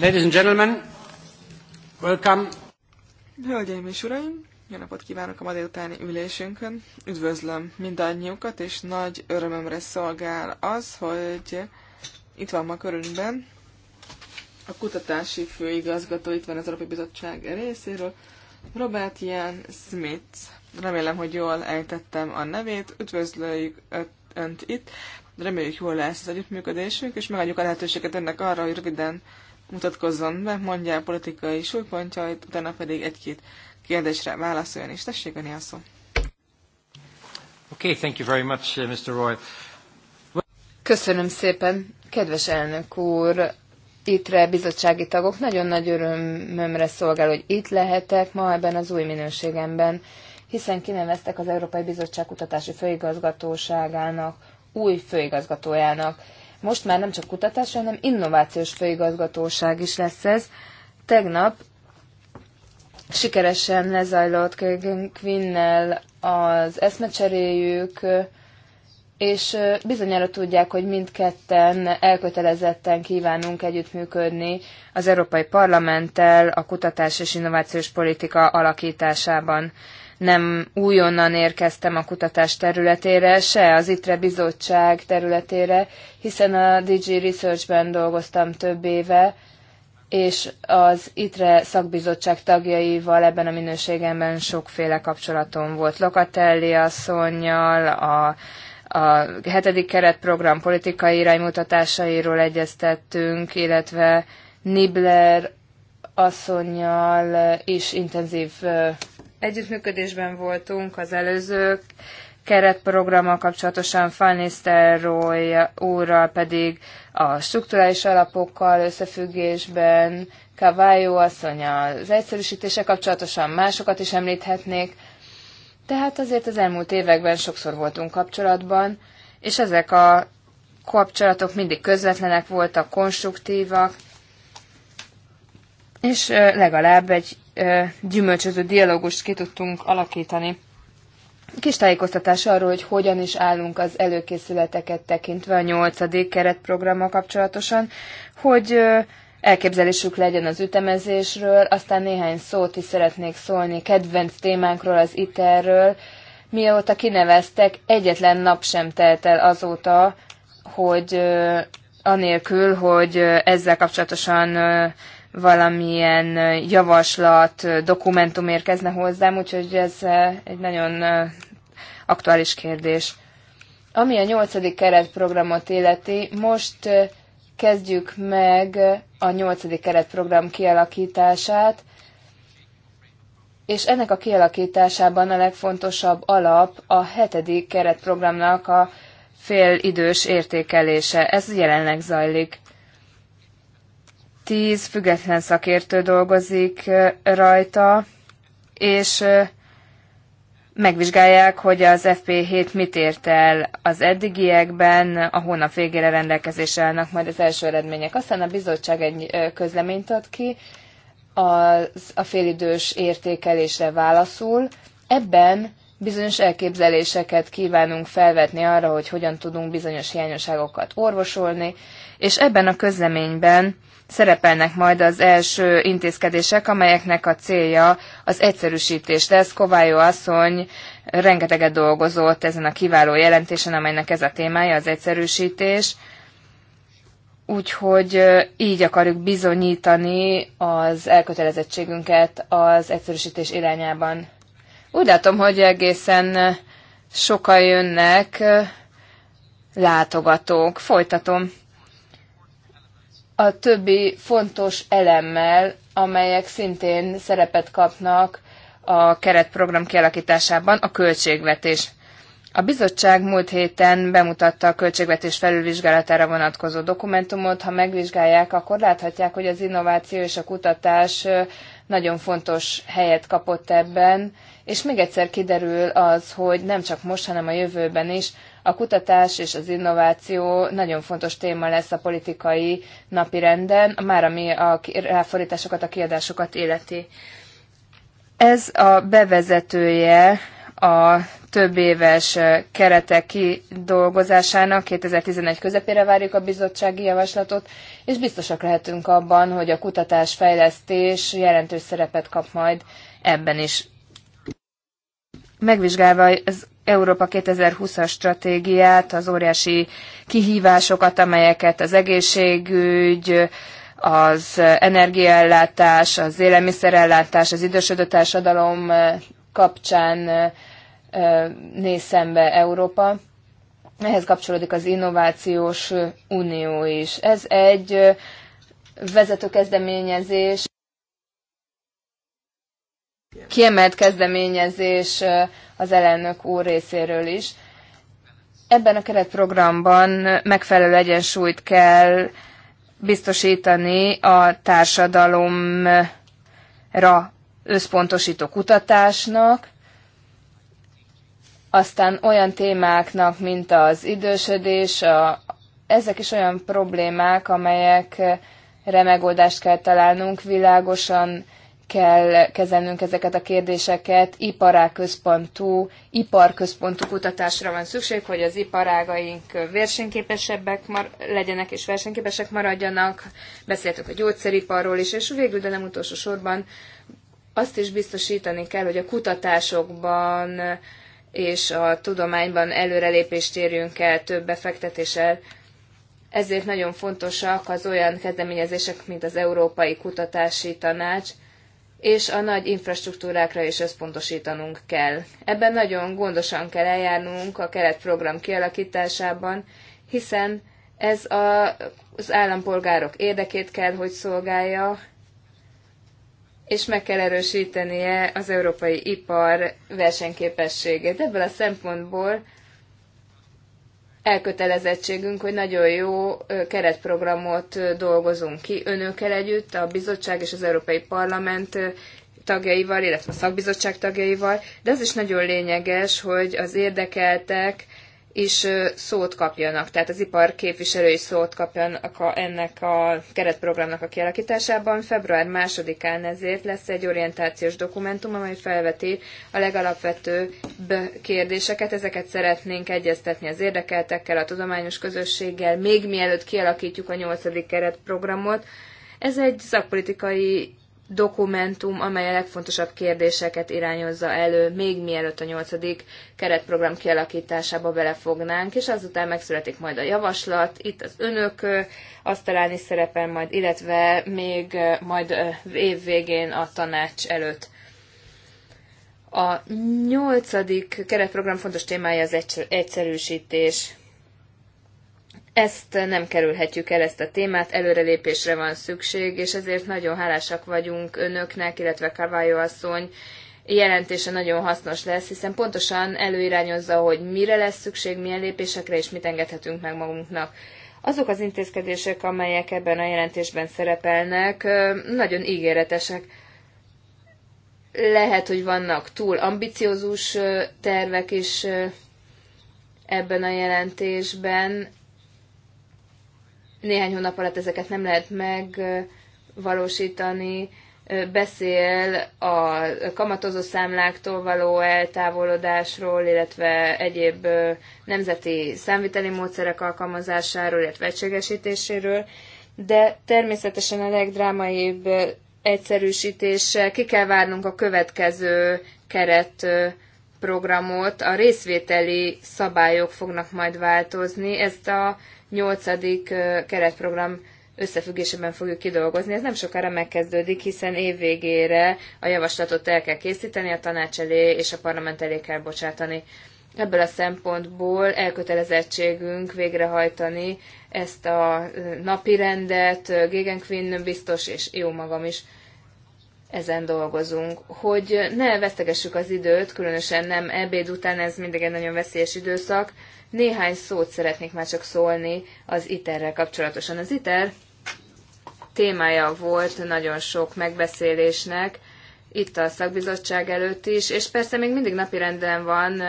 Ladies and gentlemen, welcome. Hölgyeim és uraim, jó napot kívánok a ma délutáni ülésünkön. Üdvözlöm mindannyiukat, és nagy örömömre szolgál az, hogy itt van ma körünkben a kutatási főigazgató, itt van az Európai Bizottság részéről, Robert Ian Smith. Remélem, hogy jól ejtettem a nevét. Üdvözlőjük Önt itt. Reméljük, jól lesz az együttműködésünk, és megadjuk a lehetőséget ennek arra, hogy röviden mutatkozzon be, mondja a politikai súlypontjait, utána pedig egy-két kérdésre válaszoljon, és tessék a szó. Okay, thank you very much, uh, Mr. Roy. Köszönöm szépen, kedves elnök úr, ittre bizottsági tagok. Nagyon nagy örömömre szolgál, hogy itt lehetek ma ebben az új minőségemben, hiszen kineveztek az Európai Bizottság kutatási főigazgatóságának új főigazgatójának. Most már nem csak kutatás, hanem innovációs főigazgatóság is lesz ez. Tegnap sikeresen lezajlott Quinnel az eszmecseréjük, és bizonyára tudják, hogy mindketten elkötelezetten kívánunk együttműködni az Európai Parlamenttel a kutatás és innovációs politika alakításában nem újonnan érkeztem a kutatás területére, se az ITRE bizottság területére, hiszen a DG Research-ben dolgoztam több éve, és az ITRE szakbizottság tagjaival ebben a minőségemben sokféle kapcsolatom volt. Lokatelli asszonynal, a a hetedik keretprogram politikai iránymutatásairól egyeztettünk, illetve Nibler asszonynal is intenzív együttműködésben voltunk az előző keretprogrammal kapcsolatosan Fannister úrral pedig a strukturális alapokkal összefüggésben, Kavályó asszony az egyszerűsítése kapcsolatosan másokat is említhetnék. Tehát azért az elmúlt években sokszor voltunk kapcsolatban, és ezek a kapcsolatok mindig közvetlenek voltak, konstruktívak, és legalább egy gyümölcsöző dialógust ki tudtunk alakítani. Kis tájékoztatás arról, hogy hogyan is állunk az előkészületeket tekintve a nyolcadik keretprogrammal kapcsolatosan, hogy elképzelésük legyen az ütemezésről, aztán néhány szót is szeretnék szólni kedvenc témánkról, az ITER-ről. Mióta kineveztek, egyetlen nap sem telt el azóta, hogy anélkül, hogy ezzel kapcsolatosan valamilyen javaslat, dokumentum érkezne hozzám, úgyhogy ez egy nagyon aktuális kérdés. Ami a nyolcadik keretprogramot illeti, most kezdjük meg a nyolcadik keretprogram kialakítását, és ennek a kialakításában a legfontosabb alap a hetedik keretprogramnak a félidős értékelése. Ez jelenleg zajlik tíz független szakértő dolgozik rajta, és megvizsgálják, hogy az FP7 mit ért el az eddigiekben, a hónap végére rendelkezésre állnak majd az első eredmények. Aztán a bizottság egy közleményt ad ki, az, a félidős értékelésre válaszul. Ebben bizonyos elképzeléseket kívánunk felvetni arra, hogy hogyan tudunk bizonyos hiányosságokat orvosolni, és ebben a közleményben szerepelnek majd az első intézkedések, amelyeknek a célja az egyszerűsítés. De Kovályó asszony rengeteget dolgozott ezen a kiváló jelentésen, amelynek ez a témája, az egyszerűsítés. Úgyhogy így akarjuk bizonyítani az elkötelezettségünket az egyszerűsítés irányában. Úgy látom, hogy egészen sokan jönnek látogatók. Folytatom a többi fontos elemmel, amelyek szintén szerepet kapnak a keretprogram kialakításában, a költségvetés. A bizottság múlt héten bemutatta a költségvetés felülvizsgálatára vonatkozó dokumentumot. Ha megvizsgálják, akkor láthatják, hogy az innováció és a kutatás nagyon fontos helyet kapott ebben, és még egyszer kiderül az, hogy nem csak most, hanem a jövőben is a kutatás és az innováció nagyon fontos téma lesz a politikai napirenden, már ami a ráfordításokat, a kiadásokat életi. Ez a bevezetője a több éves keretek kidolgozásának 2011 közepére várjuk a bizottsági javaslatot, és biztosak lehetünk abban, hogy a kutatás fejlesztés jelentős szerepet kap majd ebben is megvizsgálva az Európa 2020-as stratégiát, az óriási kihívásokat, amelyeket az egészségügy, az energiaellátás, az élelmiszerellátás, az idősödő társadalom kapcsán néz szembe Európa. Ehhez kapcsolódik az innovációs unió is. Ez egy vezető kezdeményezés kiemelt kezdeményezés az elnök úr részéről is. Ebben a keretprogramban megfelelő egyensúlyt kell biztosítani a társadalomra összpontosító kutatásnak, aztán olyan témáknak, mint az idősödés, a, ezek is olyan problémák, amelyekre megoldást kell találnunk, világosan kell kezelnünk ezeket a kérdéseket, iparáközpontú, iparközpontú kutatásra van szükség, hogy az iparágaink versenyképesebbek mar- legyenek és versenyképesek maradjanak. Beszéltük a gyógyszeriparról is, és végül, de nem utolsó sorban azt is biztosítani kell, hogy a kutatásokban és a tudományban előrelépést érjünk el több befektetéssel, ezért nagyon fontosak az olyan kezdeményezések, mint az Európai Kutatási Tanács, és a nagy infrastruktúrákra is összpontosítanunk kell. Ebben nagyon gondosan kell eljárnunk a keretprogram kialakításában, hiszen ez a, az állampolgárok érdekét kell, hogy szolgálja, és meg kell erősítenie az európai ipar versenyképességét. Ebből a szempontból elkötelezettségünk, hogy nagyon jó keretprogramot dolgozunk ki önökkel együtt, a bizottság és az Európai Parlament tagjaival, illetve a szakbizottság tagjaival, de az is nagyon lényeges, hogy az érdekeltek is szót kapjanak, tehát az ipar képviselői szót kapjanak a, ennek a keretprogramnak a kialakításában. Február másodikán ezért lesz egy orientációs dokumentum, amely felveti a legalapvetőbb kérdéseket. Ezeket szeretnénk egyeztetni az érdekeltekkel, a tudományos közösséggel, még mielőtt kialakítjuk a nyolcadik keretprogramot. Ez egy szakpolitikai dokumentum, amely a legfontosabb kérdéseket irányozza elő, még mielőtt a nyolcadik keretprogram kialakításába belefognánk, és azután megszületik majd a javaslat, itt az önök asztalán is szerepel majd, illetve még majd év végén a tanács előtt. A nyolcadik keretprogram fontos témája az egyszerűsítés. Ezt nem kerülhetjük el, ezt a témát, előrelépésre van szükség, és ezért nagyon hálásak vagyunk önöknek, illetve Kavályó asszony jelentése nagyon hasznos lesz, hiszen pontosan előirányozza, hogy mire lesz szükség, milyen lépésekre és mit engedhetünk meg magunknak. Azok az intézkedések, amelyek ebben a jelentésben szerepelnek, nagyon ígéretesek. Lehet, hogy vannak túl ambiciózus tervek is ebben a jelentésben, néhány hónap alatt ezeket nem lehet megvalósítani, beszél a kamatozó számláktól való eltávolodásról, illetve egyéb nemzeti számviteli módszerek alkalmazásáról, illetve egységesítéséről, de természetesen a legdrámaibb egyszerűsítéssel ki kell várnunk a következő keret programot, a részvételi szabályok fognak majd változni, ezt a nyolcadik keretprogram összefüggésében fogjuk kidolgozni. Ez nem sokára megkezdődik, hiszen év végére a javaslatot el kell készíteni, a tanács elé és a parlament elé kell bocsátani. Ebből a szempontból elkötelezettségünk végrehajtani ezt a napi rendet, Gégen Quinn biztos, és jó magam is ezen dolgozunk, hogy ne vesztegessük az időt, különösen nem ebéd után, ez mindig egy nagyon veszélyes időszak. Néhány szót szeretnék már csak szólni az iterrel kapcsolatosan. Az ITER témája volt nagyon sok megbeszélésnek, itt a szakbizottság előtt is, és persze még mindig napirenden van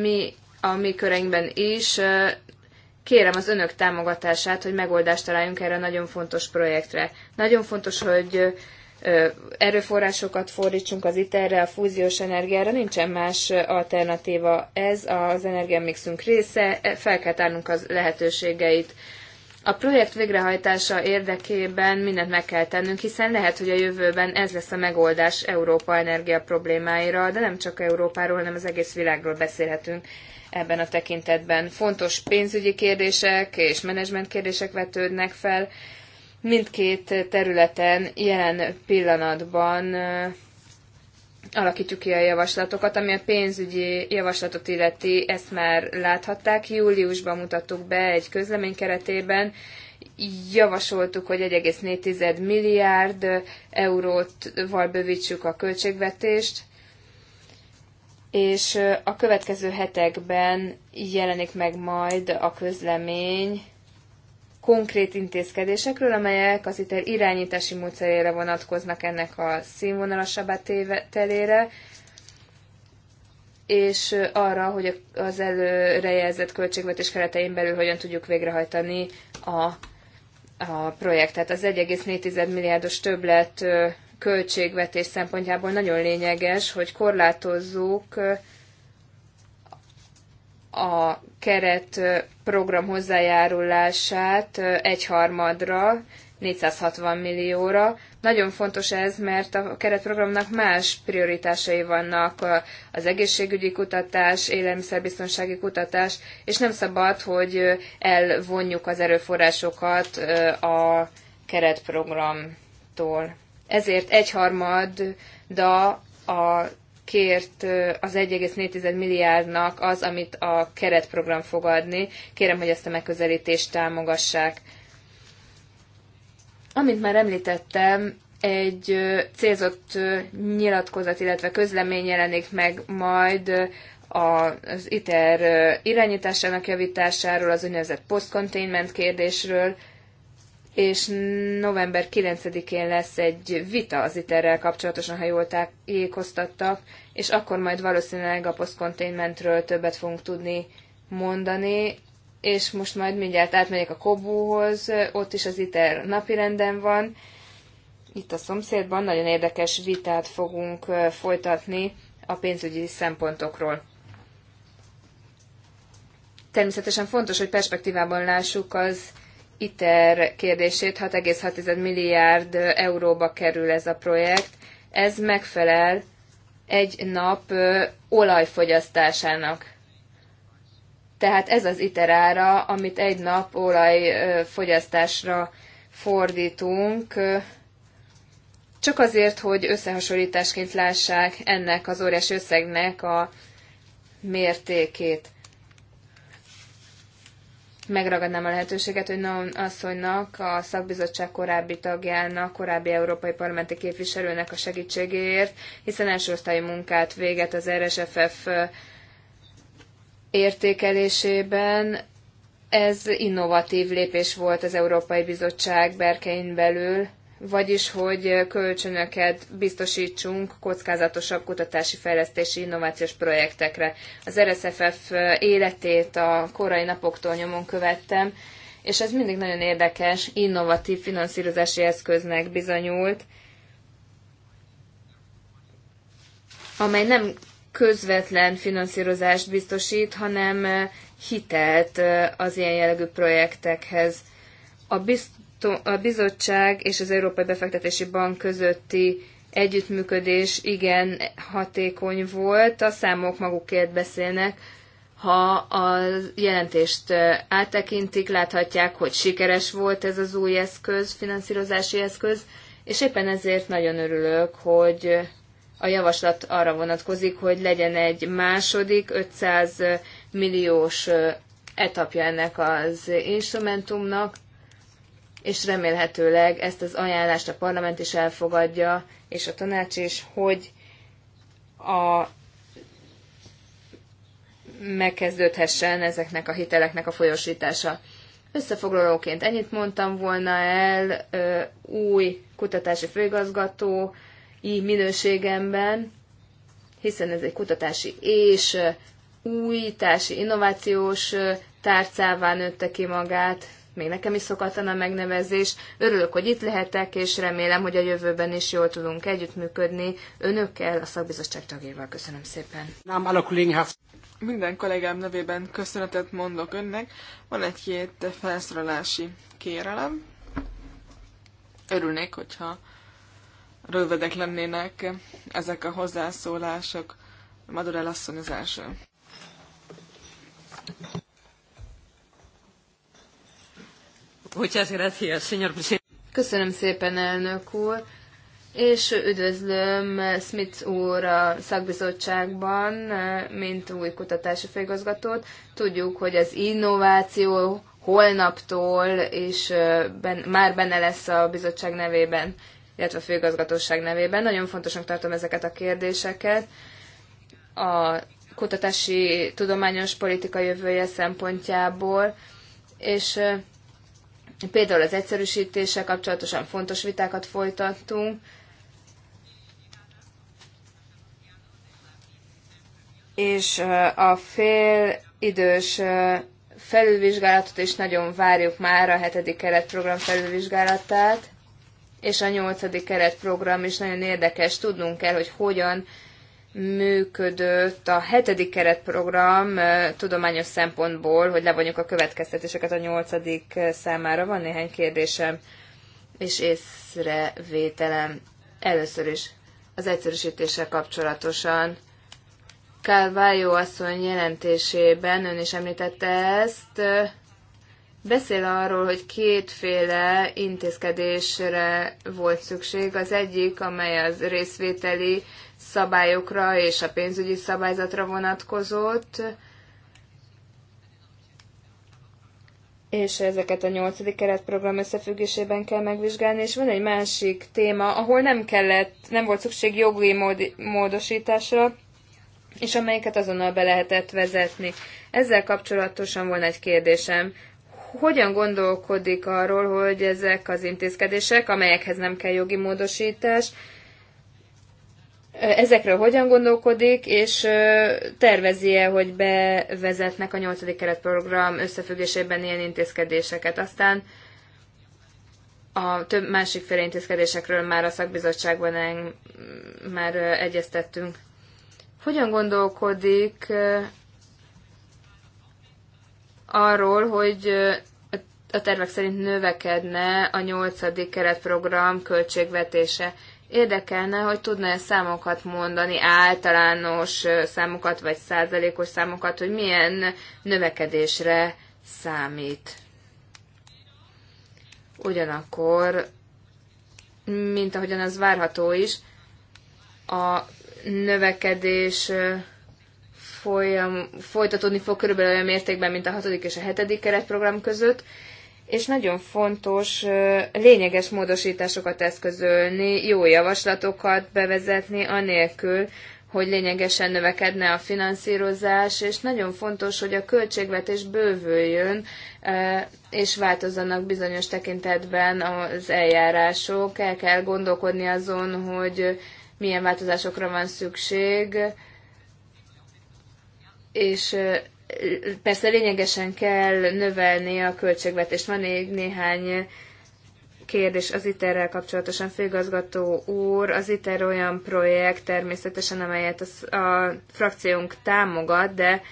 mi a mi köreinkben is. Kérem az önök támogatását, hogy megoldást találjunk erre a nagyon fontos projektre. Nagyon fontos, hogy erőforrásokat fordítsunk az iterre, a fúziós energiára, nincsen más alternatíva. Ez az energiamixünk része, e, fel kell tárnunk az lehetőségeit. A projekt végrehajtása érdekében mindent meg kell tennünk, hiszen lehet, hogy a jövőben ez lesz a megoldás Európa energia problémáira, de nem csak Európáról, hanem az egész világról beszélhetünk ebben a tekintetben. Fontos pénzügyi kérdések és menedzsment kérdések vetődnek fel, Mindkét területen jelen pillanatban alakítjuk ki a javaslatokat, ami a pénzügyi javaslatot illeti, ezt már láthatták. Júliusban mutattuk be egy közlemény keretében, javasoltuk, hogy 1,4 milliárd eurót val bővítsük a költségvetést, és a következő hetekben jelenik meg majd a közlemény konkrét intézkedésekről, amelyek az ITER irányítási módszerére vonatkoznak ennek a színvonalasabbá tételére, és arra, hogy az előrejelzett költségvetés keretein belül hogyan tudjuk végrehajtani a, a projektet. Az 1,4 milliárdos többlet költségvetés szempontjából nagyon lényeges, hogy korlátozzuk a keret program hozzájárulását egyharmadra, 460 millióra. Nagyon fontos ez, mert a keretprogramnak más prioritásai vannak, az egészségügyi kutatás, élelmiszerbiztonsági kutatás, és nem szabad, hogy elvonjuk az erőforrásokat a keretprogramtól. Ezért egyharmad de a kért az 1,4 milliárdnak az, amit a keretprogram fog adni. Kérem, hogy ezt a megközelítést támogassák. Amint már említettem, egy célzott nyilatkozat, illetve közlemény jelenik meg majd az ITER irányításának javításáról, az úgynevezett post-containment kérdésről, és november 9-én lesz egy vita az iterrel kapcsolatosan, ha jól tájékoztattak, és akkor majd valószínűleg a posztkonténmentről többet fogunk tudni mondani, és most majd mindjárt átmegyek a Kobúhoz, ott is az ITER napirenden van, itt a szomszédban nagyon érdekes vitát fogunk folytatni a pénzügyi szempontokról. Természetesen fontos, hogy perspektívában lássuk az ITER kérdését, 6,6 milliárd euróba kerül ez a projekt. Ez megfelel egy nap olajfogyasztásának. Tehát ez az ITER ára, amit egy nap olajfogyasztásra fordítunk, csak azért, hogy összehasonlításként lássák ennek az óriás összegnek a mértékét megragadnám a lehetőséget, hogy Naon asszonynak, a szakbizottság korábbi tagjának, korábbi európai parlamenti képviselőnek a segítségéért, hiszen első osztályú munkát véget az RSFF értékelésében. Ez innovatív lépés volt az Európai Bizottság berkein belül, vagyis hogy kölcsönöket biztosítsunk kockázatosabb kutatási fejlesztési innovációs projektekre. Az RSFF életét a korai napoktól nyomon követtem, és ez mindig nagyon érdekes, innovatív finanszírozási eszköznek bizonyult, amely nem közvetlen finanszírozást biztosít, hanem hitelt az ilyen jellegű projektekhez. A a bizottság és az Európai Befektetési Bank közötti együttműködés igen hatékony volt, a számok magukért beszélnek. Ha a jelentést áttekintik, láthatják, hogy sikeres volt ez az új eszköz, finanszírozási eszköz, és éppen ezért nagyon örülök, hogy a javaslat arra vonatkozik, hogy legyen egy második 500 milliós etapja ennek az instrumentumnak, és remélhetőleg ezt az ajánlást a parlament is elfogadja, és a tanács is, hogy a megkezdődhessen ezeknek a hiteleknek a folyosítása. Összefoglalóként ennyit mondtam volna el új kutatási főigazgató így minőségemben, hiszen ez egy kutatási és újítási, innovációs tárcává nőtte ki magát, még nekem is szokatlan a megnevezés. Örülök, hogy itt lehetek, és remélem, hogy a jövőben is jól tudunk együttműködni önökkel, a szakbizottság tagjával. Köszönöm szépen. Hát- Minden kollégám nevében köszönetet mondok önnek. Van egy-két felszólalási kérelem. Örülnék, hogyha rövidek lennének ezek a hozzászólások. Madurell asszony az első. Köszönöm szépen, elnök úr, és üdvözlöm Smith úr a szakbizottságban, mint új kutatási főigazgatót. Tudjuk, hogy az innováció holnaptól és ben, már benne lesz a bizottság nevében, illetve a főigazgatóság nevében. Nagyon fontosnak tartom ezeket a kérdéseket. A kutatási tudományos politika jövője szempontjából, és Például az egyszerűsítéssel kapcsolatosan fontos vitákat folytattunk, és a fél idős felülvizsgálatot is nagyon várjuk már a hetedik keretprogram felülvizsgálatát, és a nyolcadik keretprogram is nagyon érdekes, tudnunk kell, hogy hogyan működött a hetedik keretprogram tudományos szempontból, hogy levonjuk a következtetéseket a nyolcadik számára. Van néhány kérdésem és észrevételem. Először is az egyszerűsítéssel kapcsolatosan. Kálvájó asszony jelentésében, ön is említette ezt, beszél arról, hogy kétféle intézkedésre volt szükség. Az egyik, amely az részvételi szabályokra és a pénzügyi szabályzatra vonatkozott, és ezeket a nyolcadik keretprogram összefüggésében kell megvizsgálni, és van egy másik téma, ahol nem kellett, nem volt szükség jogi módosításra, és amelyeket azonnal be lehetett vezetni. Ezzel kapcsolatosan volna egy kérdésem. Hogyan gondolkodik arról, hogy ezek az intézkedések, amelyekhez nem kell jogi módosítás, ezekről hogyan gondolkodik, és tervezi-e, hogy bevezetnek a 8. keretprogram összefüggésében ilyen intézkedéseket. Aztán a több másik fél intézkedésekről már a szakbizottságban már egyeztettünk. Hogyan gondolkodik arról, hogy a tervek szerint növekedne a nyolcadik keretprogram költségvetése? Érdekelne, hogy tudna-e számokat mondani, általános számokat vagy százalékos számokat, hogy milyen növekedésre számít. Ugyanakkor, mint ahogyan az várható is, a növekedés folyam, folytatódni fog körülbelül olyan mértékben, mint a hatodik és a hetedik keretprogram között, és nagyon fontos lényeges módosításokat eszközölni, jó javaslatokat bevezetni, anélkül, hogy lényegesen növekedne a finanszírozás, és nagyon fontos, hogy a költségvetés bővüljön, és változzanak bizonyos tekintetben az eljárások. El kell gondolkodni azon, hogy milyen változásokra van szükség, és Persze lényegesen kell növelni a költségvetést. Van még néhány kérdés az iter kapcsolatosan, Főgazgató úr. Az ITER olyan projekt természetesen, amelyet a, a frakciónk támogat, de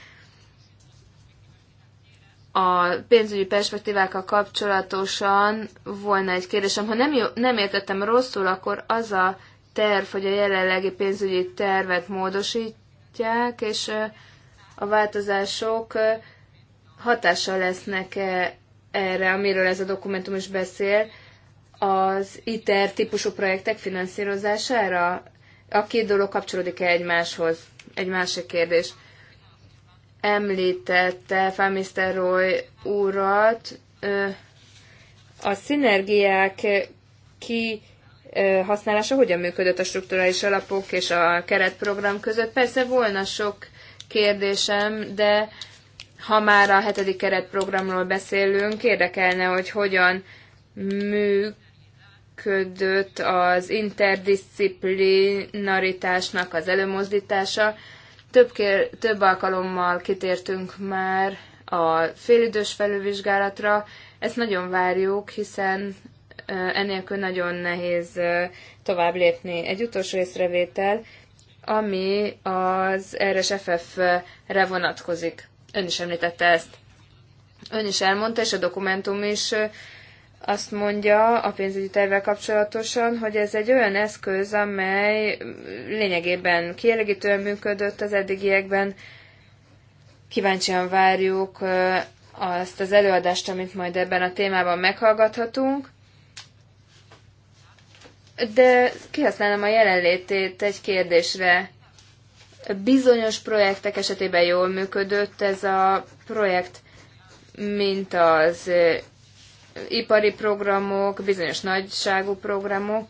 a pénzügyi perspektívákkal kapcsolatosan volna egy kérdésem. Ha nem, nem értettem rosszul, akkor az a terv, hogy a jelenlegi pénzügyi tervet módosítják, és a változások hatással lesznek -e erre, amiről ez a dokumentum is beszél, az ITER típusú projektek finanszírozására? A két dolog kapcsolódik-e egymáshoz? Egy másik kérdés. Említette Fámiszter Roy úrat, a szinergiák ki használása hogyan működött a strukturális alapok és a keretprogram között? Persze volna sok kérdésem, de ha már a hetedik keretprogramról beszélünk, érdekelne, hogy hogyan működött az interdisziplinaritásnak az előmozdítása. Több, kér, több alkalommal kitértünk már a félidős felülvizsgálatra. Ezt nagyon várjuk, hiszen enélkül nagyon nehéz tovább lépni. Egy utolsó észrevétel, ami az RSFF-re vonatkozik. Ön is említette ezt. Ön is elmondta, és a dokumentum is azt mondja a pénzügyi tervvel kapcsolatosan, hogy ez egy olyan eszköz, amely lényegében kielégítően működött az eddigiekben. Kíváncsian várjuk azt az előadást, amit majd ebben a témában meghallgathatunk de kihasználom a jelenlétét egy kérdésre. Bizonyos projektek esetében jól működött ez a projekt, mint az ipari programok, bizonyos nagyságú programok,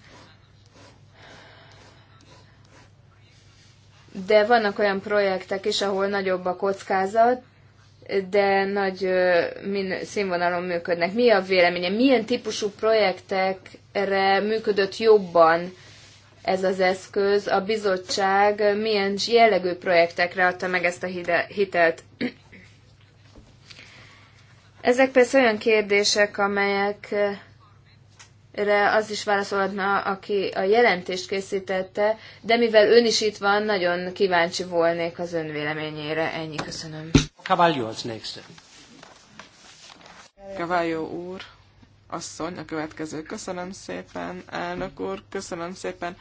de vannak olyan projektek is, ahol nagyobb a kockázat, de nagy színvonalon működnek. Mi a véleménye? Milyen típusú projektek erre működött jobban ez az eszköz? A bizottság milyen jellegű projektekre adta meg ezt a hitelt? Ezek persze olyan kérdések, amelyekre az is válaszolhatna, aki a jelentést készítette, de mivel ön is itt van, nagyon kíváncsi volnék az ön véleményére. Ennyi, köszönöm. Cavallio az nächste. Cavallio úr asszony a következő. Köszönöm szépen, elnök úr, köszönöm szépen,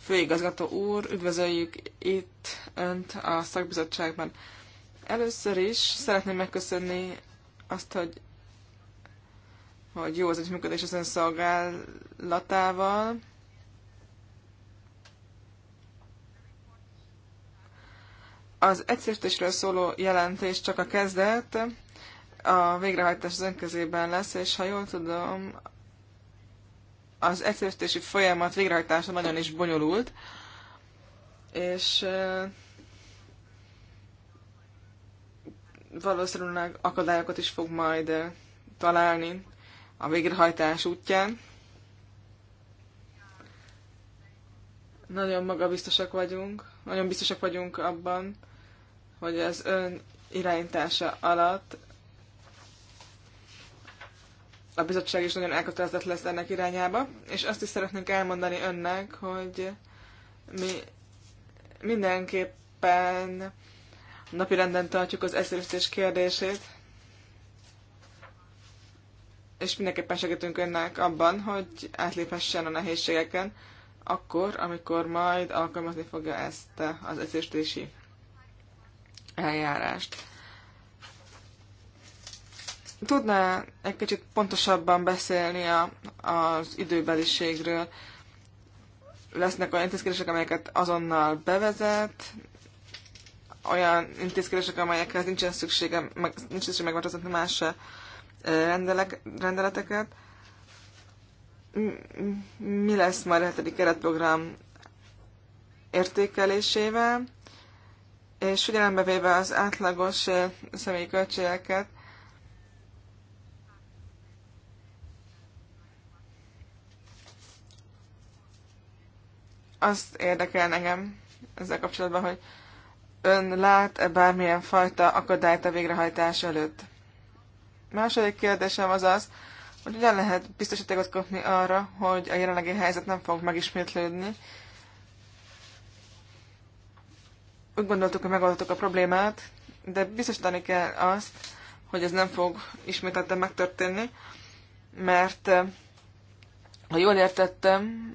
főigazgató úr, üdvözöljük itt önt a szakbizottságban. Először is szeretném megköszönni azt, hogy, hogy jó az működés az ön szolgálatával. Az egyszerűsítésről szóló jelentés csak a kezdet, a végrehajtás az önkezében lesz, és ha jól tudom, az egyszerűsítési folyamat végrehajtása nagyon is bonyolult, és valószínűleg akadályokat is fog majd találni a végrehajtás útján. Nagyon magabiztosak vagyunk, nagyon biztosak vagyunk abban, hogy az ön irányítása alatt a bizottság is nagyon elkötelezett lesz ennek irányába, és azt is szeretnénk elmondani önnek, hogy mi mindenképpen napirenden tartjuk az eszérüstés kérdését, és mindenképpen segítünk önnek abban, hogy átléphessen a nehézségeken, akkor, amikor majd alkalmazni fogja ezt az eszértési eljárást. Tudná egy kicsit pontosabban beszélni a, az időbeliségről? Lesznek olyan intézkedések, amelyeket azonnal bevezet, olyan intézkedések, amelyekhez nincsen szüksége, meg, nincs szüksége megváltoztatni más eh, rendelek, rendeleteket. Mi lesz majd a hetedik keretprogram értékelésével, és figyelembe véve az átlagos eh, személyi költségeket, azt érdekel engem ezzel kapcsolatban, hogy ön lát-e bármilyen fajta akadályt a végrehajtás előtt? Második kérdésem az az, hogy hogyan lehet biztosítékot kapni arra, hogy a jelenlegi helyzet nem fog megismétlődni. Úgy gondoltuk, hogy megoldottuk a problémát, de biztosítani kell azt, hogy ez nem fog ismételten megtörténni, mert ha jól értettem,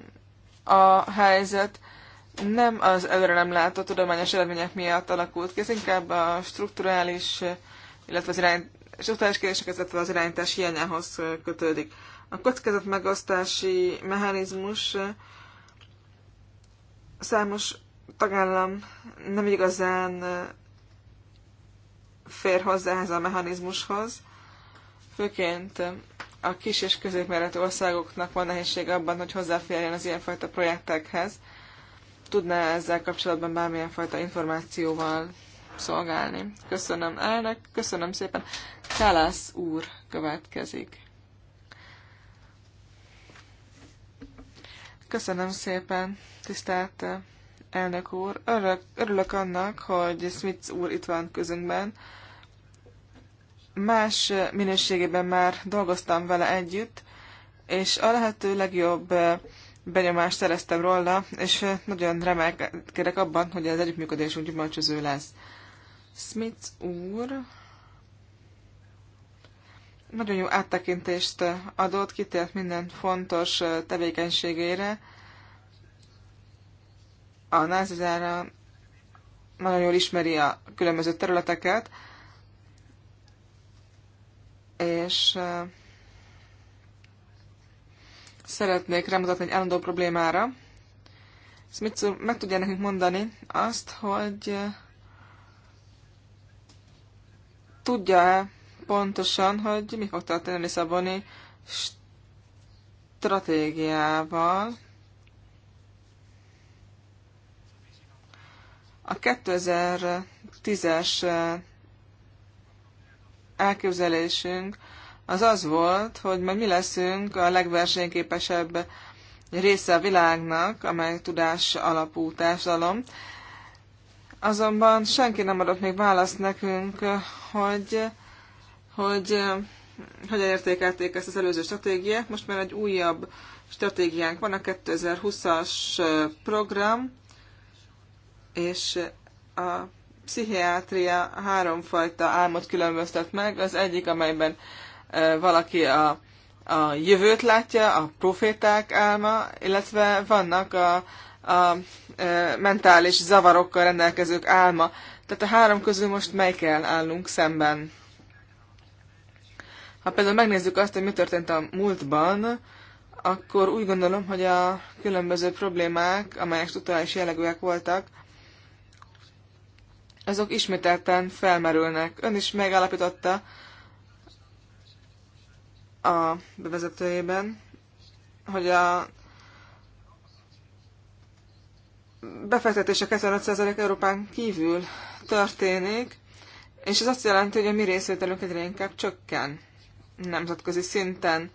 a helyzet nem az előre nem látott tudományos eredmények miatt alakult ki, ez inkább a strukturális, illetve az irány, struktúrális kérdések, illetve az irányítás hiányához kötődik. A kockázat megosztási mechanizmus számos tagállam nem igazán fér hozzá ehhez a mechanizmushoz, főként a kis és középméretű országoknak van nehézség abban, hogy hozzáférjen az ilyenfajta projektekhez. Tudná ezzel kapcsolatban bármilyen fajta információval szolgálni. Köszönöm elnök, köszönöm szépen. Kálász úr következik. Köszönöm szépen, tisztelt elnök úr. Örök, örülök annak, hogy Smith úr itt van közünkben, más minőségében már dolgoztam vele együtt, és a lehető legjobb eh, benyomást szereztem róla, és eh, nagyon remélkedek abban, hogy az úgy gyümölcsöző lesz. Smith úr nagyon jó áttekintést eh, adott, kitért minden fontos tevékenységére. A názizára nagyon jól ismeri a különböző területeket, és szeretnék rámutatni egy állandó problémára. Smith meg tudja nekünk mondani azt, hogy tudja-e pontosan, hogy mi fog történni Lisszaboni stratégiával. A 2010-es elképzelésünk az az volt, hogy majd mi leszünk a legversenyképesebb része a világnak, amely tudás alapú társadalom. Azonban senki nem adott még választ nekünk, hogy, hogy eh, hogyan értékelték ezt az előző stratégiát. Most már egy újabb stratégiánk van, a 2020-as eh, program, és a pszichiátria háromfajta álmot különböztet meg. Az egyik, amelyben valaki a, a jövőt látja, a proféták álma, illetve vannak a, a, mentális zavarokkal rendelkezők álma. Tehát a három közül most melyikkel állunk szemben? Ha például megnézzük azt, hogy mi történt a múltban, akkor úgy gondolom, hogy a különböző problémák, amelyek struktúrális jellegűek voltak, azok ismételten felmerülnek. Ön is megállapította a bevezetőjében, hogy a befektetések 25% Európán kívül történik, és ez azt jelenti, hogy a mi részvételünk egyre inkább csökken nemzetközi szinten.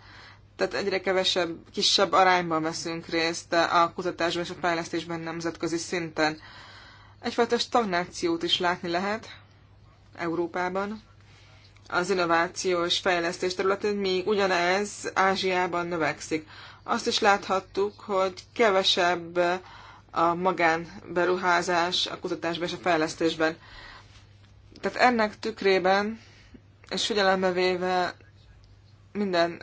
Tehát egyre kevesebb, kisebb arányban veszünk részt a kutatásban és a fejlesztésben nemzetközi szinten. Egyfajta stagnációt is látni lehet Európában. Az innováció és fejlesztés területén még ugyanez Ázsiában növekszik. Azt is láthattuk, hogy kevesebb a magánberuházás a kutatásban és a fejlesztésben. Tehát ennek tükrében, és figyelembe véve minden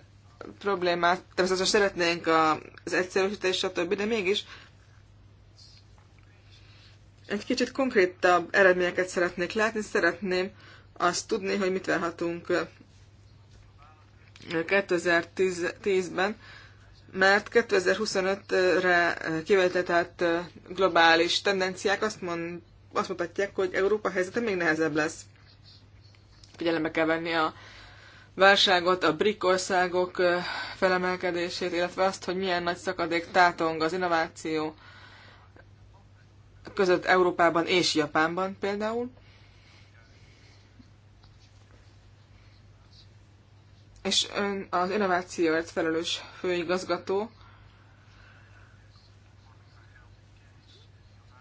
problémát, természetesen szeretnénk az egyszerűsítés, stb., de mégis egy kicsit konkrétabb eredményeket szeretnék látni, szeretném azt tudni, hogy mit várhatunk 2010-ben, mert 2025-re kivetetett globális tendenciák azt, mond, azt mutatják, hogy Európa helyzete még nehezebb lesz. Figyelembe kell venni a válságot, a BRIC országok felemelkedését, illetve azt, hogy milyen nagy szakadék tátong az innováció, között Európában és Japánban például. És ön az innovációért felelős főigazgató,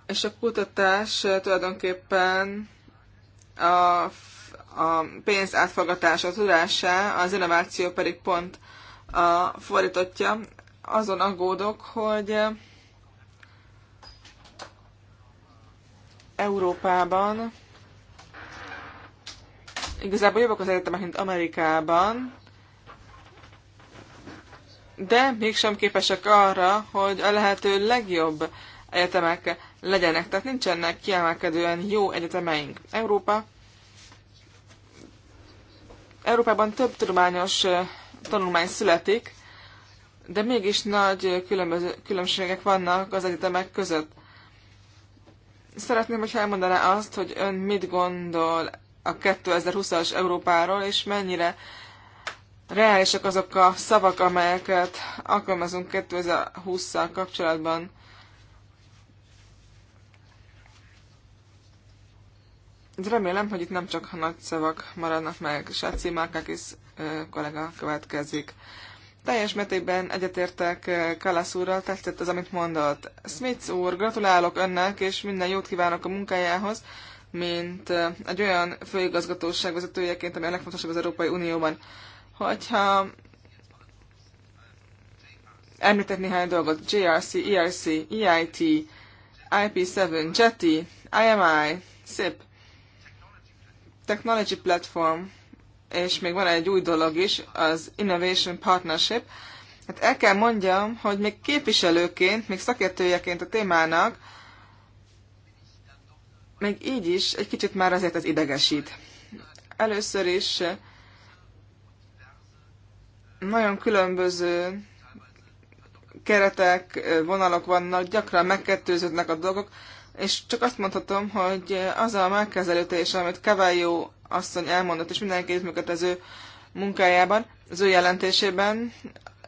és a kutatás tulajdonképpen a, a pénz átfogatása, a az innováció pedig pont a fordítottja. Azon aggódok, hogy Európában igazából jobbak az egyetemek, mint Amerikában, de mégsem képesek arra, hogy a lehető legjobb egyetemek legyenek. Tehát nincsenek kiemelkedően jó egyetemeink. Európa Európában több tudományos tanulmány születik, de mégis nagy különböző, különbségek vannak az egyetemek között. Szeretném, hogy elmondaná azt, hogy ön mit gondol a 2020-as Európáról, és mennyire reálisak azok a szavak, amelyeket alkalmazunk 2020-szal kapcsolatban. De remélem, hogy itt nem csak nagy szavak maradnak meg. Sáci is, kollega következik. Teljes mértékben egyetértek eh, Kalasz úrral, tetszett az, amit mondott. Smith úr, gratulálok önnek, és minden jót kívánok a munkájához, mint eh, egy olyan főigazgatóság vezetőjeként, ami a legfontosabb az Európai Unióban. Hogyha említek néhány dolgot, JRC, ERC, EIT, IP7, JETI, IMI, SIP, Technology Platform, és még van egy új dolog is, az Innovation Partnership. Hát el kell mondjam, hogy még képviselőként, még szakértőjeként a témának, még így is egy kicsit már azért az idegesít. Először is nagyon különböző keretek, vonalak vannak, gyakran megkettőződnek a dolgok, és csak azt mondhatom, hogy az a megkezelőtés, amit Cavallo asszony elmondott, és mindenki együttműködött az ő munkájában, az ő jelentésében,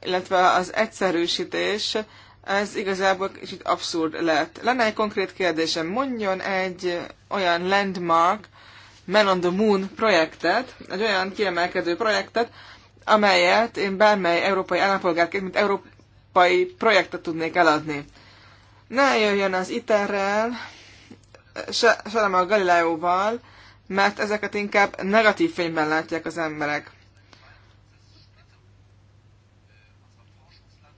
illetve az egyszerűsítés, ez igazából kicsit abszurd lett. Lenne egy konkrét kérdésem, mondjon egy olyan landmark, Man on the Moon projektet, egy olyan kiemelkedő projektet, amelyet én bármely európai állampolgárként, mint európai projektet tudnék eladni. Ne jöjjön az ITER-rel, se, se nem a Galileóval, mert ezeket inkább negatív fényben látják az emberek.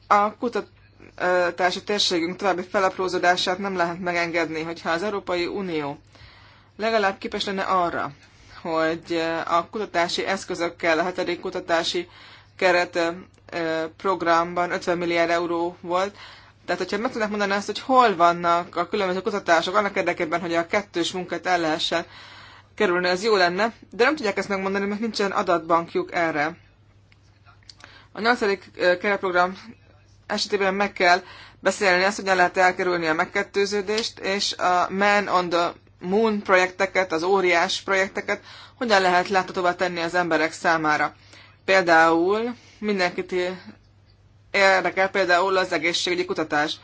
A kutatási térségünk további felaprózódását nem lehet megengedni, hogyha az Európai Unió legalább képes lenne arra, hogy a kutatási eszközökkel a hetedik kutatási keret programban 50 milliárd euró volt. Tehát, hogyha meg tudnak mondani azt, hogy hol vannak a különböző kutatások annak érdekében, hogy a kettős munkát el lehessen kerülni, ez jó lenne, de nem tudják ezt megmondani, mert nincsen adatbankjuk erre. A nyolcadik keretprogram esetében meg kell beszélni azt, hogyan lehet elkerülni a megkettőződést, és a Man on the Moon projekteket, az óriás projekteket hogyan lehet láthatóvá tenni az emberek számára. Például mindenkit érdekel például az egészségügyi kutatás.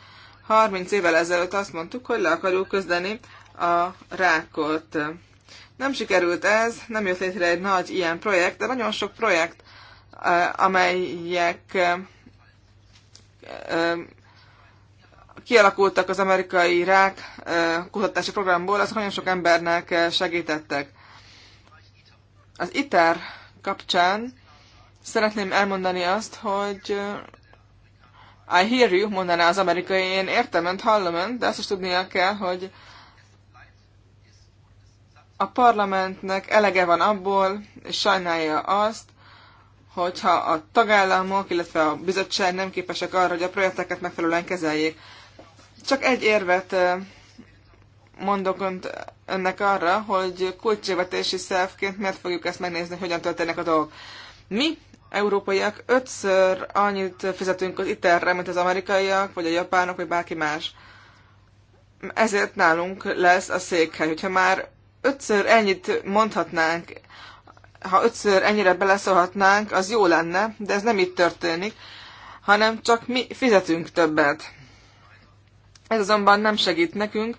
30 évvel ezelőtt azt mondtuk, hogy le akarjuk közdeni a rákot. Nem sikerült ez, nem jött létre egy nagy ilyen projekt, de nagyon sok projekt, amelyek kialakultak az amerikai rák kutatási programból, azok nagyon sok embernek segítettek. Az ITER kapcsán szeretném elmondani azt, hogy I hear you, mondaná az amerikai, én értem ment, hallom önt, de azt is tudnia kell, hogy a parlamentnek elege van abból, és sajnálja azt, hogyha a tagállamok, illetve a bizottság nem képesek arra, hogy a projekteket megfelelően kezeljék. Csak egy érvet mondok önnek arra, hogy kulcsévetési szervként miért fogjuk ezt megnézni, hogyan történnek a dolgok. Mi, európaiak, ötször annyit fizetünk az iterre, mint az amerikaiak, vagy a japánok, vagy bárki más. Ezért nálunk lesz a székhely. Hogyha már ötször ennyit mondhatnánk, ha ötször ennyire beleszólhatnánk, az jó lenne, de ez nem így történik, hanem csak mi fizetünk többet. Ez azonban nem segít nekünk,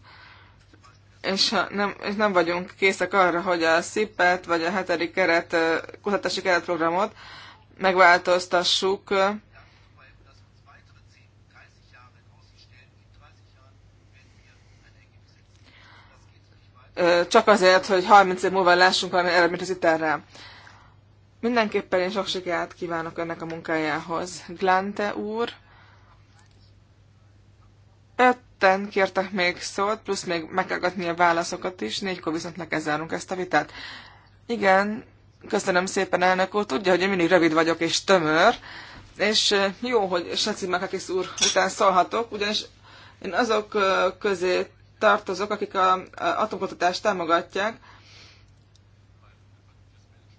és, ha nem, és nem vagyunk készek arra, hogy a SZIP-et vagy a hetedik keret, kutatási keretprogramot megváltoztassuk csak azért, hogy 30 év múlva lássunk valami eredményt az iterrel. Mindenképpen én sok sikert kívánok ennek a munkájához. Glante úr, ötten kértek még szót, plusz még meg kell a válaszokat is, négykor viszont lekezárunk ezt a vitát. Igen, köszönöm szépen elnök úr, tudja, hogy én mindig rövid vagyok és tömör, és jó, hogy Saci Makakis úr után szólhatok, ugyanis én azok közé tartozok, akik a, atomkutatást támogatják,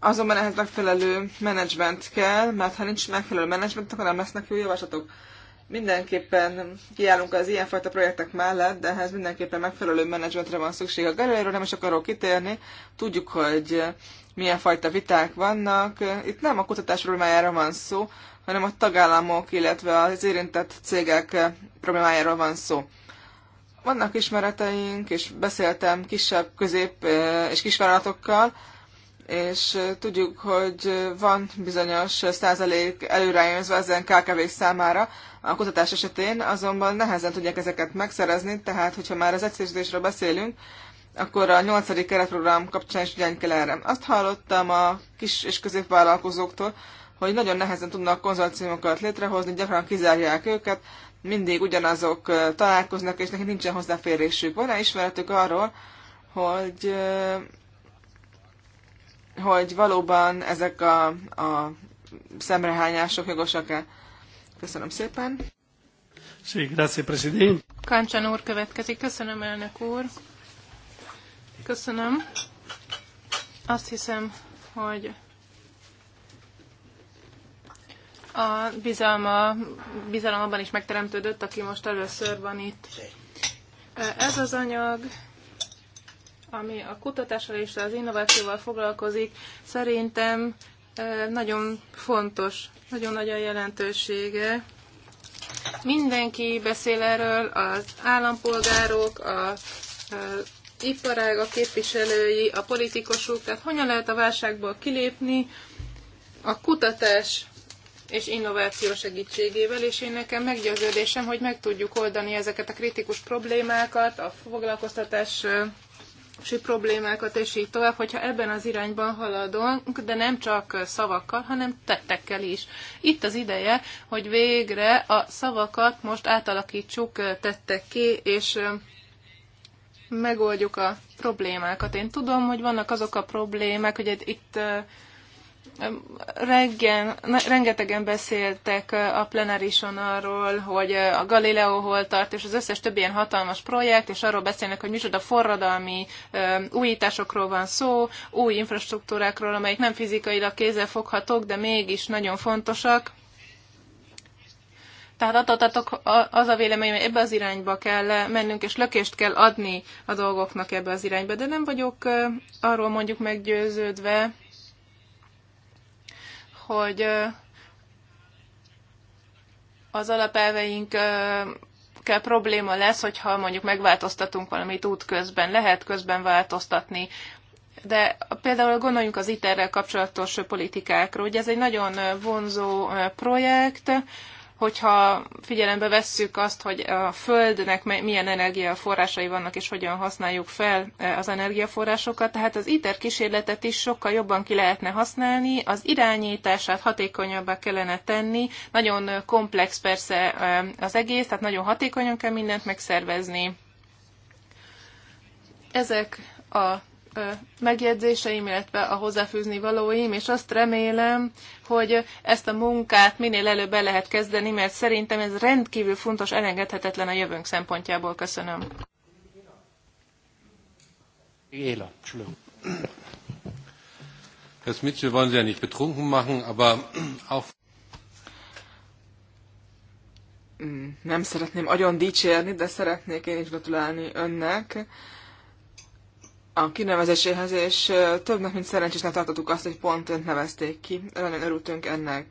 azonban ehhez megfelelő menedzsment kell, mert ha nincs megfelelő menedzsment, akkor nem lesznek jó javaslatok. Mindenképpen kiállunk az ilyenfajta projektek mellett, de ehhez mindenképpen megfelelő menedzsmentre van szükség. A Galileiről nem is akarok kitérni, tudjuk, hogy milyen fajta viták vannak. Itt nem a kutatás problémájára van szó, hanem a tagállamok, illetve az érintett cégek problémájáról van szó. Vannak ismereteink, és beszéltem kisebb, közép és kisvállalatokkal, és tudjuk, hogy van bizonyos százalék előrejönzve ezen kkv számára a kutatás esetén, azonban nehezen tudják ezeket megszerezni, tehát hogyha már az egyszerűsítésről beszélünk, akkor a nyolcadik keretprogram kapcsán is ügyelni kell erre. Azt hallottam a kis és középvállalkozóktól, hogy nagyon nehezen tudnak konzorciumokat létrehozni, gyakran kizárják őket, mindig ugyanazok találkoznak, és nekik nincsen hozzáférésük. Van-e ismeretük arról, hogy, hogy valóban ezek a, a szemrehányások jogosak-e? Köszönöm szépen. Sí, grazie, president. Kancsan úr következik. Köszönöm, elnök úr. Köszönöm. Azt hiszem, hogy a bizalma, bizalom abban is megteremtődött, aki most először van itt. Ez az anyag, ami a kutatással és az innovációval foglalkozik, szerintem nagyon fontos, nagyon nagy a jelentősége. Mindenki beszél erről, az állampolgárok, a iparág, a képviselői, a politikusok, tehát hogyan lehet a válságból kilépni. A kutatás és innováció segítségével, és én nekem meggyőződésem, hogy meg tudjuk oldani ezeket a kritikus problémákat, a foglalkoztatás problémákat, és így tovább, hogyha ebben az irányban haladunk, de nem csak szavakkal, hanem tettekkel is. Itt az ideje, hogy végre a szavakat most átalakítsuk ki, és megoldjuk a problémákat. Én tudom, hogy vannak azok a problémák, hogy itt Reggen, rengetegen beszéltek a plenárison arról, hogy a Galileo hol tart, és az összes több ilyen hatalmas projekt, és arról beszélnek, hogy micsoda forradalmi újításokról van szó, új infrastruktúrákról, amelyek nem fizikailag foghatók, de mégis nagyon fontosak. Tehát adottatok az a vélemény, hogy ebbe az irányba kell mennünk, és lökést kell adni a dolgoknak ebbe az irányba. De nem vagyok arról mondjuk meggyőződve, hogy az alapelveink kell probléma lesz, hogyha mondjuk megváltoztatunk valamit útközben, lehet közben változtatni, de például gondoljunk az ITER-rel kapcsolatos politikákról. Ugye ez egy nagyon vonzó projekt, hogyha figyelembe vesszük azt, hogy a Földnek milyen energiaforrásai vannak, és hogyan használjuk fel e, az energiaforrásokat, tehát az ITER kísérletet is sokkal jobban ki lehetne használni, az irányítását hatékonyabbá kellene tenni, nagyon komplex persze e, az egész, tehát nagyon hatékonyan kell mindent megszervezni. Ezek a megjegyzéseim, illetve a hozzáfűzni valóim, és azt remélem, hogy ezt a munkát minél előbb el lehet kezdeni, mert szerintem ez rendkívül fontos, elengedhetetlen a jövőnk szempontjából. Köszönöm. Éla, Herr Mitchell wollen Sie ja nicht betrunken machen, aber auch mm, nem szeretném agyon dicsérni, de szeretnék én is gratulálni önnek a kinevezéséhez, és többnek, mint szerencsésnek tartottuk azt, hogy pont önt nevezték ki. Nagyon örültünk ennek.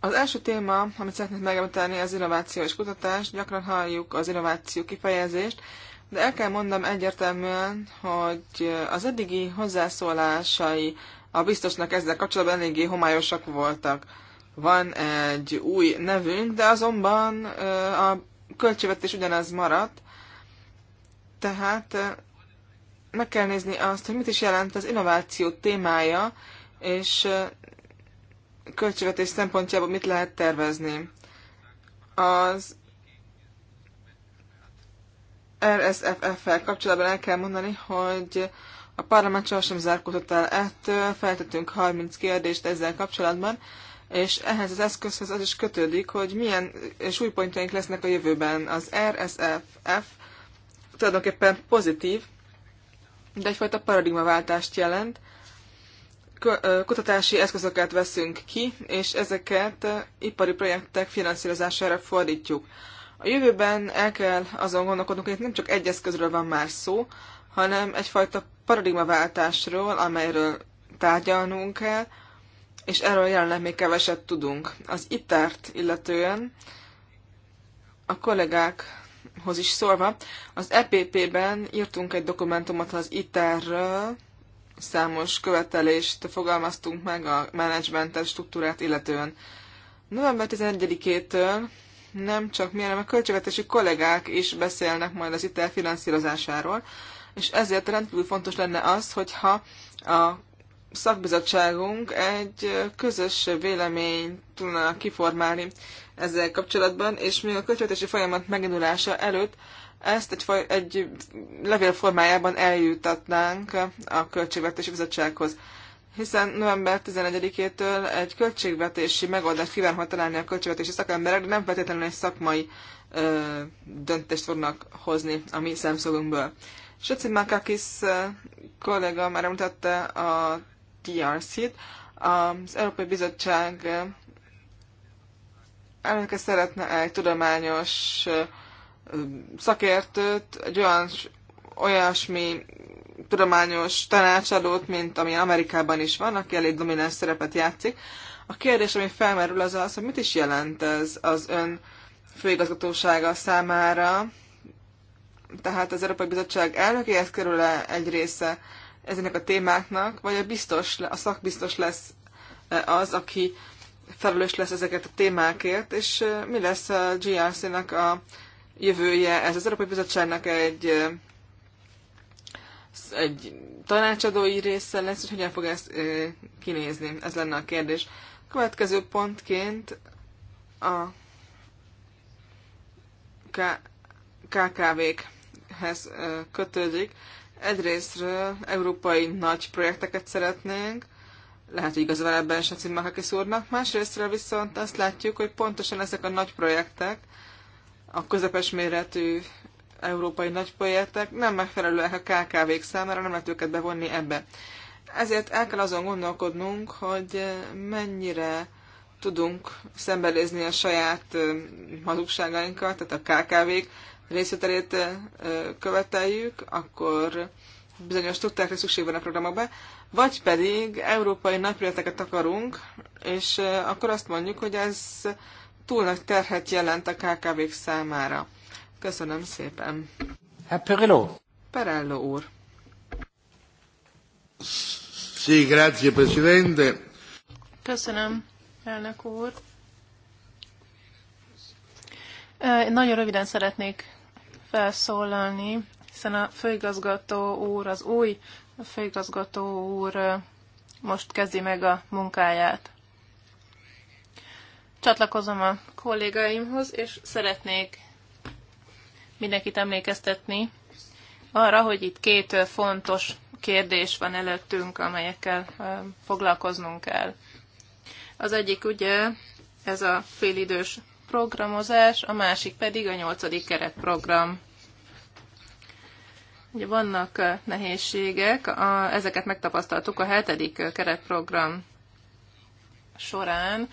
Az első téma, amit szeretnék megemlíteni, az innováció és kutatás. Gyakran halljuk az innováció kifejezést, de el kell mondanom egyértelműen, hogy az eddigi hozzászólásai a biztosnak ezzel kapcsolatban eléggé homályosak voltak. Van egy új nevünk, de azonban a költségvetés ugyanez maradt, tehát eh, meg kell nézni azt, hogy mit is jelent az innováció témája, és eh, költségvetés szempontjából mit lehet tervezni. Az RSFF-fel kapcsolatban el kell mondani, hogy a parlament sohasem zárkózott el ettől, feltettünk 30 kérdést ezzel kapcsolatban, és ehhez az eszközhez az is kötődik, hogy milyen súlypontjaink lesznek a jövőben. Az RSFF tulajdonképpen pozitív, de egyfajta paradigmaváltást jelent. Kutatási eszközöket veszünk ki, és ezeket ipari projektek finanszírozására fordítjuk. A jövőben el kell azon gondolkodnunk, hogy itt nem csak egy eszközről van már szó, hanem egyfajta paradigmaváltásról, amelyről tárgyalnunk kell, és erről jelenleg még keveset tudunk. Az ITER-t illetően a kollégák hoz is szólva, az EPP-ben írtunk egy dokumentumot az ITER-ről, számos követelést fogalmaztunk meg a menedzsmentes struktúrát illetően. November 11-től nem csak mi, hanem a költségvetési kollégák is beszélnek majd az ITER finanszírozásáról, és ezért rendkívül fontos lenne az, hogyha a szakbizottságunk egy közös véleményt tudna kiformálni ezzel kapcsolatban, és még a költségvetési folyamat megindulása előtt ezt egy, egy levél formájában eljutatnánk a Költségvetési Bizottsághoz. Hiszen november 11-től egy költségvetési megoldást kívánhat találni a költségvetési szakemberek, de nem feltétlenül egy szakmai ö, döntést fognak hozni a mi szemszögünkből. Makakis kolléga már mutatta a TRC-t, az Európai Bizottság elnöke szeretne egy tudományos szakértőt, egy olyan, olyasmi tudományos tanácsadót, mint ami Amerikában is van, aki elég domináns szerepet játszik. A kérdés, ami felmerül, az az, hogy mit is jelent ez az ön főigazgatósága számára, tehát az Európai Bizottság elnökéhez kerül -e egy része ezenek a témáknak, vagy a, biztos, a szakbiztos lesz az, aki felelős lesz ezeket a témákért, és mi lesz a GRC-nak a jövője? Ez az Európai Bizottságnak egy, egy tanácsadói része lesz, hogy hogyan fog ezt kinézni? Ez lenne a kérdés. Következő pontként a KKV-khez kötődik. Egyrésztről európai nagy projekteket szeretnénk, lehet, hogy igazán ebben is a címmakaki szúrnak. Másrésztről viszont azt látjuk, hogy pontosan ezek a nagy projektek, a közepes méretű európai nagy projektek nem megfelelőek a KKV-k számára, nem lehet őket bevonni ebbe. Ezért el kell azon gondolkodnunk, hogy mennyire tudunk szembenézni a saját hazugságainkat, tehát a KKV-k részvételét követeljük, akkor bizonyos hogy szükség van a programokba, vagy pedig európai napületeket akarunk, és akkor azt mondjuk, hogy ez túl nagy terhet jelent a KKV-k számára. Köszönöm szépen. Herr Perello. Perello úr. Sí, grazie, Presidente. Köszönöm, elnök úr. Nagyon röviden szeretnék felszólalni, hiszen a főigazgató úr az új a főigazgató úr most kezdi meg a munkáját. Csatlakozom a kollégáimhoz, és szeretnék mindenkit emlékeztetni arra, hogy itt két fontos kérdés van előttünk, amelyekkel foglalkoznunk kell. Az egyik ugye ez a félidős programozás, a másik pedig a nyolcadik keretprogram. Ugye vannak nehézségek, a, ezeket megtapasztaltuk a hetedik keretprogram során,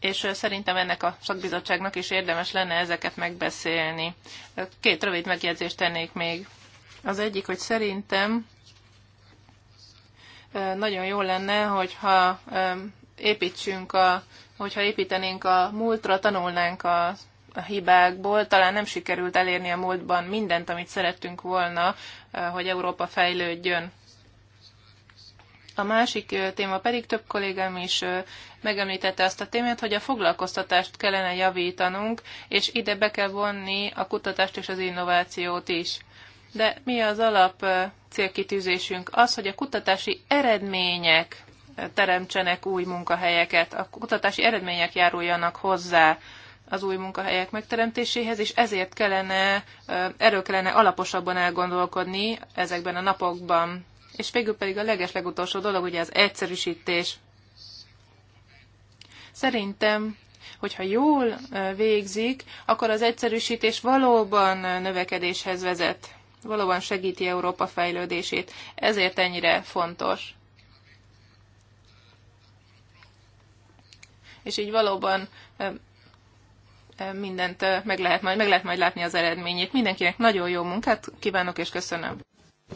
és szerintem ennek a szakbizottságnak is érdemes lenne ezeket megbeszélni. Két rövid megjegyzést tennék még. Az egyik, hogy szerintem nagyon jó lenne, hogyha építsünk a, hogyha építenénk a múltra, tanulnánk az a hibákból. Talán nem sikerült elérni a múltban mindent, amit szerettünk volna, hogy Európa fejlődjön. A másik téma pedig több kollégám is megemlítette azt a témát, hogy a foglalkoztatást kellene javítanunk, és ide be kell vonni a kutatást és az innovációt is. De mi az alap célkitűzésünk? Az, hogy a kutatási eredmények teremtsenek új munkahelyeket, a kutatási eredmények járuljanak hozzá az új munkahelyek megteremtéséhez, és ezért kellene, erről kellene alaposabban elgondolkodni ezekben a napokban. És végül pedig a legeslegutolsó dolog, ugye az egyszerűsítés. Szerintem hogyha jól végzik, akkor az egyszerűsítés valóban növekedéshez vezet, valóban segíti Európa fejlődését. Ezért ennyire fontos. És így valóban mindent meg lehet majd, meg lehet majd látni az eredményét. Mindenkinek nagyon jó munkát kívánok, és köszönöm.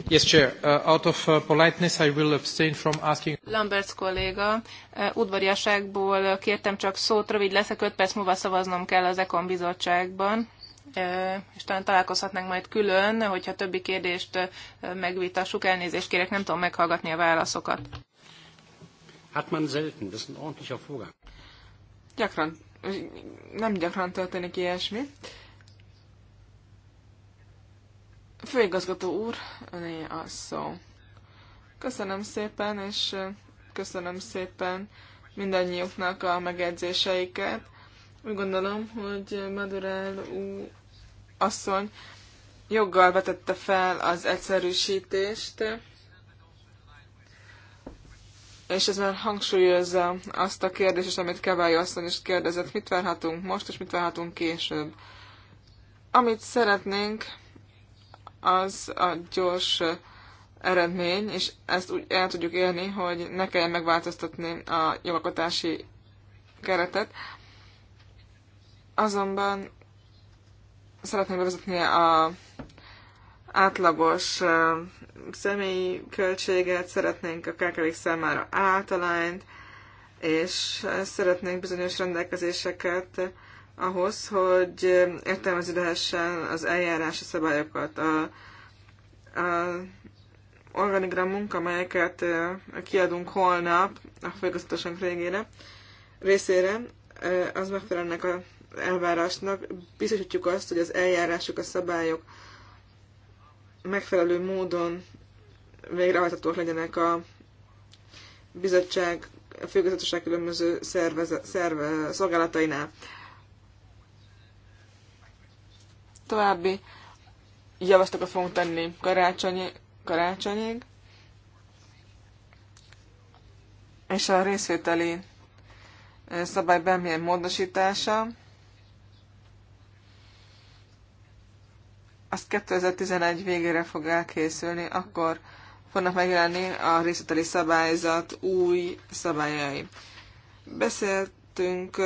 Yes, Chair. Uh, out of uh, politeness, I will abstain from asking... Lamberts kolléga, uh, udvariaságból kértem csak szót, rövid leszek, 5 perc múlva szavaznom kell az Ekon bizottságban, uh, és talán találkozhatnánk majd külön, hogyha többi kérdést uh, megvitassuk. Elnézést kérek, nem tudom meghallgatni a válaszokat. Hat man selten, das ist ein ordentlicher Vorgang. Gyakran nem gyakran történik ilyesmi. Főigazgató úr, öné a szó. Köszönöm szépen, és köszönöm szépen mindannyiuknak a megjegyzéseiket. Úgy gondolom, hogy Madurell úr asszony joggal vetette fel az egyszerűsítést, és ez már hangsúlyozza azt a kérdést, amit Kevály asszony is kérdezett, mit várhatunk most, és mit várhatunk később. Amit szeretnénk, az a gyors eredmény, és ezt úgy el tudjuk élni hogy ne kelljen megváltoztatni a jogalkotási keretet. Azonban szeretném bevezetni a átlagos személyi költséget, szeretnénk a KKV számára általányt, és szeretnénk bizonyos rendelkezéseket ahhoz, hogy értelmezni lehessen az eljárási szabályokat. A, a organigramunk, amelyeket kiadunk holnap a főgazdaság régére, részére, az megfelelnek az elvárásnak. Biztosítjuk azt, hogy az eljárások, a szabályok, megfelelő módon végrehajthatók legyenek a bizottság, a főgazdaság különböző szervez, szerve, szolgálatainál. További javaslatokat fogunk tenni karácsony, karácsonyig, és a részvételi eh, szabály bármilyen módosítása, azt 2011 végére fog elkészülni, akkor fognak megjelenni a részleteli szabályzat új szabályai. Beszéltünk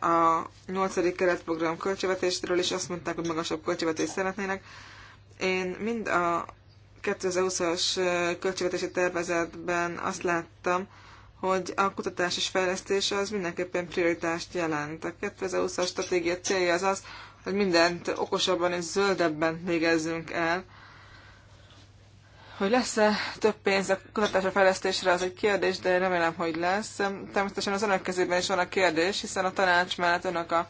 a 8. keretprogram költségvetésről, és azt mondták, hogy magasabb költségvetést szeretnének. Én mind a 2020-as költségvetési tervezetben azt láttam, hogy a kutatás és fejlesztés az mindenképpen prioritást jelent. A 2020-as stratégia célja az az, hogy mindent okosabban és zöldebben végezzünk el. Hogy lesz-e több pénz a kutatásra fejlesztésre, az egy kérdés, de remélem, hogy lesz. Természetesen az önök kezében is van a kérdés, hiszen a tanács mellett önök a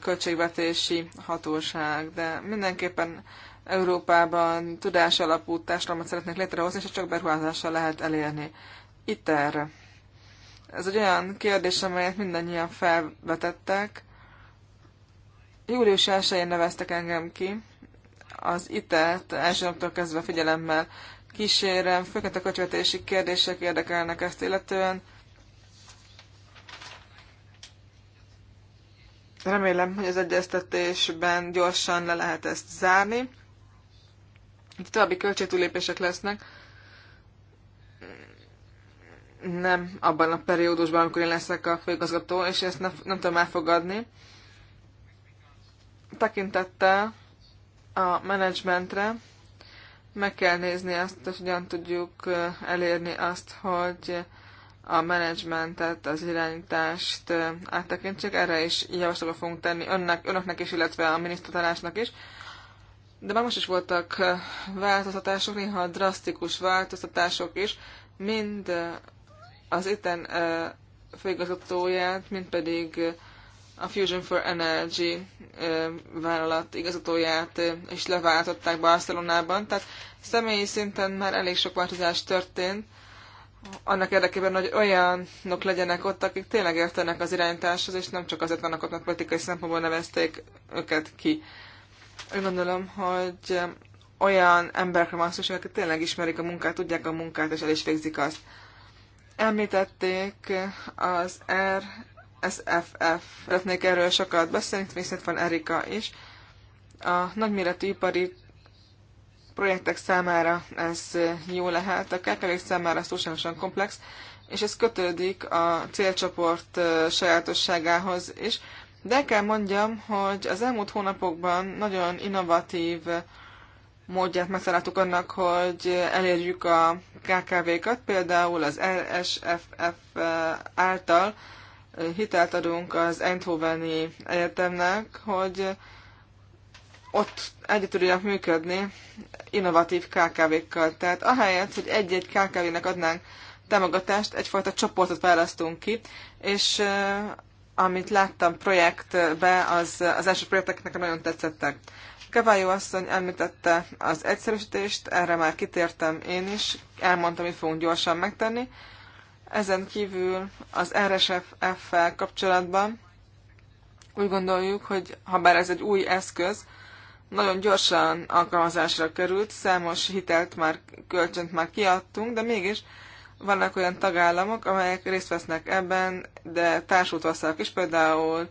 költségvetési hatóság, de mindenképpen Európában tudás alapú társadalmat szeretnék létrehozni, és csak beruházással lehet elérni. Itt erre. Ez egy olyan kérdés, amelyet mindannyian felvetettek, Július 1-én neveztek engem ki. Az ITET első naptól kezdve figyelemmel kísérem, főként a kocsvetési kérdések érdekelnek ezt illetően. Remélem, hogy az egyeztetésben gyorsan le lehet ezt zárni. Itt további költségtúlépések lesznek. Nem abban a periódusban, amikor én leszek a főigazgató, és ezt ne, nem tudom elfogadni tekintettel a menedzsmentre meg kell nézni azt, hogy hogyan tudjuk elérni azt, hogy a menedzsmentet, az irányítást áttekintsük. Erre is javaslatot fogunk tenni önnek, önöknek is, illetve a minisztertanácsnak is. De már most is voltak változtatások, néha drasztikus változtatások is, mind az itten főigazgatóját, mind pedig a Fusion for Energy vállalat igazgatóját is leváltották Barcelonában, tehát személyi szinten már elég sok változás történt, annak érdekében, hogy olyanok legyenek ott, akik tényleg értenek az irányításhoz, és nem csak azért vannak ott, mert politikai szempontból nevezték őket ki. Én gondolom, hogy olyan emberekre van szükség, akik tényleg ismerik a munkát, tudják a munkát, és el is végzik azt. Említették az R SFF. Szeretnék erről sokat beszélni, viszont van Erika is. A nagyméretű ipari projektek számára ez jó lehet, a kkv számára ez túlságosan komplex, és ez kötődik a célcsoport sajátosságához is. De el kell mondjam, hogy az elmúlt hónapokban nagyon innovatív módját megtaláltuk annak, hogy elérjük a KKV-kat, például az RSFF által hitelt adunk az Eindhoveni Egyetemnek, hogy ott együtt tudjanak működni innovatív KKV-kkal. Tehát ahelyett, hogy egy-egy KKV-nek adnánk támogatást, egyfajta csoportot választunk ki, és amit láttam projektbe, az, az első projekteknek nagyon tetszettek. Kevályó asszony említette az egyszerűsítést, erre már kitértem én is, elmondtam, hogy fogunk gyorsan megtenni. Ezen kívül az RSFF-fel kapcsolatban úgy gondoljuk, hogy ha bár ez egy új eszköz, nagyon gyorsan alkalmazásra került, számos hitelt már, kölcsönt már kiadtunk, de mégis vannak olyan tagállamok, amelyek részt vesznek ebben, de társult országok is, például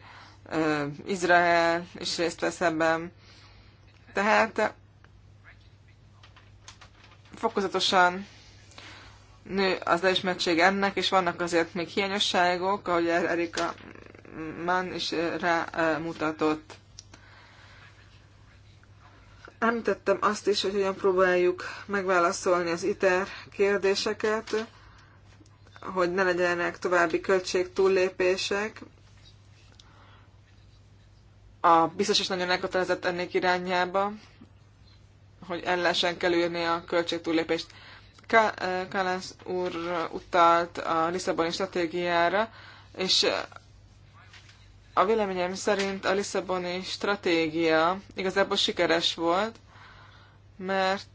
uh, Izrael is részt vesz ebben. Tehát fokozatosan nő az elismertség ennek, és vannak azért még hiányosságok, ahogy e- Erika Mann is eh, rámutatott. Eh, Említettem azt is, hogy hogyan próbáljuk megválaszolni az ITER kérdéseket, hogy ne legyenek további költség túllépések. A biztos is nagyon elkötelezett ennek irányába, hogy ellen kell a költség túllépést. Kálász eh, úr utalt a Lisszaboni stratégiára, és eh, a véleményem szerint a Lisszaboni stratégia igazából sikeres volt, mert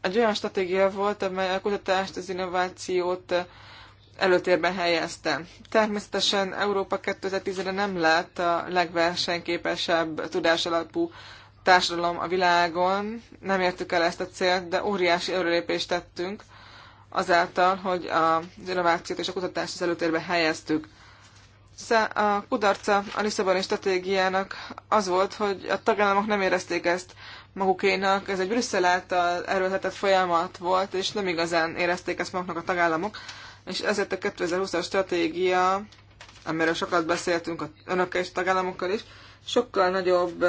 egy olyan stratégia volt, amely a kutatást, az innovációt eh, előtérbe helyezte. Természetesen Európa 2010-re nem lett a legversenyképesebb tudásalapú társadalom a világon. Nem értük el ezt a célt, de óriási előrépést tettünk azáltal, hogy az innovációt és a kutatást az előtérbe helyeztük. A kudarca a Lisszaboni stratégiának az volt, hogy a tagállamok nem érezték ezt magukénak. Ez egy Brüsszel által erőltetett folyamat volt, és nem igazán érezték ezt maguknak a tagállamok. És ezért a 2020-as stratégia, amiről sokat beszéltünk a önökkel és tagállamokkal is, sokkal nagyobb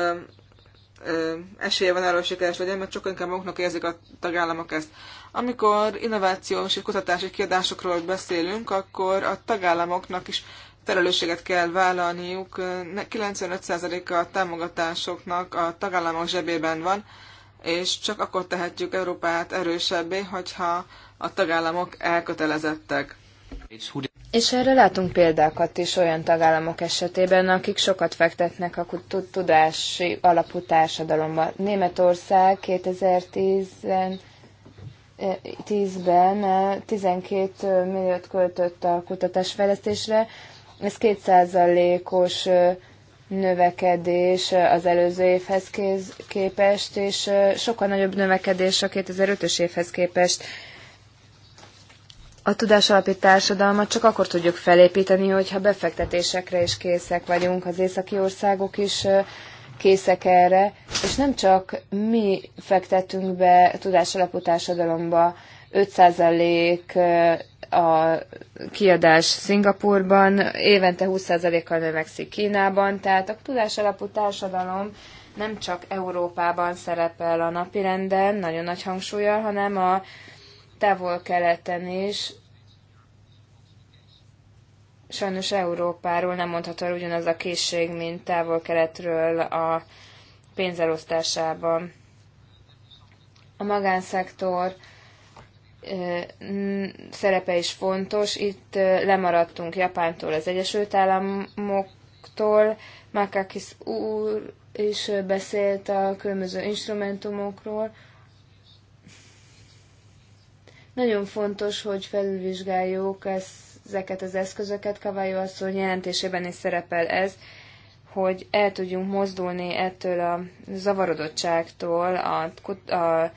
esélye van arra, hogy sikeres legyen, mert sokkal inkább maguknak érzik a tagállamok ezt. Amikor innovációs és kutatási kérdésekről beszélünk, akkor a tagállamoknak is felelősséget kell vállalniuk. 95% a támogatásoknak a tagállamok zsebében van, és csak akkor tehetjük Európát erősebbé, hogyha a tagállamok elkötelezettek. És erre látunk példákat is olyan tagállamok esetében, akik sokat fektetnek a tudási alapú társadalomba. Németország 2010-ben 12 eh, eh, milliót költött a kutatásfejlesztésre, ez 2%-os eh, növekedés az előző évhez képest, és sokkal nagyobb növekedés a 2005-ös évhez képest. A alapú társadalmat csak akkor tudjuk felépíteni, hogyha befektetésekre is készek vagyunk, az északi országok is készek erre, és nem csak mi fektetünk be alapú társadalomba 5% a kiadás Szingapurban, évente 20%-kal növekszik Kínában, tehát a alapú társadalom nem csak Európában szerepel a napirenden, nagyon nagy hangsúlyal, hanem a távol-keleten is sajnos Európáról nem mondható ugyanaz a készség, mint távol-keletről a pénzelosztásában. A magánszektor szerepe is fontos. Itt lemaradtunk Japántól, az Egyesült Államoktól. Makakis úr is beszélt a különböző instrumentumokról. Nagyon fontos, hogy felülvizsgáljuk ezeket az eszközöket. Kavályó asszony jelentésében is szerepel ez, hogy el tudjunk mozdulni ettől a zavarodottságtól, a, a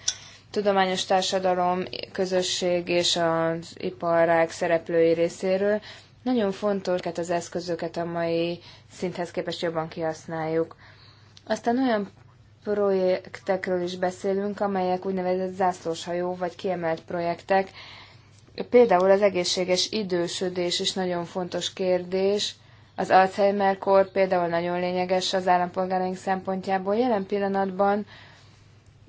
tudományos társadalom, közösség és az iparág szereplői részéről. Nagyon fontos, hogy az eszközöket a mai szinthez képest jobban kihasználjuk. Aztán olyan projektekről is beszélünk, amelyek úgynevezett zászlóshajó vagy kiemelt projektek. Például az egészséges idősödés is nagyon fontos kérdés. Az Alzheimer-kor például nagyon lényeges az állampolgáraink szempontjából. Jelen pillanatban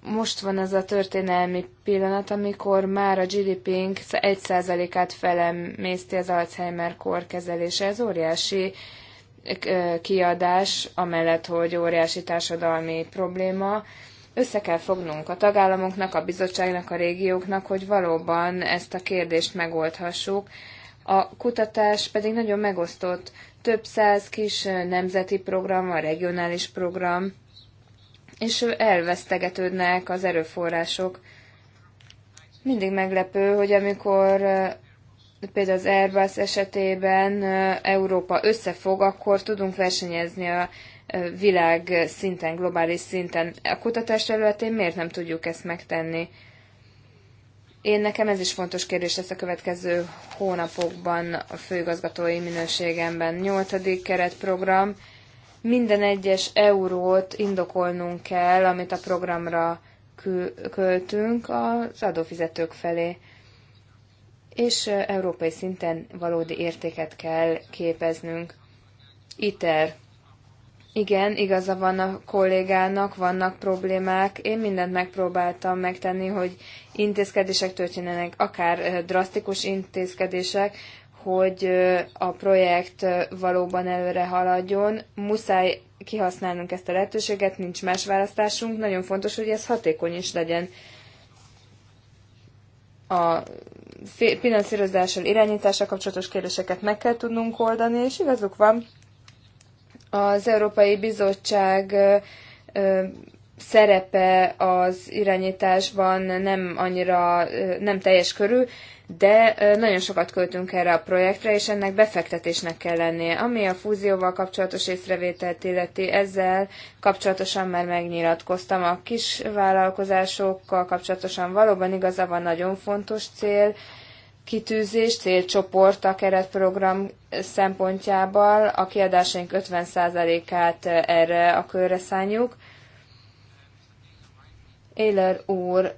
most van az a történelmi pillanat, amikor már a gdp ink 1%-át felemészti az Alzheimer-kor kezelése. Ez óriási kiadás, amellett, hogy óriási társadalmi probléma. Össze kell fognunk a tagállamoknak, a bizottságnak, a régióknak, hogy valóban ezt a kérdést megoldhassuk. A kutatás pedig nagyon megosztott. Több száz kis nemzeti program, a regionális program, és elvesztegetődnek az erőforrások. Mindig meglepő, hogy amikor például az Airbus esetében Európa összefog, akkor tudunk versenyezni a világ szinten, globális szinten. A kutatás területén miért nem tudjuk ezt megtenni? Én nekem ez is fontos kérdés lesz a következő hónapokban a főigazgatói minőségemben. Nyolcadik keretprogram. Minden egyes eurót indokolnunk kell, amit a programra költünk az adófizetők felé és európai szinten valódi értéket kell képeznünk. ITER. Igen, igaza van a kollégának, vannak problémák. Én mindent megpróbáltam megtenni, hogy intézkedések történjenek, akár drasztikus intézkedések, hogy a projekt valóban előre haladjon. Muszáj kihasználnunk ezt a lehetőséget, nincs más választásunk. Nagyon fontos, hogy ez hatékony is legyen a finanszírozással, irányítással kapcsolatos kérdéseket meg kell tudnunk oldani, és igazuk van, az Európai Bizottság szerepe az irányításban nem annyira nem teljes körül, de nagyon sokat költünk erre a projektre, és ennek befektetésnek kell lennie. Ami a fúzióval kapcsolatos észrevételt illeti, ezzel kapcsolatosan már megnyilatkoztam. A kis vállalkozásokkal kapcsolatosan valóban igaza van, nagyon fontos cél, kitűzés, célcsoport a keretprogram szempontjából. A kiadásaink 50%-át erre a körre szálljuk. Éler úr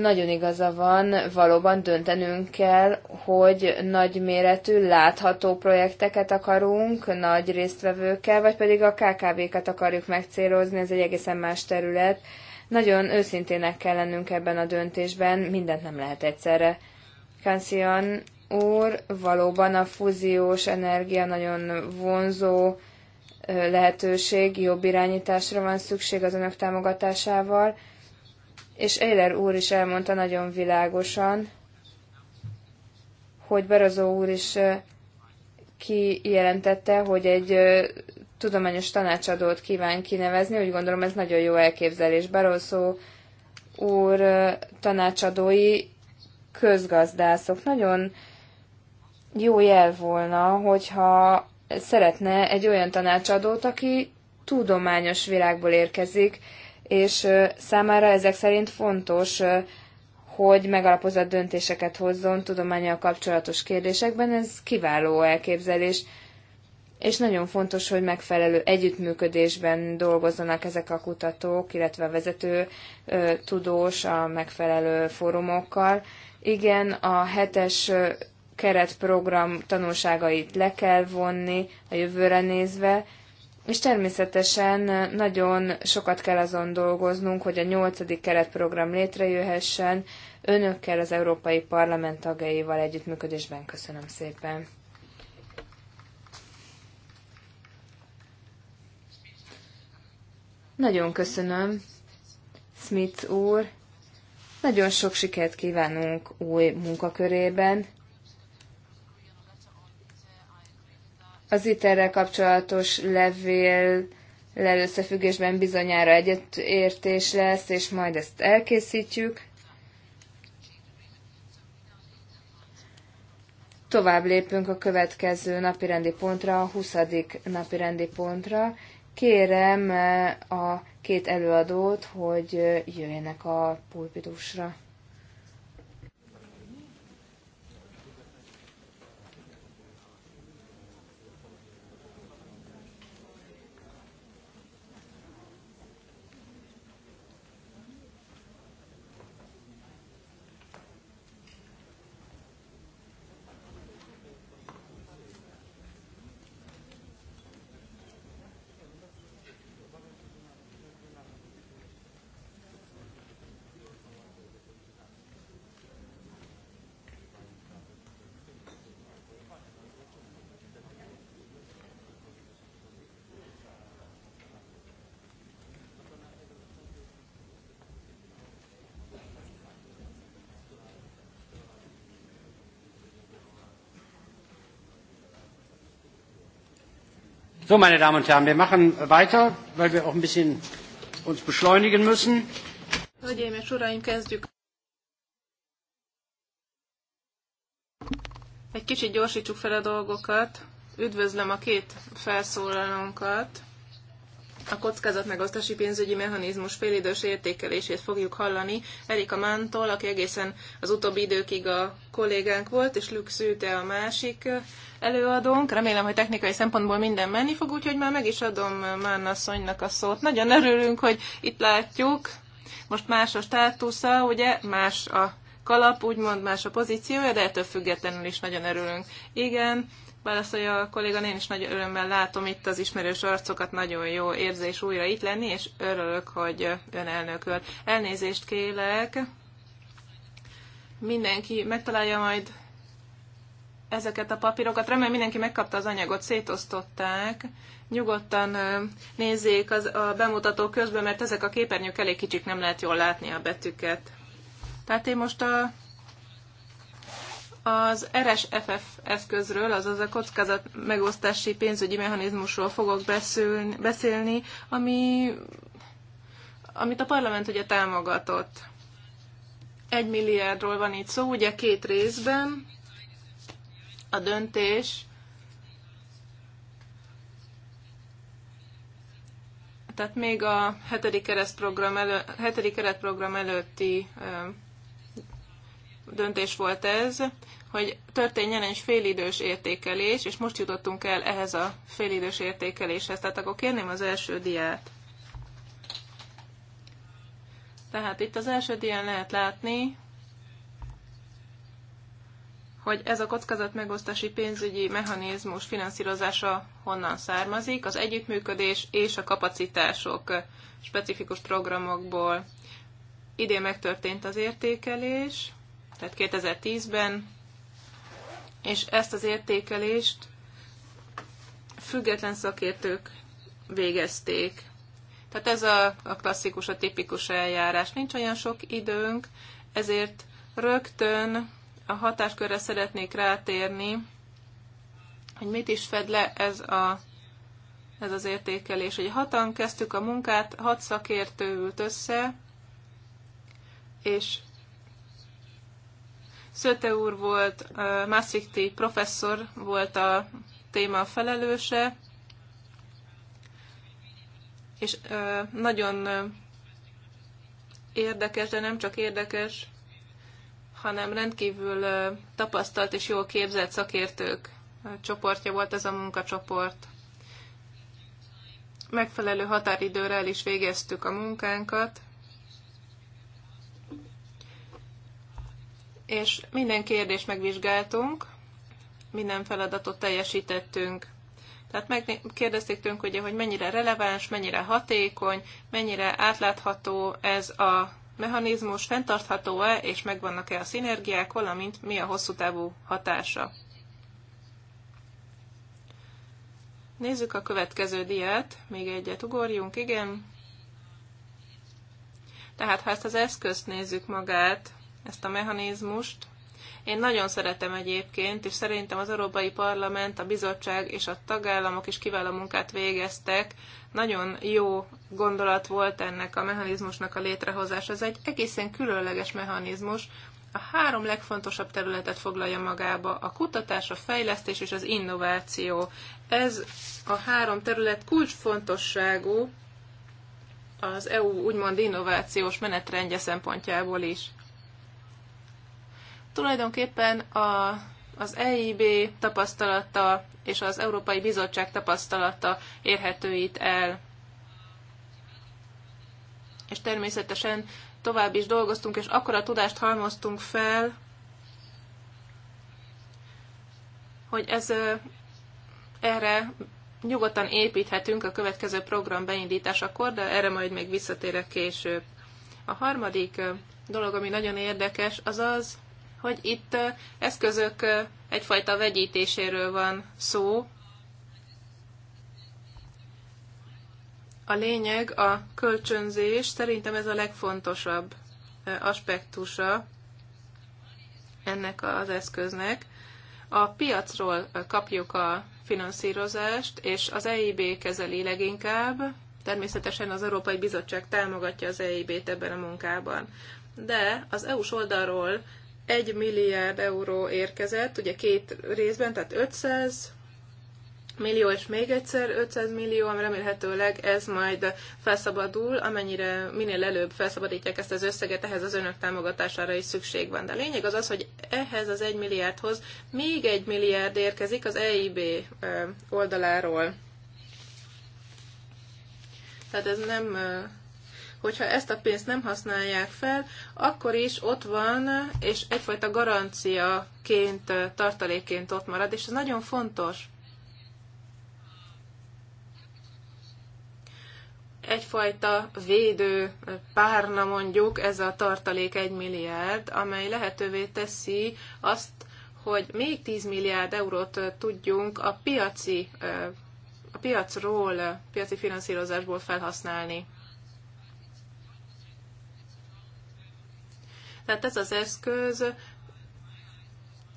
nagyon igaza van, valóban döntenünk kell, hogy nagyméretű, látható projekteket akarunk, nagy résztvevőkkel, vagy pedig a KKV-ket akarjuk megcélozni, ez egy egészen más terület. Nagyon őszintének kell lennünk ebben a döntésben, mindent nem lehet egyszerre. Kanszian úr, valóban a fúziós energia nagyon vonzó lehetőség, jobb irányításra van szükség az önök támogatásával, és Eiler úr is elmondta nagyon világosan, hogy Barazó úr is kijelentette, hogy egy tudományos tanácsadót kíván kinevezni, úgy gondolom ez nagyon jó elképzelés. Barazó úr tanácsadói közgazdászok. Nagyon jó jel volna, hogyha szeretne egy olyan tanácsadót, aki tudományos világból érkezik, és számára ezek szerint fontos, hogy megalapozott döntéseket hozzon tudományjal kapcsolatos kérdésekben. Ez kiváló elképzelés, és nagyon fontos, hogy megfelelő együttműködésben dolgozzanak ezek a kutatók, illetve a vezető tudós a megfelelő fórumokkal. Igen, a hetes keretprogram tanulságait le kell vonni a jövőre nézve, és természetesen nagyon sokat kell azon dolgoznunk, hogy a nyolcadik keretprogram létrejöhessen. Önökkel, az Európai Parlament tagjaival együttműködésben köszönöm szépen. Nagyon köszönöm, Smith úr. Nagyon sok sikert kívánunk új munkakörében. Az iterrel kapcsolatos levél lelőszefüggésben bizonyára egyetértés lesz, és majd ezt elkészítjük. Tovább lépünk a következő napirendi pontra, a 20. napirendi pontra. Kérem eh, a két előadót, hogy eh, jöjjenek a pulpitusra. So, meine Damen und Herren, wir machen weiter, weil wir auch ein bisschen uns beschleunigen müssen. Hölgyeim és Egy kicsit gyorsítsuk fel a dolgokat. Üdvözlöm a két felszólalónkat a megosztási pénzügyi mechanizmus félidős értékelését fogjuk hallani Erika Mántól, aki egészen az utóbbi időkig a kollégánk volt, és Lux a másik előadónk. Remélem, hogy technikai szempontból minden menni fog, úgyhogy már meg is adom Mán asszonynak a szót. Nagyon örülünk, hogy itt látjuk. Most más a státusza, ugye, más a kalap, úgymond más a pozíciója, de ettől függetlenül is nagyon örülünk. Igen, válaszolja a kollégan, én is nagy örömmel látom itt az ismerős arcokat, nagyon jó érzés újra itt lenni, és örülök, hogy ön elnököl. Elnézést kélek, mindenki megtalálja majd ezeket a papírokat. Remélem mindenki megkapta az anyagot, szétosztották. Nyugodtan nézzék az, a bemutató közben, mert ezek a képernyők elég kicsik, nem lehet jól látni a betűket. Tehát én most a az RSFF eszközről, azaz a kockázat megosztási pénzügyi mechanizmusról fogok beszélni, beszélni ami, amit a parlament ugye támogatott. Egy milliárdról van itt szó, ugye két részben a döntés tehát még a hetedik keretprogram, elő, hetedik keretprogram előtti döntés volt ez, hogy történjen egy félidős értékelés, és most jutottunk el ehhez a félidős értékeléshez. Tehát akkor kérném az első diát. Tehát itt az első dián lehet látni, hogy ez a kockázat megosztási pénzügyi mechanizmus finanszírozása honnan származik, az együttműködés és a kapacitások specifikus programokból. Idén megtörtént az értékelés, tehát 2010-ben és ezt az értékelést független szakértők végezték. Tehát ez a, a klasszikus, a tipikus eljárás. Nincs olyan sok időnk, ezért rögtön a hatáskörre szeretnék rátérni, hogy mit is fed le ez, a, ez az értékelés. Hogy hatan kezdtük a munkát, hat szakértő ült össze, és Szöte úr volt, Maastrichti professzor volt a téma felelőse, és nagyon érdekes, de nem csak érdekes, hanem rendkívül tapasztalt és jól képzett szakértők csoportja volt ez a munkacsoport. Megfelelő határidőre el is végeztük a munkánkat, és minden kérdést megvizsgáltunk, minden feladatot teljesítettünk. Tehát megkérdezték tőlünk, ugye, hogy mennyire releváns, mennyire hatékony, mennyire átlátható ez a mechanizmus, fenntartható-e, és megvannak-e a szinergiák, valamint mi a hosszú távú hatása. Nézzük a következő diát, még egyet ugorjunk, igen. Tehát ha ezt az eszközt nézzük magát, ezt a mechanizmust. Én nagyon szeretem egyébként, és szerintem az Európai Parlament, a bizottság és a tagállamok is kiváló munkát végeztek. Nagyon jó gondolat volt ennek a mechanizmusnak a létrehozása. Ez egy egészen különleges mechanizmus, a három legfontosabb területet foglalja magába, a kutatás, a fejlesztés és az innováció. Ez a három terület kulcsfontosságú az EU úgymond innovációs menetrendje szempontjából is. Tulajdonképpen a, az EIB tapasztalata és az Európai Bizottság tapasztalata érhető itt el. És természetesen tovább is dolgoztunk, és akkora tudást halmoztunk fel, hogy ez erre nyugodtan építhetünk a következő program beindításakor, de erre majd még visszatérek később. A harmadik dolog, ami nagyon érdekes, az az, hogy itt eszközök egyfajta vegyítéséről van szó. A lényeg a kölcsönzés, szerintem ez a legfontosabb aspektusa ennek az eszköznek. A piacról kapjuk a finanszírozást, és az EIB kezeli leginkább, természetesen az Európai Bizottság támogatja az EIB-t ebben a munkában. De az EU-s oldalról 1 milliárd euró érkezett, ugye két részben, tehát 500 millió, és még egyszer 500 millió, ami remélhetőleg ez majd felszabadul, amennyire minél előbb felszabadítják ezt az összeget, ehhez az önök támogatására is szükség van. De a lényeg az az, hogy ehhez az 1 milliárdhoz még 1 milliárd érkezik az EIB oldaláról. Tehát ez nem hogyha ezt a pénzt nem használják fel, akkor is ott van, és egyfajta garanciaként, tartalékként ott marad, és ez nagyon fontos. egyfajta védő párna mondjuk ez a tartalék egy milliárd, amely lehetővé teszi azt, hogy még 10 milliárd eurót tudjunk a piaci a piacról, piaci finanszírozásból felhasználni. Tehát ez az eszköz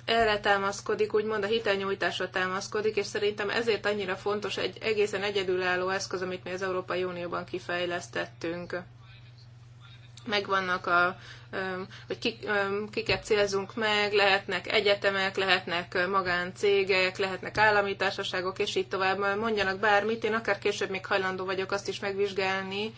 erre támaszkodik, úgymond a hitelnyújtásra támaszkodik, és szerintem ezért annyira fontos egy egészen egyedülálló eszköz, amit mi az Európai Unióban kifejlesztettünk. Megvannak a, hogy kik, kiket célzunk meg, lehetnek egyetemek, lehetnek magáncégek, lehetnek állami társaságok, és így tovább. Mondjanak bármit, én akár később még hajlandó vagyok azt is megvizsgálni,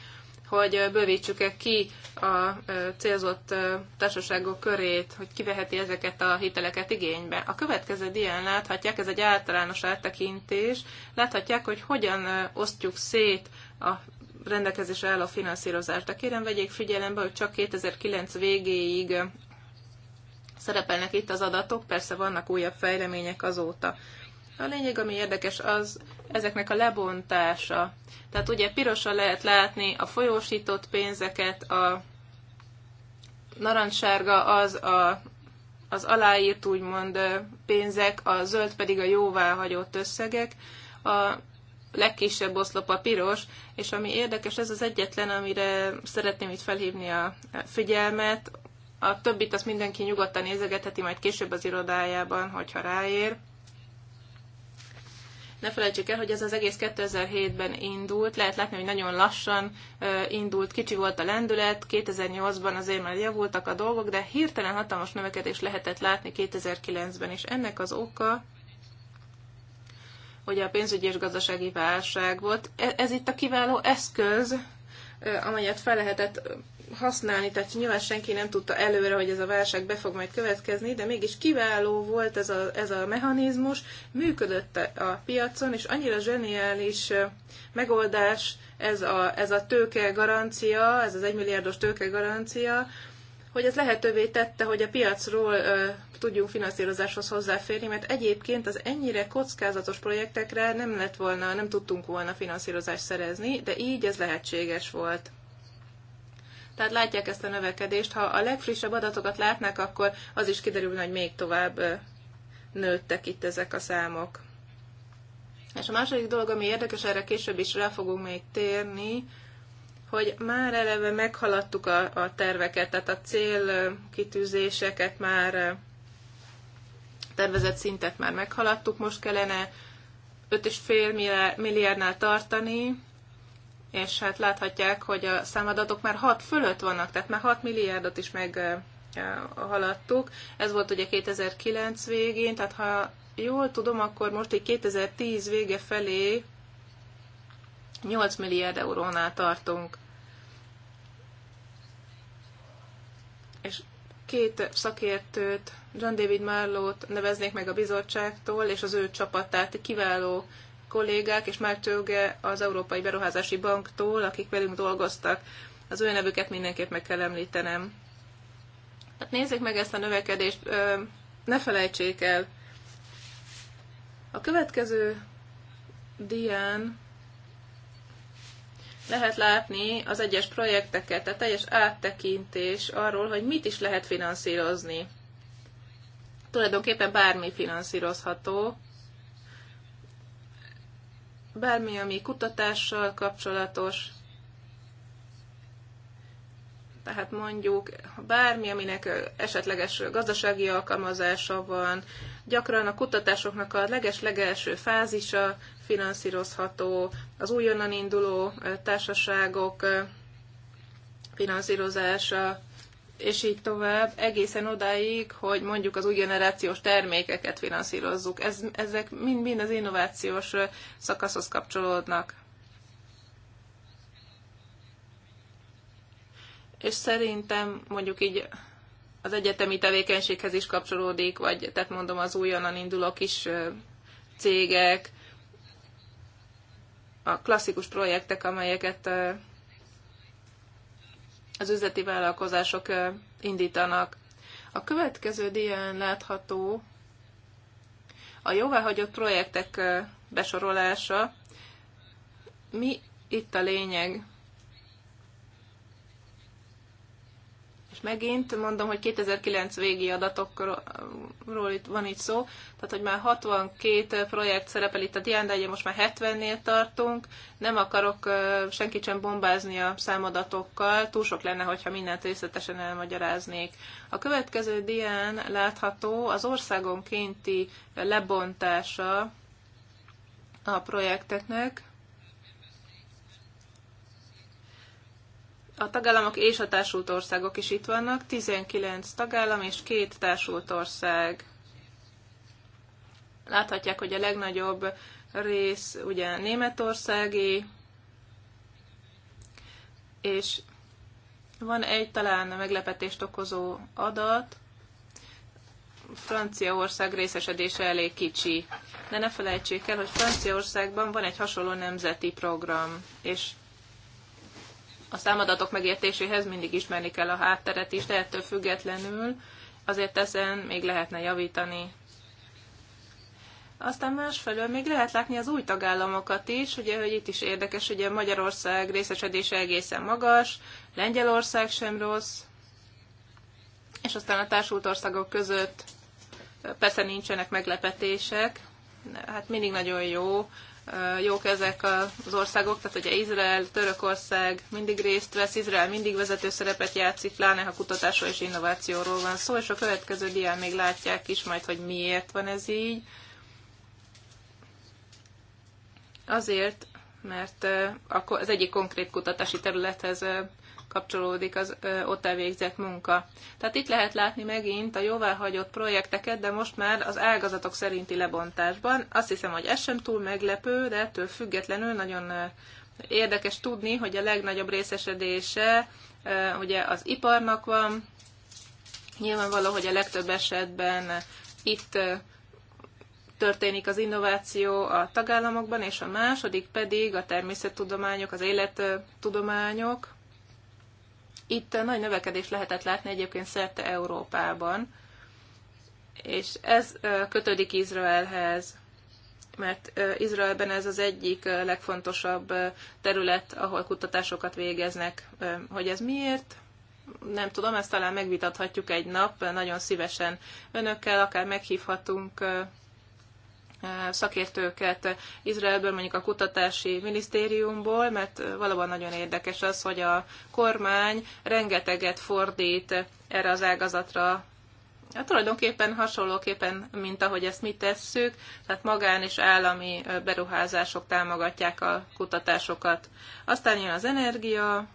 hogy bővítsük-e ki a célzott társaságok körét, hogy kiveheti ezeket a hiteleket igénybe. A következő dián láthatják, ez egy általános áttekintés, láthatják, hogy hogyan osztjuk szét a rendelkezésre álló finanszírozást. De kérem, vegyék figyelembe, hogy csak 2009 végéig szerepelnek itt az adatok, persze vannak újabb fejlemények azóta. A lényeg, ami érdekes az, ezeknek a lebontása. Tehát ugye pirosan lehet látni a folyósított pénzeket, a narancssárga az a, az aláírt úgymond pénzek, a zöld pedig a jóváhagyott összegek, a legkisebb oszlop a piros, és ami érdekes, ez az egyetlen, amire szeretném itt felhívni a figyelmet, a többit azt mindenki nyugodtan nézegetheti majd később az irodájában, hogyha ráér. Ne felejtsük el, hogy ez az egész 2007-ben indult, lehet látni, hogy nagyon lassan indult, kicsi volt a lendület, 2008-ban azért már javultak a dolgok, de hirtelen hatalmas növekedés lehetett látni 2009-ben, is. ennek az oka hogy a pénzügyi és gazdasági válság volt. E-, ez itt a kiváló eszköz, amelyet fel lehetett használni, tehát nyilván senki nem tudta előre, hogy ez a válság be fog majd következni, de mégis kiváló volt ez a, ez a mechanizmus, működött a piacon, és annyira zseniális megoldás ez a, ez a tőke garancia, ez az egymilliárdos tőke garancia, hogy ez lehetővé tette, hogy a piacról ö, tudjunk finanszírozáshoz hozzáférni, mert egyébként az ennyire kockázatos projektekre nem lett volna, nem tudtunk volna finanszírozást szerezni, de így ez lehetséges volt. Tehát látják ezt a növekedést. Ha a legfrissebb adatokat látnák, akkor az is kiderül, hogy még tovább nőttek itt ezek a számok. És a második dolog, ami érdekes, erre később is rá fogunk még térni, hogy már eleve meghaladtuk a, a terveket, tehát a célkitűzéseket már tervezett szintet már meghaladtuk, most kellene 5,5 milliárdnál tartani, és hát láthatják, hogy a számadatok már 6 fölött vannak, tehát már 6 milliárdot is meg haladtuk. Ez volt ugye 2009 végén, tehát ha jól tudom, akkor most így 2010 vége felé 8 milliárd eurónál tartunk. És két szakértőt, John David Marlowe-t neveznék meg a bizottságtól, és az ő csapatát kiváló kollégák, és már Tőge az Európai Beruházási Banktól, akik velünk dolgoztak. Az ő nevüket mindenképp meg kell említenem. Hát nézzék meg ezt a növekedést, ne felejtsék el. A következő dián lehet látni az egyes projekteket, tehát teljes áttekintés arról, hogy mit is lehet finanszírozni. Tulajdonképpen bármi finanszírozható, bármi, ami kutatással kapcsolatos, tehát mondjuk bármi, aminek esetleges gazdasági alkalmazása van, gyakran a kutatásoknak a leges-legelső fázisa finanszírozható, az újonnan induló társaságok finanszírozása, és így tovább, egészen odáig, hogy mondjuk az új generációs termékeket finanszírozzuk. Ez, ezek mind-mind az innovációs szakaszhoz kapcsolódnak. És szerintem mondjuk így az egyetemi tevékenységhez is kapcsolódik, vagy tehát mondom az újonnan induló kis cégek, a klasszikus projektek, amelyeket az üzleti vállalkozások indítanak. A következő díján látható a jóváhagyott projektek besorolása. Mi itt a lényeg? És megint mondom, hogy 2009 végi adatokról itt van itt szó, tehát hogy már 62 projekt szerepel itt a dián, de ugye most már 70-nél tartunk. Nem akarok senkit sem bombázni a számadatokkal, túl sok lenne, hogyha mindent részletesen elmagyaráznék. A következő dián látható az országonkénti lebontása a projekteknek, a tagállamok és a társult országok is itt vannak, 19 tagállam és két társult ország. Láthatják, hogy a legnagyobb rész ugye németországi, és van egy talán meglepetést okozó adat, Franciaország részesedése elég kicsi. De ne felejtsék el, hogy Franciaországban van egy hasonló nemzeti program, és a számadatok megértéséhez mindig ismerni kell a hátteret is, de ettől függetlenül azért ezen még lehetne javítani. Aztán másfelől még lehet látni az új tagállamokat is, ugye, hogy itt is érdekes, ugye Magyarország részesedése egészen magas, Lengyelország sem rossz, és aztán a társult országok között persze nincsenek meglepetések, hát mindig nagyon jó jók ezek az országok, tehát ugye Izrael, Törökország mindig részt vesz, Izrael mindig vezető szerepet játszik, pláne ha kutatásról és innovációról van szó, és a következő dián még látják is majd, hogy miért van ez így. Azért, mert az egyik konkrét kutatási területhez kapcsolódik az ott elvégzett munka. Tehát itt lehet látni megint a jóváhagyott projekteket, de most már az ágazatok szerinti lebontásban. Azt hiszem, hogy ez sem túl meglepő, de ettől függetlenül nagyon érdekes tudni, hogy a legnagyobb részesedése ugye az iparnak van, Nyilvánvaló, hogy a legtöbb esetben itt történik az innováció a tagállamokban, és a második pedig a természettudományok, az élettudományok, itt nagy növekedés lehetett látni egyébként szerte Európában, és ez kötődik Izraelhez, mert Izraelben ez az egyik legfontosabb terület, ahol kutatásokat végeznek. Hogy ez miért? Nem tudom, ezt talán megvitathatjuk egy nap, nagyon szívesen önökkel, akár meghívhatunk szakértőket Izraelből, mondjuk a kutatási minisztériumból, mert valóban nagyon érdekes az, hogy a kormány rengeteget fordít erre az ágazatra Ja, hát tulajdonképpen hasonlóképpen, mint ahogy ezt mi tesszük, tehát magán és állami beruházások támogatják a kutatásokat. Aztán jön az energia,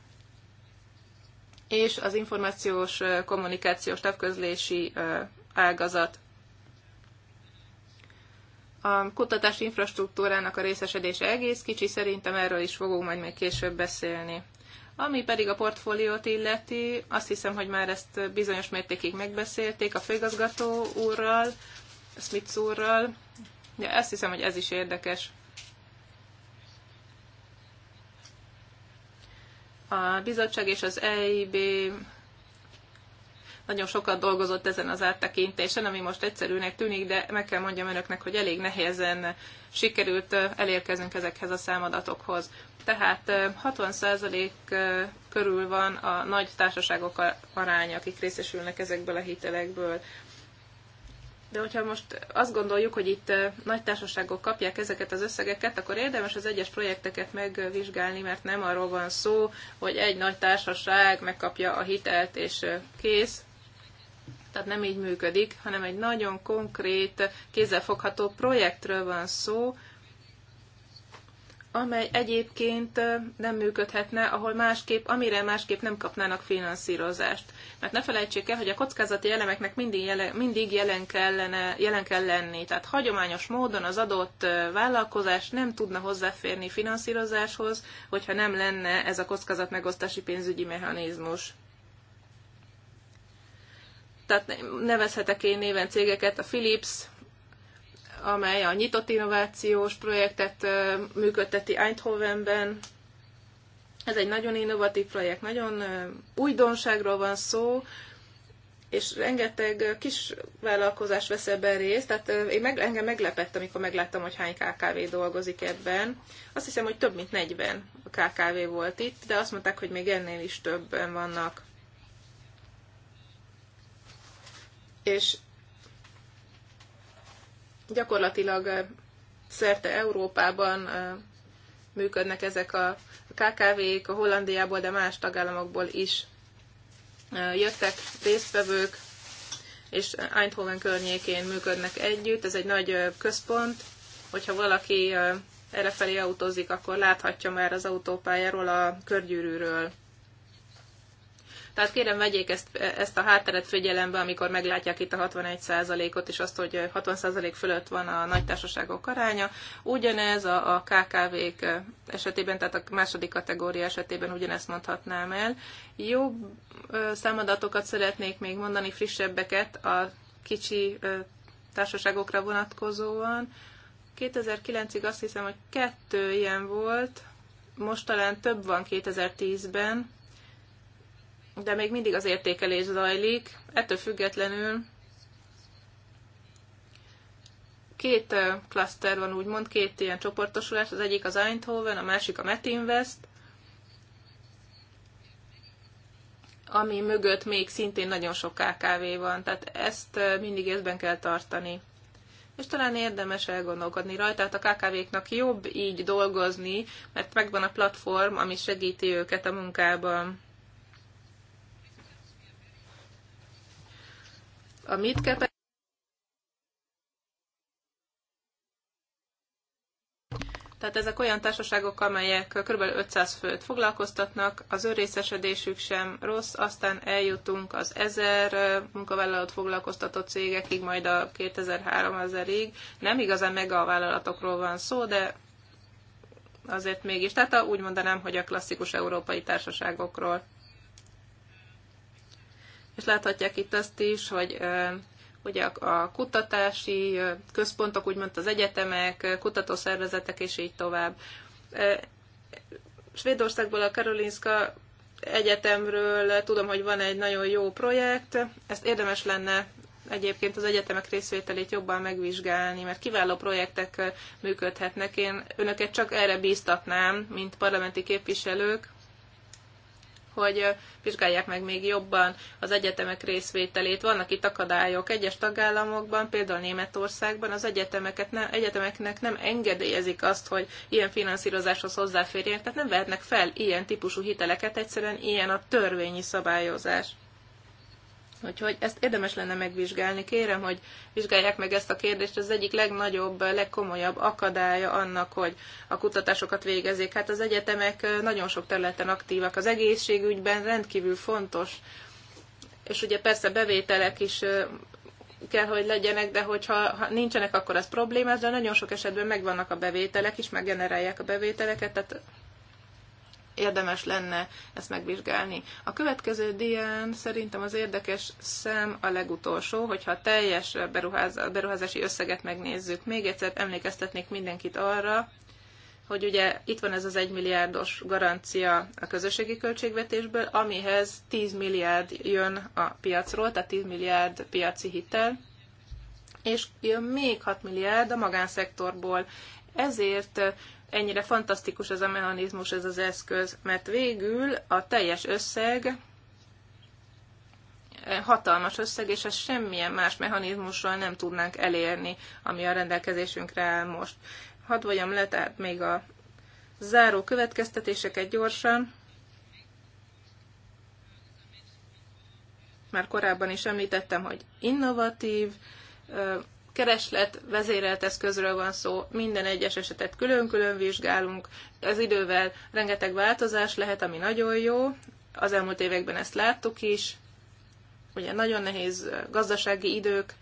és az információs kommunikációs távközlési ágazat. A kutatási infrastruktúrának a részesedése egész kicsi, szerintem erről is fogunk majd még később beszélni. Ami pedig a portfóliót illeti, azt hiszem, hogy már ezt bizonyos mértékig megbeszélték a főigazgató úrral, Smith úrral. Ja, azt hiszem, hogy ez is érdekes. A bizottság és az EIB nagyon sokat dolgozott ezen az áttekintésen, ami most egyszerűnek tűnik, de meg kell mondjam önöknek, hogy elég nehézen sikerült elérkezünk ezekhez a számadatokhoz. Tehát 60% körül van a nagy társaságok aránya, akik részesülnek ezekből a hitelekből. De hogyha most azt gondoljuk, hogy itt nagy társaságok kapják ezeket az összegeket, akkor érdemes az egyes projekteket megvizsgálni, mert nem arról van szó, hogy egy nagy társaság megkapja a hitelt és kész, tehát nem így működik, hanem egy nagyon konkrét, kézzelfogható projektről van szó, amely egyébként nem működhetne, ahol másképp, amire másképp nem kapnának finanszírozást. Mert ne felejtsék el, hogy a kockázati elemeknek mindig jelen, mindig jelen, kellene, jelen kell lenni. Tehát hagyományos módon az adott vállalkozás nem tudna hozzáférni finanszírozáshoz, hogyha nem lenne ez a megosztási pénzügyi mechanizmus. Tehát nevezhetek én néven cégeket, a Philips, amely a nyitott innovációs projektet működteti Eindhovenben. Ez egy nagyon innovatív projekt, nagyon újdonságról van szó, és rengeteg kis vállalkozás vesz ebben részt, tehát én meg, engem meglepett, amikor megláttam, hogy hány KKV dolgozik ebben. Azt hiszem, hogy több mint 40 KKV volt itt, de azt mondták, hogy még ennél is többen vannak. és gyakorlatilag szerte Európában működnek ezek a KKV-k, a Hollandiából, de más tagállamokból is jöttek résztvevők, és Eindhoven környékén működnek együtt. Ez egy nagy központ, hogyha valaki errefelé autózik, akkor láthatja már az autópályáról a körgyűrűről tehát kérem, vegyék ezt, ezt a hátteret figyelembe, amikor meglátják itt a 61%-ot, és azt, hogy 60% fölött van a nagy társaságok aránya. Ugyanez a, a KKV-k esetében, tehát a második kategória esetében ugyanezt mondhatnám el. Jó számadatokat szeretnék még mondani, frissebbeket a kicsi társaságokra vonatkozóan. 2009-ig azt hiszem, hogy kettő ilyen volt, most talán több van 2010-ben, de még mindig az értékelés zajlik. Ettől függetlenül két klaszter eh, van, úgymond két ilyen csoportosulás, az egyik az Eindhoven, a másik a Metinvest, ami mögött még szintén nagyon sok KKV van, tehát ezt eh, mindig észben kell tartani. És talán érdemes elgondolkodni rajta, tehát a KKV-knak jobb így dolgozni, mert megvan a platform, ami segíti őket a munkában. A midcap Tehát ezek olyan társaságok, amelyek kb. 500 főt foglalkoztatnak, az ő részesedésük sem rossz, aztán eljutunk az 1000 munkavállalót foglalkoztatott cégekig, majd a 2000-3000-ig. Nem igazán meg a vállalatokról van szó, de azért mégis. Tehát úgy mondanám, hogy a klasszikus európai társaságokról és láthatják itt azt is, hogy ugye a kutatási központok, úgymond az egyetemek, kutatószervezetek és így tovább. Svédországból a Karolinska Egyetemről tudom, hogy van egy nagyon jó projekt, ezt érdemes lenne egyébként az egyetemek részvételét jobban megvizsgálni, mert kiváló projektek működhetnek. Én önöket csak erre bíztatnám, mint parlamenti képviselők, hogy vizsgálják meg még jobban az egyetemek részvételét. Vannak itt akadályok. Egyes tagállamokban, például Németországban az egyetemeket ne, egyetemeknek nem engedélyezik azt, hogy ilyen finanszírozáshoz hozzáférjenek, tehát nem vehetnek fel ilyen típusú hiteleket, egyszerűen ilyen a törvényi szabályozás. Úgyhogy ezt érdemes lenne megvizsgálni. Kérem, hogy vizsgálják meg ezt a kérdést. Ez egyik legnagyobb, legkomolyabb akadálya annak, hogy a kutatásokat végezzék. Hát az egyetemek nagyon sok területen aktívak. Az egészségügyben rendkívül fontos, és ugye persze bevételek is kell, hogy legyenek, de hogyha ha nincsenek, akkor az probléma, de nagyon sok esetben megvannak a bevételek is, meggenerálják a bevételeket, tehát érdemes lenne ezt megvizsgálni. A következő dián szerintem az érdekes szem a legutolsó, hogyha a teljes beruházási összeget megnézzük. Még egyszer emlékeztetnék mindenkit arra, hogy ugye itt van ez az egymilliárdos milliárdos garancia a közösségi költségvetésből, amihez 10 milliárd jön a piacról, tehát 10 milliárd piaci hitel, és jön még 6 milliárd a magánszektorból. Ezért ennyire fantasztikus ez a mechanizmus, ez az eszköz, mert végül a teljes összeg eh, hatalmas összeg, és ezt semmilyen más mechanizmussal nem tudnánk elérni, ami a rendelkezésünkre áll most. Hadd vagyom le, tehát még a záró következtetéseket gyorsan. Már korábban is említettem, hogy innovatív, eh, kereslet vezérelt eszközről van szó, minden egyes esetet külön-külön vizsgálunk, az idővel rengeteg változás lehet, ami nagyon jó, az elmúlt években ezt láttuk is, ugye nagyon nehéz gazdasági idők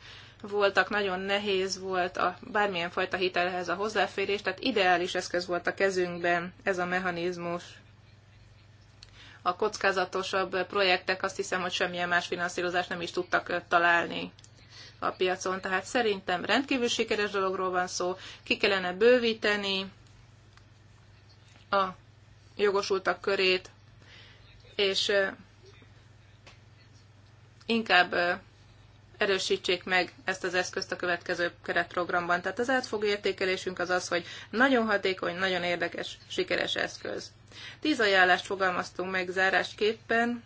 voltak, nagyon nehéz volt a bármilyen fajta hitelhez a hozzáférés, tehát ideális eszköz volt a kezünkben ez a mechanizmus. A kockázatosabb projektek azt hiszem, hogy semmilyen más finanszírozást nem is tudtak találni a piacon. Tehát szerintem rendkívül sikeres dologról van szó, ki kellene bővíteni a jogosultak körét, és inkább erősítsék meg ezt az eszközt a következő keretprogramban. Tehát az átfogó értékelésünk az az, hogy nagyon hatékony, nagyon érdekes, sikeres eszköz. Tíz ajánlást fogalmaztunk meg zárásképpen,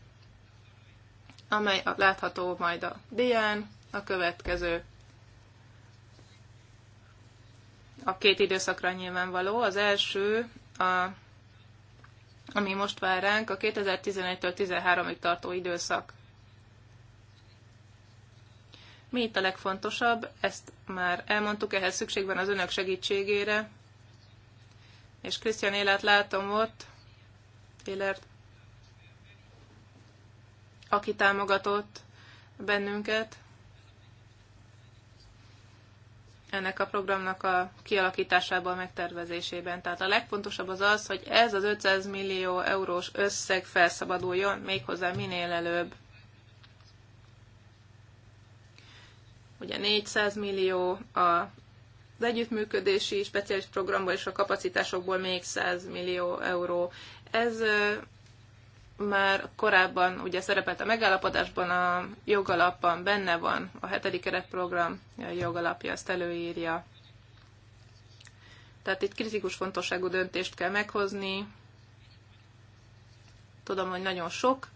amely látható majd a dián a következő. A két időszakra nyilvánvaló. Az első, a, ami most vár ránk, a 2011-től 13-ig tartó időszak. Mi itt a legfontosabb? Ezt már elmondtuk, ehhez szükség van az önök segítségére. És Krisztián élet látom ott, Élert, aki támogatott bennünket ennek a programnak a kialakításában, megtervezésében. Tehát a legfontosabb az az, hogy ez az 500 millió eurós összeg felszabaduljon méghozzá minél előbb. Ugye 400 millió a az együttműködési speciális programból és a kapacitásokból még 100 millió euró. Ez már korábban ugye szerepelt a megállapodásban, a jogalapban benne van, a hetedik keretprogram a jogalapja ezt előírja. Tehát itt kritikus fontosságú döntést kell meghozni. Tudom, hogy nagyon sok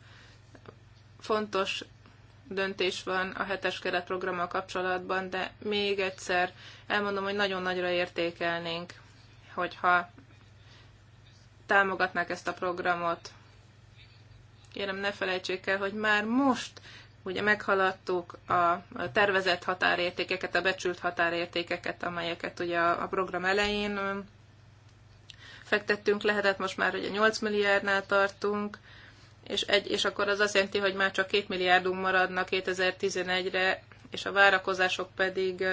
fontos döntés van a hetes keretprogrammal kapcsolatban, de még egyszer elmondom, hogy nagyon nagyra értékelnénk, hogyha támogatnák ezt a programot, Kérem, ne felejtsék el, hogy már most ugye meghaladtuk a tervezett határértékeket, a becsült határértékeket, amelyeket ugye a program elején fektettünk lehetett most már ugye 8 milliárdnál tartunk, és, egy, és akkor az azt jelenti, hogy már csak 2 milliárdunk maradna 2011-re, és a várakozások pedig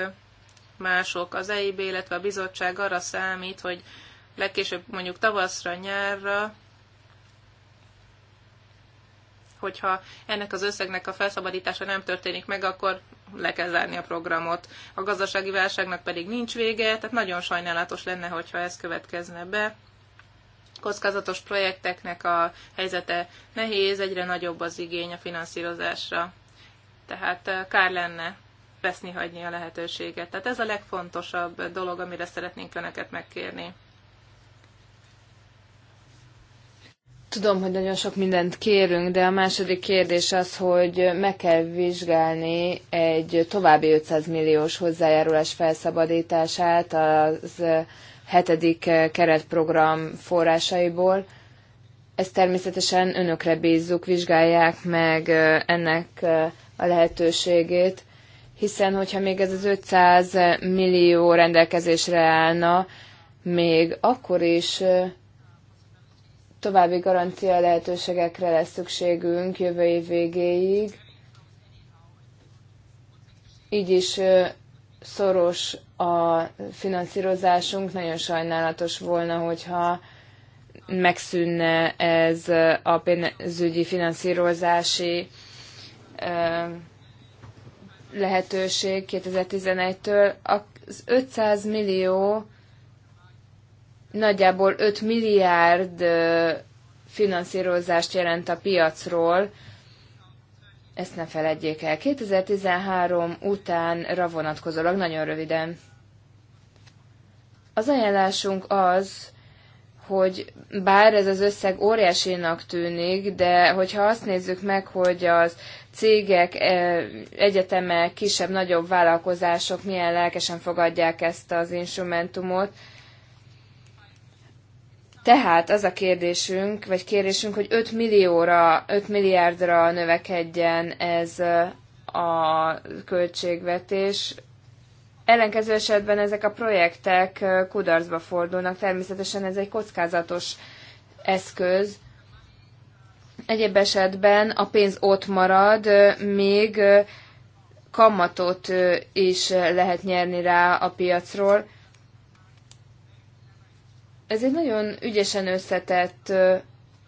mások. Az EIB, illetve a bizottság arra számít, hogy legkésőbb mondjuk tavaszra, nyárra hogyha ennek az összegnek a felszabadítása nem történik meg, akkor le kell zárni a programot. A gazdasági válságnak pedig nincs vége, tehát nagyon sajnálatos lenne, hogyha ez következne be. Kockázatos projekteknek a helyzete nehéz, egyre nagyobb az igény a finanszírozásra. Tehát eh, kár lenne veszni hagyni a lehetőséget. Tehát ez a legfontosabb dolog, amire szeretnénk Önöket megkérni. Tudom, hogy nagyon sok mindent kérünk, de a második kérdés az, hogy meg kell vizsgálni egy további 500 milliós hozzájárulás felszabadítását az hetedik keretprogram forrásaiból. Ezt természetesen önökre bízzuk, vizsgálják meg ennek a lehetőségét, hiszen hogyha még ez az 500 millió rendelkezésre állna, még akkor is további garancia lehetőségekre lesz szükségünk jövő év végéig. Így is szoros a finanszírozásunk, nagyon sajnálatos volna, hogyha megszűnne ez a pénzügyi finanszírozási lehetőség 2011-től. Az 500 millió nagyjából 5 milliárd finanszírozást jelent a piacról, ezt ne feledjék el. 2013 utánra vonatkozólag nagyon röviden. Az ajánlásunk az, hogy bár ez az összeg óriásénak tűnik, de hogyha azt nézzük meg, hogy az cégek, egyetemek, kisebb-nagyobb vállalkozások milyen lelkesen fogadják ezt az instrumentumot, tehát az a kérdésünk, vagy kérésünk, hogy 5 millióra, 5 milliárdra növekedjen ez a költségvetés. Ellenkező esetben ezek a projektek kudarcba fordulnak. Természetesen ez egy kockázatos eszköz. Egyéb esetben a pénz ott marad, még kamatot is lehet nyerni rá a piacról ez egy nagyon ügyesen összetett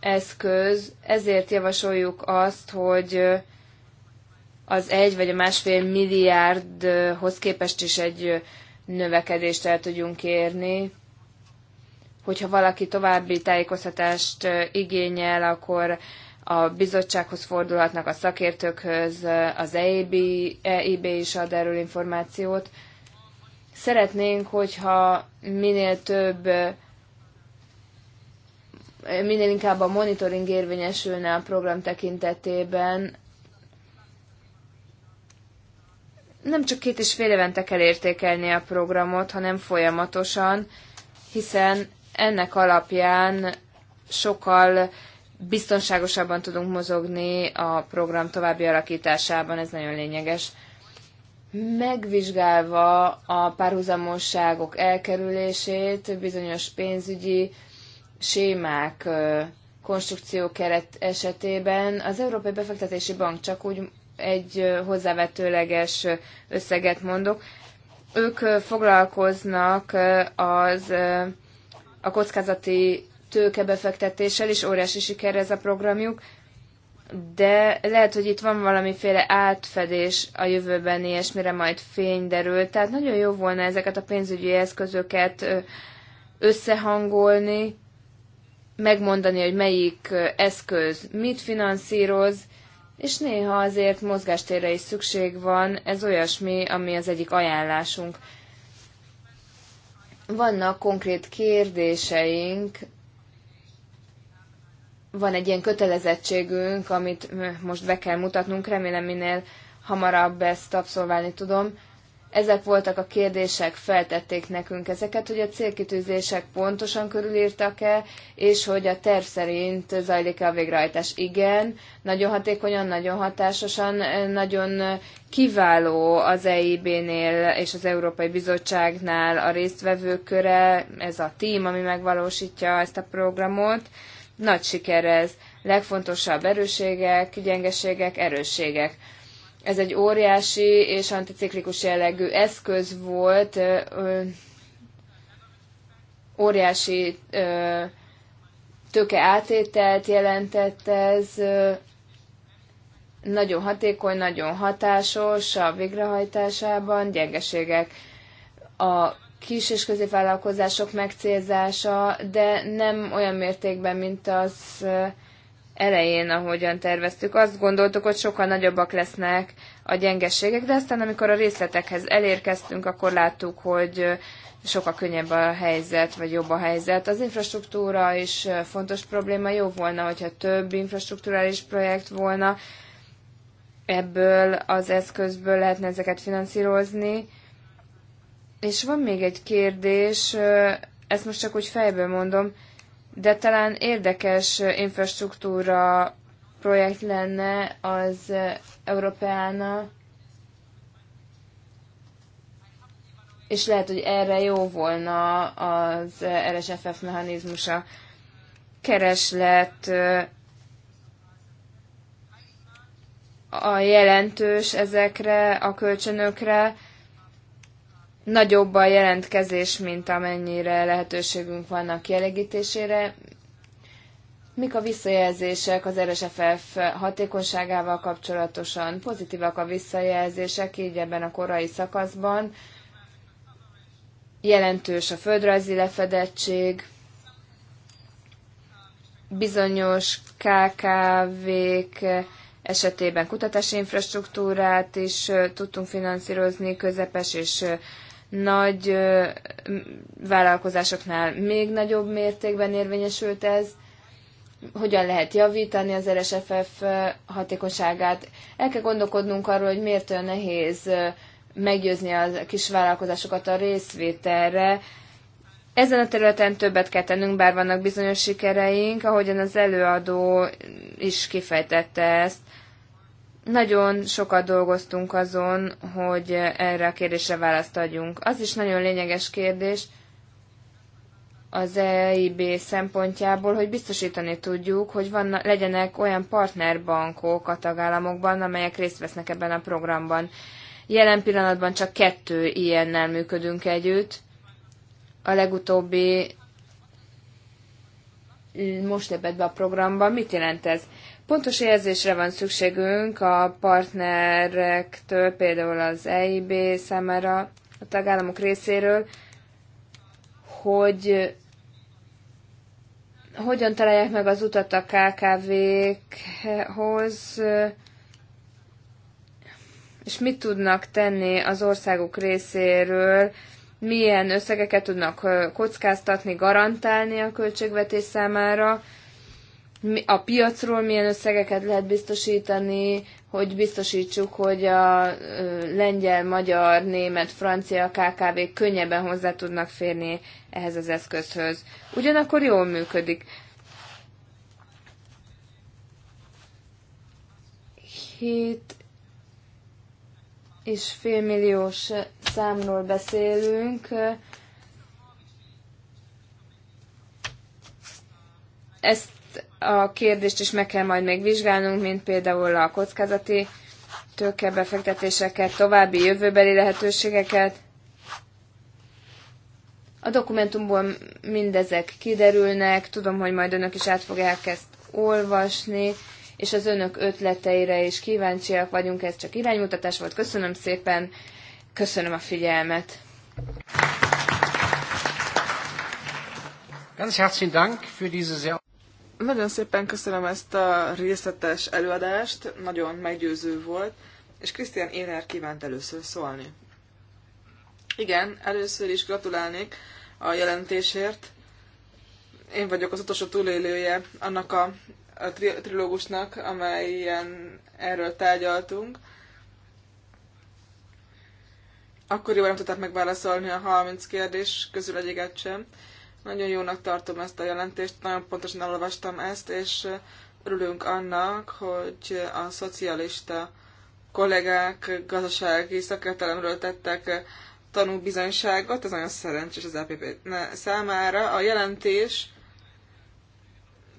eszköz, ezért javasoljuk azt, hogy az egy vagy a másfél milliárdhoz képest is egy növekedést el tudjunk érni. Hogyha valaki további tájékoztatást igényel, akkor a bizottsághoz fordulhatnak, a szakértőkhöz, az EIB, EIB is ad erről információt. Szeretnénk, hogyha minél több minél inkább a monitoring érvényesülne a program tekintetében, nem csak két és fél évente kell értékelni a programot, hanem folyamatosan, hiszen ennek alapján sokkal biztonságosabban tudunk mozogni a program további alakításában, ez nagyon lényeges. Megvizsgálva a párhuzamosságok elkerülését, bizonyos pénzügyi sémák, konstrukció keret esetében az Európai Befektetési Bank csak úgy egy hozzávetőleges összeget mondok. Ők foglalkoznak az a kockázati tőkebefektetéssel is, óriási siker ez a programjuk, de lehet, hogy itt van valamiféle átfedés a jövőben, mire majd fény derül. Tehát nagyon jó volna ezeket a pénzügyi eszközöket összehangolni, megmondani, hogy melyik eszköz mit finanszíroz, és néha azért mozgástérre is szükség van, ez olyasmi, ami az egyik ajánlásunk. Vannak konkrét kérdéseink, van egy ilyen kötelezettségünk, amit most be kell mutatnunk, remélem minél hamarabb ezt abszolválni tudom. Ezek voltak a kérdések, feltették nekünk ezeket, hogy a célkitűzések pontosan körülírtak-e, és hogy a terv szerint zajlik-e a végrehajtás. Igen, nagyon hatékonyan, nagyon hatásosan, nagyon kiváló az EIB-nél és az Európai Bizottságnál a résztvevők köre, ez a tím, ami megvalósítja ezt a programot. Nagy siker ez. Legfontosabb erőségek, gyengeségek, erősségek ez egy óriási és anticiklikus jellegű eszköz volt, óriási tőke átételt jelentett ez, nagyon hatékony, nagyon hatásos a végrehajtásában, gyengeségek a kis és középvállalkozások megcélzása, de nem olyan mértékben, mint az elején, ahogyan terveztük. Azt gondoltuk, hogy sokkal nagyobbak lesznek a gyengességek, de aztán amikor a részletekhez elérkeztünk, akkor láttuk, hogy sokkal könnyebb a helyzet, vagy jobb a helyzet. Az infrastruktúra is fontos probléma. Jó volna, hogyha több infrastruktúrális projekt volna, ebből az eszközből lehetne ezeket finanszírozni. És van még egy kérdés, ezt most csak úgy fejből mondom, de talán érdekes infrastruktúra projekt lenne az eh, Európeána, és lehet, hogy erre jó volna az eh, RSFF mechanizmusa. Kereslet eh, a jelentős ezekre a kölcsönökre, nagyobb a jelentkezés, mint amennyire lehetőségünk vannak kielégítésére. Mik a visszajelzések az RSFF hatékonyságával kapcsolatosan? Pozitívak a visszajelzések, így ebben a korai szakaszban. Jelentős a földrajzi lefedettség, bizonyos KKV-k esetében kutatási infrastruktúrát is tudtunk finanszírozni, közepes és nagy vállalkozásoknál még nagyobb mértékben érvényesült ez, hogyan lehet javítani az RSFF hatékonyságát. El kell gondolkodnunk arról, hogy miért olyan nehéz meggyőzni a kis vállalkozásokat a részvételre. Ezen a területen többet kell tennünk, bár vannak bizonyos sikereink, ahogyan az előadó is kifejtette ezt. Nagyon sokat dolgoztunk azon, hogy erre a kérdésre választ adjunk. Az is nagyon lényeges kérdés az EIB szempontjából, hogy biztosítani tudjuk, hogy van, legyenek olyan partnerbankok a tagállamokban, amelyek részt vesznek ebben a programban. Jelen pillanatban csak kettő ilyennel működünk együtt. A legutóbbi most lépett be a programban Mit jelent ez? Pontos érzésre van szükségünk a partnerektől, például az EIB számára, a tagállamok részéről, hogy hogyan találják meg az utat a KKV-khoz, és mit tudnak tenni az országok részéről, milyen összegeket tudnak kockáztatni, garantálni a költségvetés számára, a piacról milyen összegeket lehet biztosítani, hogy biztosítsuk, hogy a lengyel, magyar, német, francia KKV könnyebben hozzá tudnak férni ehhez az eszközhöz. Ugyanakkor jól működik. Hét és félmilliós számról beszélünk. Ezt a kérdést is meg kell majd még vizsgálnunk, mint például a kockázati tőkebefektetéseket, további jövőbeli lehetőségeket. A dokumentumból mindezek kiderülnek, tudom, hogy majd önök is át fogják ezt olvasni, és az önök ötleteire is kíváncsiak vagyunk, ez csak iránymutatás volt. Köszönöm szépen, köszönöm a figyelmet. Ganz herzlichen Dank für diese sehr nagyon szépen köszönöm ezt a részletes előadást, nagyon meggyőző volt, és Krisztián Éner kívánt először szólni. Igen, először is gratulálnék a jelentésért. Én vagyok az utolsó túlélője annak a, a tri- trilógusnak, amelyen erről tárgyaltunk. Akkoriban nem tudták megválaszolni a 30 kérdés közül egyiket sem. Nagyon jónak tartom ezt a jelentést, nagyon pontosan elolvastam ezt, és örülünk annak, hogy a szocialista kollégák gazdasági szakértelemről tettek tanúbizonyságot, ez nagyon szerencsés az APP számára. A jelentés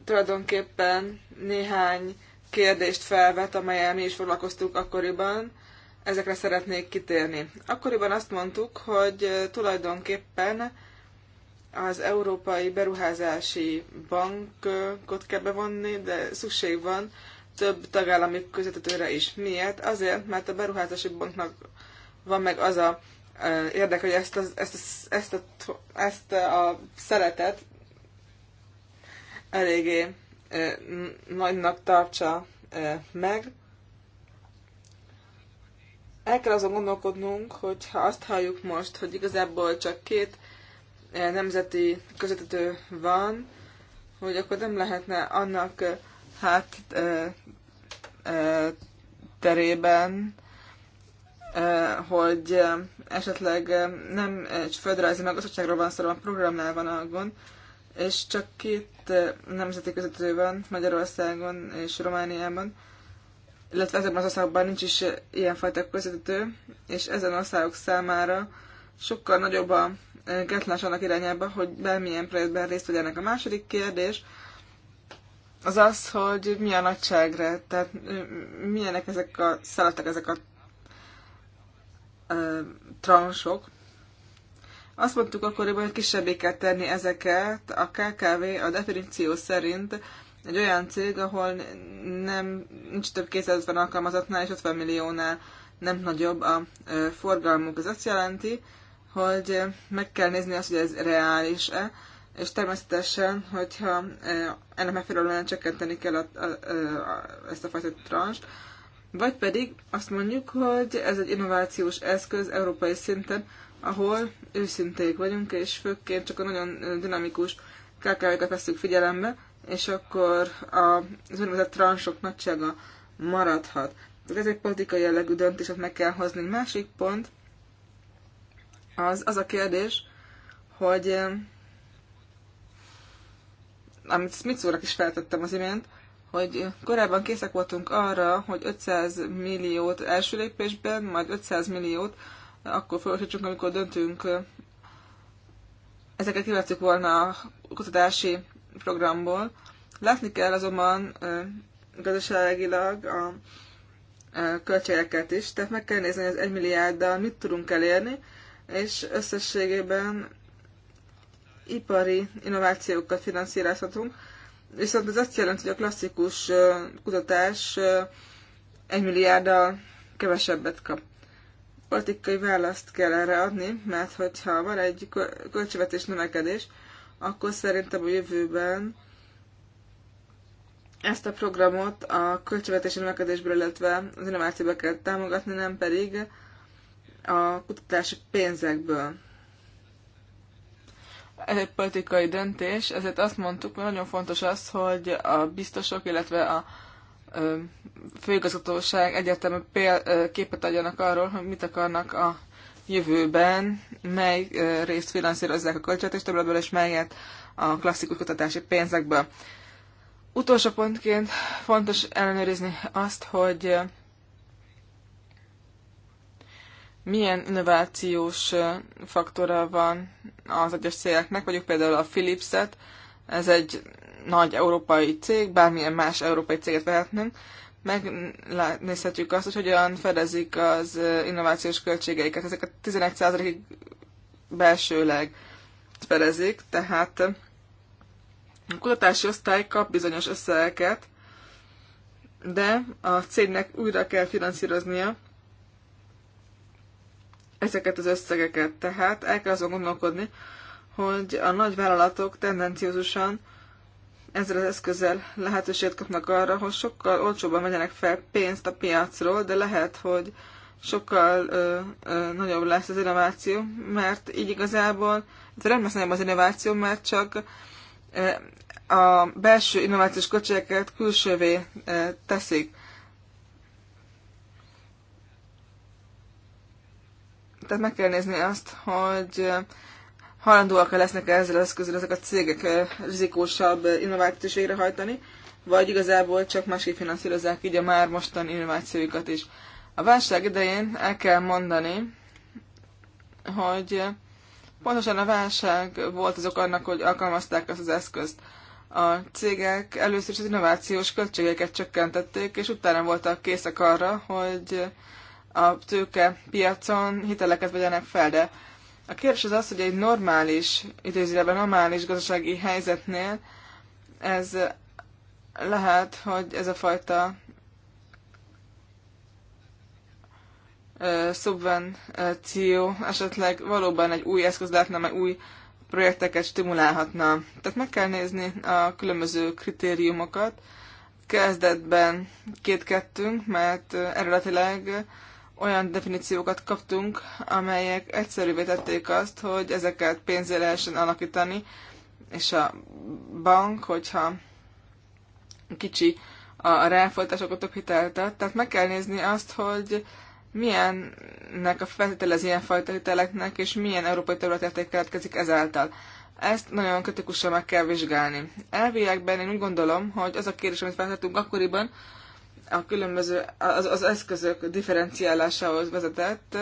tulajdonképpen néhány kérdést felvet, amelyel mi is foglalkoztunk akkoriban, ezekre szeretnék kitérni. Akkoriban azt mondtuk, hogy tulajdonképpen az Európai Beruházási Bankot kell bevonni, de szükség van több tagállami közvetítőre is. Miért? Azért, mert a Beruházási Banknak van meg az a érdek, hogy ezt a, ezt a, ezt a, ezt a szeretet eléggé nagynak tartsa meg. El kell azon gondolkodnunk, hogy ha azt halljuk most, hogy igazából csak két E, nemzeti közvetítő van, hogy akkor nem lehetne annak e, hát e, terében, hogy esetleg nem egy földrajzi megosztottságról van szó, a programnál van a gond, és csak két nemzeti közvetítő van Magyarországon és Romániában, illetve ezekben az országokban nincs is ilyenfajta közvetítő, és ezen országok számára sokkal nagyobb a Eh, gátlás annak irányába, hogy bármilyen projektben részt vegyenek. A második kérdés az az, hogy mi a nagyságra, tehát eh, milyenek ezek a szeletek, ezek a ö, eh, transok. Azt mondtuk akkoriban, hogy kisebbé kell tenni ezeket. A KKV a definíció szerint egy olyan cég, ahol nem, nincs több 250 alkalmazatnál és 50 milliónál nem nagyobb a forgalmuk. Ez azt jelenti, hogy meg kell nézni azt, hogy ez reális-e, és természetesen, hogyha eh, ennek megfelelően csökkenteni kell a, a, a, ezt a fajta transzt, vagy pedig azt mondjuk, hogy ez egy innovációs eszköz európai szinten, ahol őszinték vagyunk, és főként csak a nagyon dinamikus KKV-kat veszük figyelembe, és akkor az úgynevezett transzok nagysága maradhat. Tehát ez egy politikai jellegű döntést meg kell hozni. Másik pont, az, az a kérdés, hogy amit Smith úrnak is feltettem az imént, hogy korábban készek voltunk arra, hogy 500 milliót első lépésben, majd 500 milliót akkor felosítsunk, amikor döntünk. Ezeket kivettük volna a kutatási programból. Látni kell azonban gazdaságilag a költségeket is, tehát meg kell nézni, hogy az 1 milliárddal mit tudunk elérni, és összességében ipari innovációkat finanszírozhatunk, viszont ez azt jelenti, hogy a klasszikus kutatás egy milliárddal kevesebbet kap. Politikai választ kell erre adni, mert hogyha van egy költségvetés növekedés, akkor szerintem a jövőben ezt a programot a költségvetési növekedésből, illetve az innovációba kell támogatni, nem pedig a kutatási pénzekből. Ez egy politikai döntés, ezért azt mondtuk, hogy nagyon fontos az, hogy a biztosok, illetve a főigazgatóság egyértelmű képet adjanak arról, hogy mit akarnak a jövőben, mely részt finanszírozzák a költségvetés területből, és melyet a klasszikus kutatási pénzekből. Utolsó pontként fontos ellenőrizni azt, hogy milyen innovációs faktora van az egyes cégeknek, vagyok például a Philips-et, ez egy nagy európai cég, bármilyen más európai céget vehetnénk, megnézhetjük azt, hogy hogyan fedezik az innovációs költségeiket. Ezek a 11%-ig belsőleg fedezik, tehát a kutatási osztály kap bizonyos összegeket, de a cégnek újra kell finanszíroznia ezeket az összegeket. Tehát el kell azon gondolkodni, hogy a nagy vállalatok tendenciózusan ezzel az eszközzel lehetőséget kapnak arra, hogy sokkal olcsóban vegyenek fel pénzt a piacról, de lehet, hogy sokkal ö, ö, nagyobb lesz az innováció, mert így igazából nem lesz nagyobb az innováció, mert csak ö, a belső innovációs költségeket külsővé ö, teszik. Tehát meg kell nézni azt, hogy hajlandóak lesznek -e ezzel az eszközzel ezek a cégek rizikósabb innovációt is végrehajtani, vagy igazából csak másképp finanszírozzák így a már mostan innovációikat is. A válság idején el kell mondani, hogy pontosan a válság volt azok annak, hogy alkalmazták ezt az eszközt. A cégek először is az innovációs költségeket csökkentették, és utána voltak készek arra, hogy a tőkepiacon hiteleket vegyenek fel, de a kérdés az az, hogy egy normális, idézőjelben normális gazdasági helyzetnél ez lehet, hogy ez a fajta szubvenció esetleg valóban egy új eszköz lehetne, mert új projekteket stimulálhatna. Tehát meg kell nézni a különböző kritériumokat. Kezdetben kétkedtünk, mert eredetileg olyan definíciókat kaptunk, amelyek egyszerűvé tették azt, hogy ezeket pénzé lehessen alakítani, és a bank, hogyha kicsi a ráfolytás, akkor több hitelt ad. Tehát meg kell nézni azt, hogy milyennek a feltétele az ilyenfajta hiteleknek, és milyen európai területérték keletkezik ezáltal. Ezt nagyon kritikusan meg kell vizsgálni. Elviekben én úgy gondolom, hogy az a kérdés, amit feltettünk akkoriban, a különböző, az, az eszközök differenciálásához vezetett,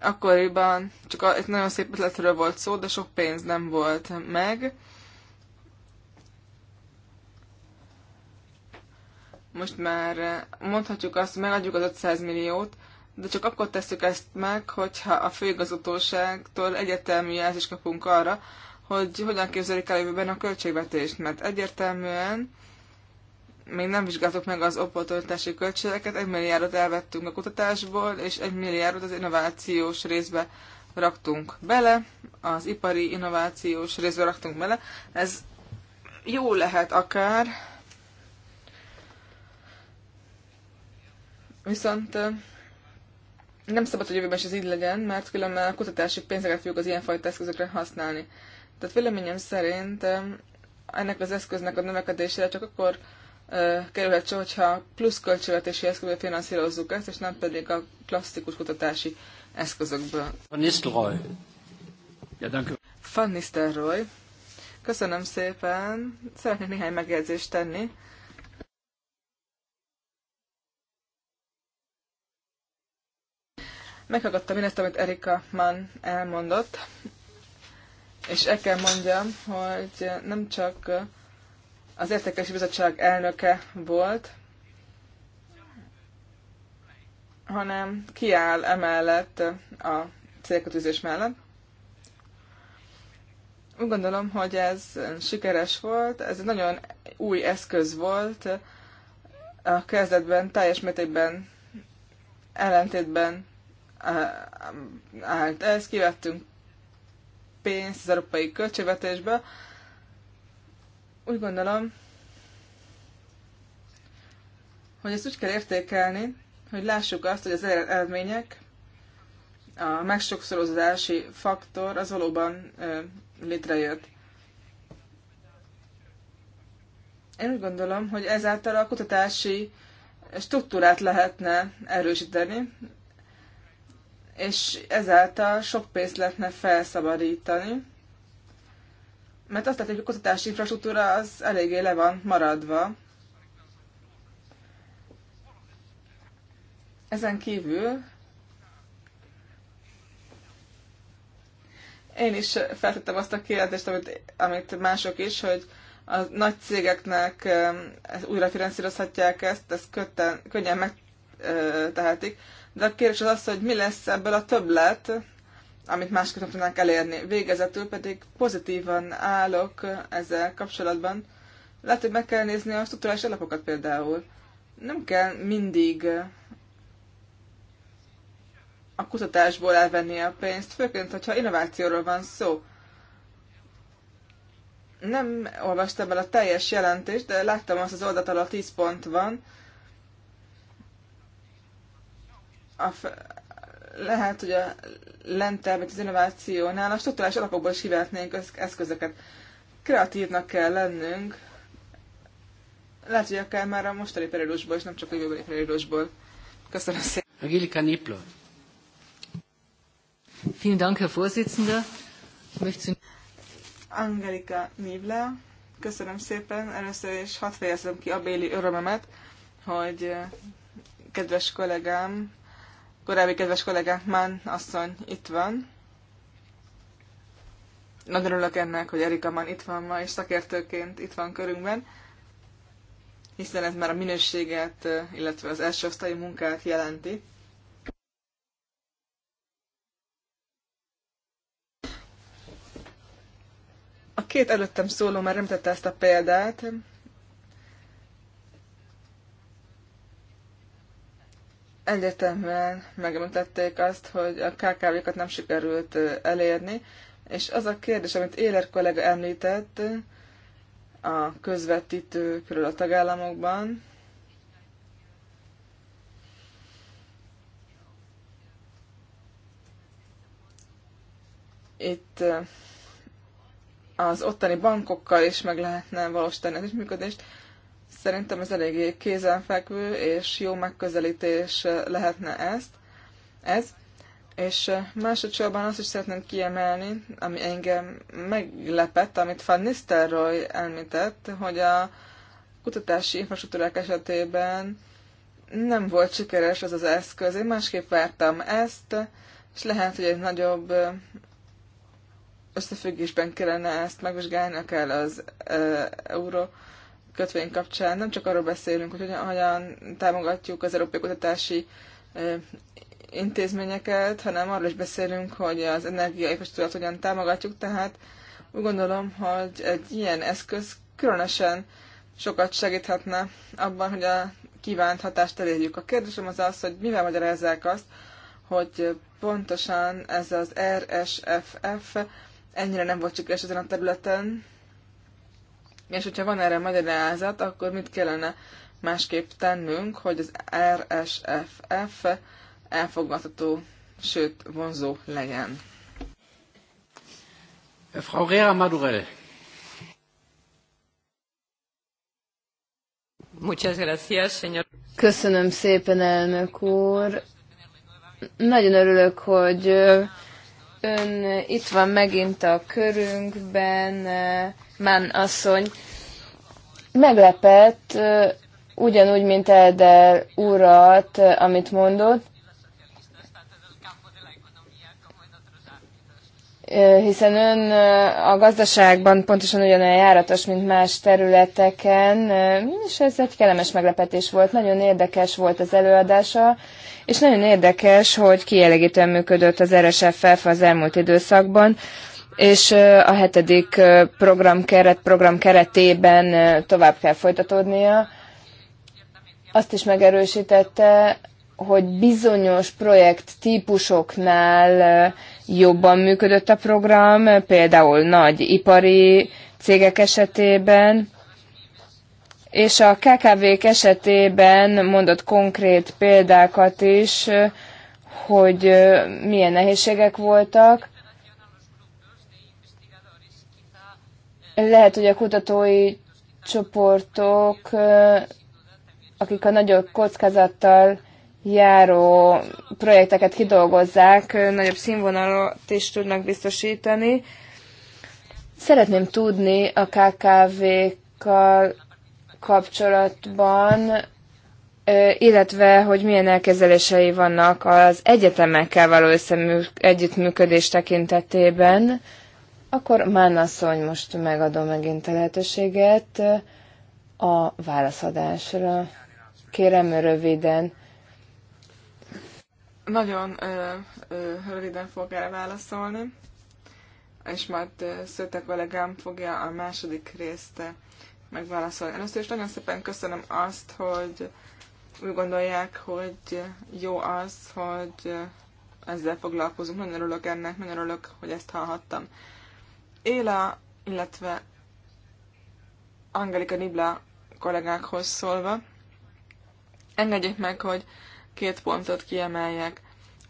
akkoriban csak egy nagyon szép ötletről volt szó, de sok pénz nem volt meg. Most már mondhatjuk azt, megadjuk az 500 milliót, de csak akkor tesszük ezt meg, hogyha a főigazgatóságtól egyetemű jelzést kapunk arra, hogy hogyan képzelik el jövőben a költségvetést, mert egyértelműen még nem vizsgáltuk meg az opportunitási költségeket, egy milliárdot elvettünk a kutatásból, és egy milliárdot az innovációs részbe raktunk bele, az ipari innovációs részbe raktunk bele. Ez jó lehet akár, viszont nem szabad, hogy jövőben is ez így legyen, mert különben a kutatási pénzeket fogjuk az ilyenfajta eszközökre használni. Tehát véleményem szerint ennek az eszköznek a növekedésére csak akkor kerülhet sor, hogyha plusz költségvetési eszközből finanszírozzuk ezt, és nem pedig a klasszikus kutatási eszközökből. Van Nistelrooy. Ja, Van Nistelrooy. Köszönöm szépen. Szeretnék néhány megjegyzést tenni. Meghallgattam mindezt, amit Erika Mann elmondott, és el kell mondjam, hogy nem csak az Értékelési Bizottság elnöke volt, hanem kiáll emellett a célkötőzés mellett. Úgy gondolom, hogy ez sikeres volt, ez egy nagyon új eszköz volt, a kezdetben teljes mértékben ellentétben eh, állt ez, kivettünk pénzt az európai költségvetésbe, úgy gondolom, hogy ezt úgy kell értékelni, hogy lássuk azt, hogy az eredmények, a megsokszorozási faktor az valóban ö, létrejött. Én úgy gondolom, hogy ezáltal a kutatási struktúrát lehetne erősíteni, és ezáltal sok pénzt lehetne felszabadítani, mert azt látjuk, hogy a kutatási infrastruktúra az eléggé le van maradva. Ezen kívül én is feltettem azt a kérdést, amit, amit mások is, hogy a nagy cégeknek ezt újra finanszírozhatják ezt, ezt könnyen megtehetik. De a kérdés az az, hogy mi lesz ebből a többlet, amit másképp nem tudnánk elérni. Végezetül pedig pozitívan állok ezzel kapcsolatban. Lehet, hogy meg kell nézni a struktúrális alapokat például. Nem kell mindig a kutatásból elvenni a pénzt, főként, hogyha innovációról van szó. Nem olvastam el a teljes jelentést, de láttam azt az oldalt, ahol 10 pont van. A lehet, hogy a lentebb, mint az innovációnál a struktúrás alapokból is hivetnénk eszközöket. Kreatívnak kell lennünk, lehet, hogy akár már a mostani periódusból, és nem csak a jövőbeli periódusból. Köszönöm szépen. Angelika Niplo. Vielen Dank, Herr Vorsitzender. Angelika Nibla. Köszönöm szépen. Először is hadd fejezem ki a béli örömemet, hogy eh, kedves kollégám korábbi kedves kollégánk Mann asszony itt van. Nagyon örülök ennek, hogy Erika Mann itt van ma, és szakértőként itt van körünkben, hiszen ez már a minőséget, illetve az első osztályi munkát jelenti. A két előttem szóló már említette ezt a példát, egyértelműen megemlítették azt, hogy a KKV-kat nem sikerült elérni, és az a kérdés, amit Éler kollega említett a közvetítőkről a tagállamokban, itt az ottani bankokkal is meg lehetne valósítani az működést. Szerintem ez eléggé kézenfekvő és jó megközelítés eh, lehetne ezt. Ez. És eh, másodszorban azt is szeretném kiemelni, ami engem meglepett, amit Van Nistelrooy említett, hogy a kutatási infrastruktúrák esetében nem volt sikeres az az eszköz. Én másképp vártam ezt, és lehet, hogy egy nagyobb eh, összefüggésben kellene ezt megvizsgálni, akár az e, euró kötvény kapcsán nem csak arról beszélünk, hogy hogyan, hogyan támogatjuk az európai kutatási intézményeket, hanem arról is beszélünk, hogy az tudat hogyan támogatjuk, tehát úgy gondolom, hogy egy ilyen eszköz különösen sokat segíthetne abban, hogy a kívánt hatást elérjük. A kérdésem az az, hogy mivel magyarázzák azt, hogy pontosan ez az RSFF ennyire nem volt sikeres ezen a területen, és hogyha van erre magyarázat, akkor mit kellene másképp tennünk, hogy az RSFF elfogadható, sőt vonzó legyen. Frau Rea Madurell. Muchas gracias, señor. Köszönöm szépen, elnök úr. Nagyon örülök, hogy Ön itt van megint a körünkben, Mán asszony. Meglepett, ugyanúgy, mint Elder urat, amit mondott, hiszen ön a gazdaságban pontosan ugyanolyan járatos, mint más területeken, és ez egy kellemes meglepetés volt. Nagyon érdekes volt az előadása, és nagyon érdekes, hogy kielégítően működött az RSFF az elmúlt időszakban, és a hetedik program, keret, program keretében tovább kell folytatódnia. Azt is megerősítette, hogy bizonyos projekt típusoknál jobban működött a program, például nagy ipari cégek esetében, és a KKV-k esetében mondott konkrét példákat is, hogy milyen nehézségek voltak. Lehet, hogy a kutatói csoportok, akik a nagyobb kockázattal járó projekteket kidolgozzák, nagyobb színvonalat is tudnak biztosítani. Szeretném tudni a KKV-kkal kapcsolatban, illetve, hogy milyen elkezelései vannak az egyetemekkel való összemű, együttműködés tekintetében, akkor Mánasszony most megadom megint a lehetőséget a válaszadásra. Kérem röviden. Nagyon ö, ö, röviden fog erre válaszolni, és majd Szőtek kollégám fogja a második részt megválaszolni. Először is nagyon szépen köszönöm azt, hogy úgy gondolják, hogy jó az, hogy ezzel foglalkozunk. Nagyon örülök ennek, nagyon örülök, hogy ezt hallhattam. Éla, illetve Angelika Nibla kollégákhoz szólva, engedjék meg, hogy két pontot kiemeljek.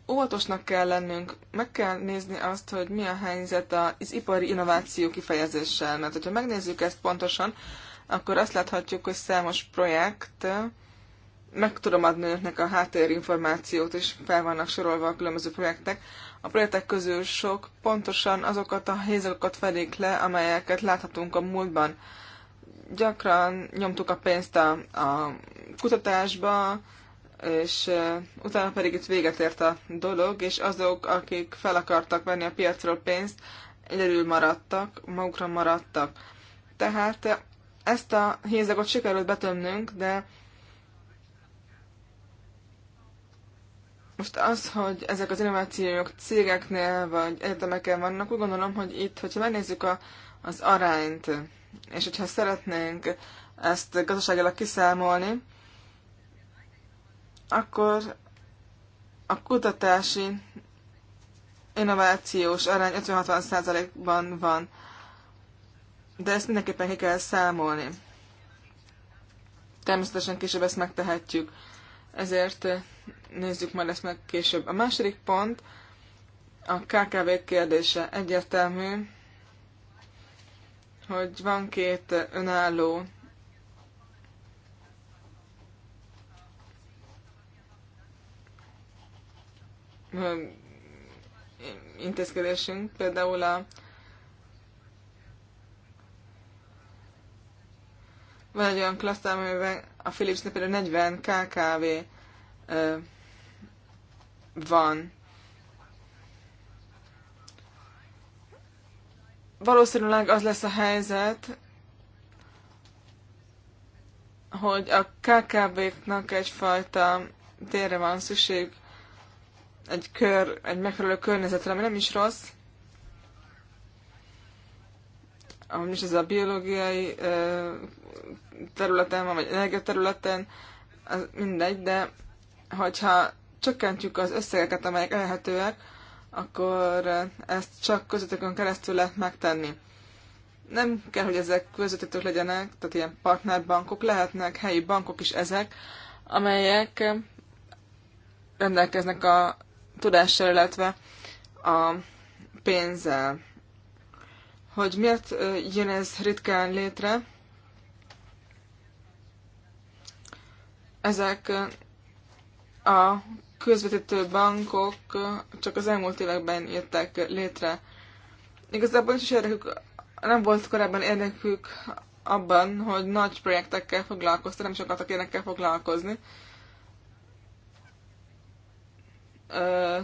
Óvatosnak kell lennünk, meg kell nézni azt, hogy mi a helyzet az ipari innováció kifejezéssel, mert hogyha megnézzük ezt pontosan, akkor azt láthatjuk, hogy számos projekt, meg tudom adni önöknek a háttérinformációt, és fel vannak sorolva a különböző projektek. A projektek közül sok pontosan azokat a helyzeteket fedik le, amelyeket láthatunk a múltban. Gyakran nyomtuk a pénzt a, a kutatásba, és utána pedig itt véget ért a dolog, és azok, akik fel akartak venni a piacról pénzt, egyedül maradtak, magukra maradtak. Tehát ezt a hézagot sikerült betömnünk, de most az, hogy ezek az innovációk cégeknél vagy egyetemeken vannak, úgy gondolom, hogy itt, hogyha megnézzük a, az arányt, és hogyha szeretnénk ezt gazdaságilag kiszámolni, akkor a kutatási innovációs arány 50-60%-ban van. De ezt mindenképpen ki kell számolni. Természetesen később ezt megtehetjük. Ezért nézzük majd ezt meg később. A második pont a KKV kérdése. Egyértelmű, hogy van két önálló intézkedésünk, például a van egy olyan klasztár, amiben a Philipsnél például 40 KKV van. Valószínűleg az lesz a helyzet, hogy a KKV-knak egyfajta térre van szükség egy, kör, egy megfelelő környezetre, ami nem is rossz, ami is ez a biológiai területen van, vagy energiaterületen, az mindegy, de hogyha csökkentjük az összegeket, amelyek elhetőek, akkor ezt csak közöttükön keresztül lehet megtenni. Nem kell, hogy ezek közöttetők legyenek, tehát ilyen partnerbankok lehetnek, helyi bankok is ezek, amelyek rendelkeznek a tudással, illetve a pénzzel. Hogy miért jön ez ritkán létre? Ezek a közvetítő bankok csak az elmúlt években jöttek létre. Igazából is érdekük, nem volt korábban érdekük abban, hogy nagy projektekkel foglalkoztak, nem sokat akartak ilyenekkel foglalkozni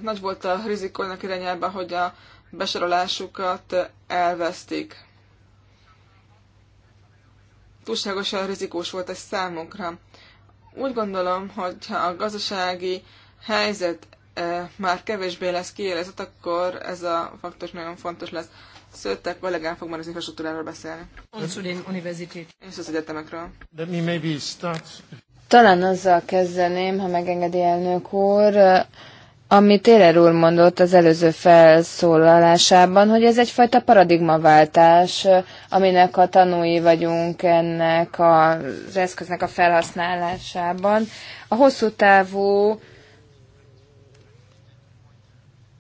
nagy volt a rizikónak irányába, hogy a besorolásukat elvesztik. Túlságosan rizikós volt ez számunkra. Úgy gondolom, hogy ha a gazdasági helyzet már kevésbé lesz kiélezett, akkor ez a faktor nagyon fontos lesz. Szőttek kollégám fog már az infrastruktúráról beszélni. És az egyetemekről. Talán azzal kezdeném, ha megengedi elnök úr, amit Téler úr mondott az előző felszólalásában, hogy ez egyfajta paradigmaváltás, aminek a tanúi vagyunk ennek az eszköznek a felhasználásában. A hosszú távú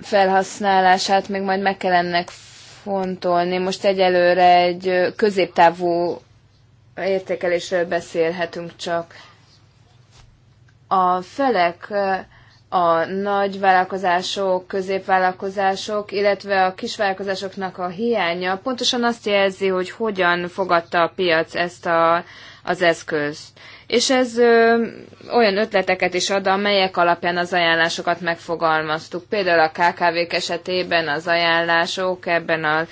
felhasználását még majd meg kell ennek fontolni. Most egyelőre egy középtávú értékelésről beszélhetünk csak. A felek a nagy vállalkozások, középvállalkozások, illetve a kisvállalkozásoknak a hiánya pontosan azt jelzi, hogy hogyan fogadta a piac ezt a, az eszközt. És ez ö, olyan ötleteket is ad, amelyek alapján az ajánlásokat megfogalmaztuk. Például a KKV-k esetében az ajánlások ebben az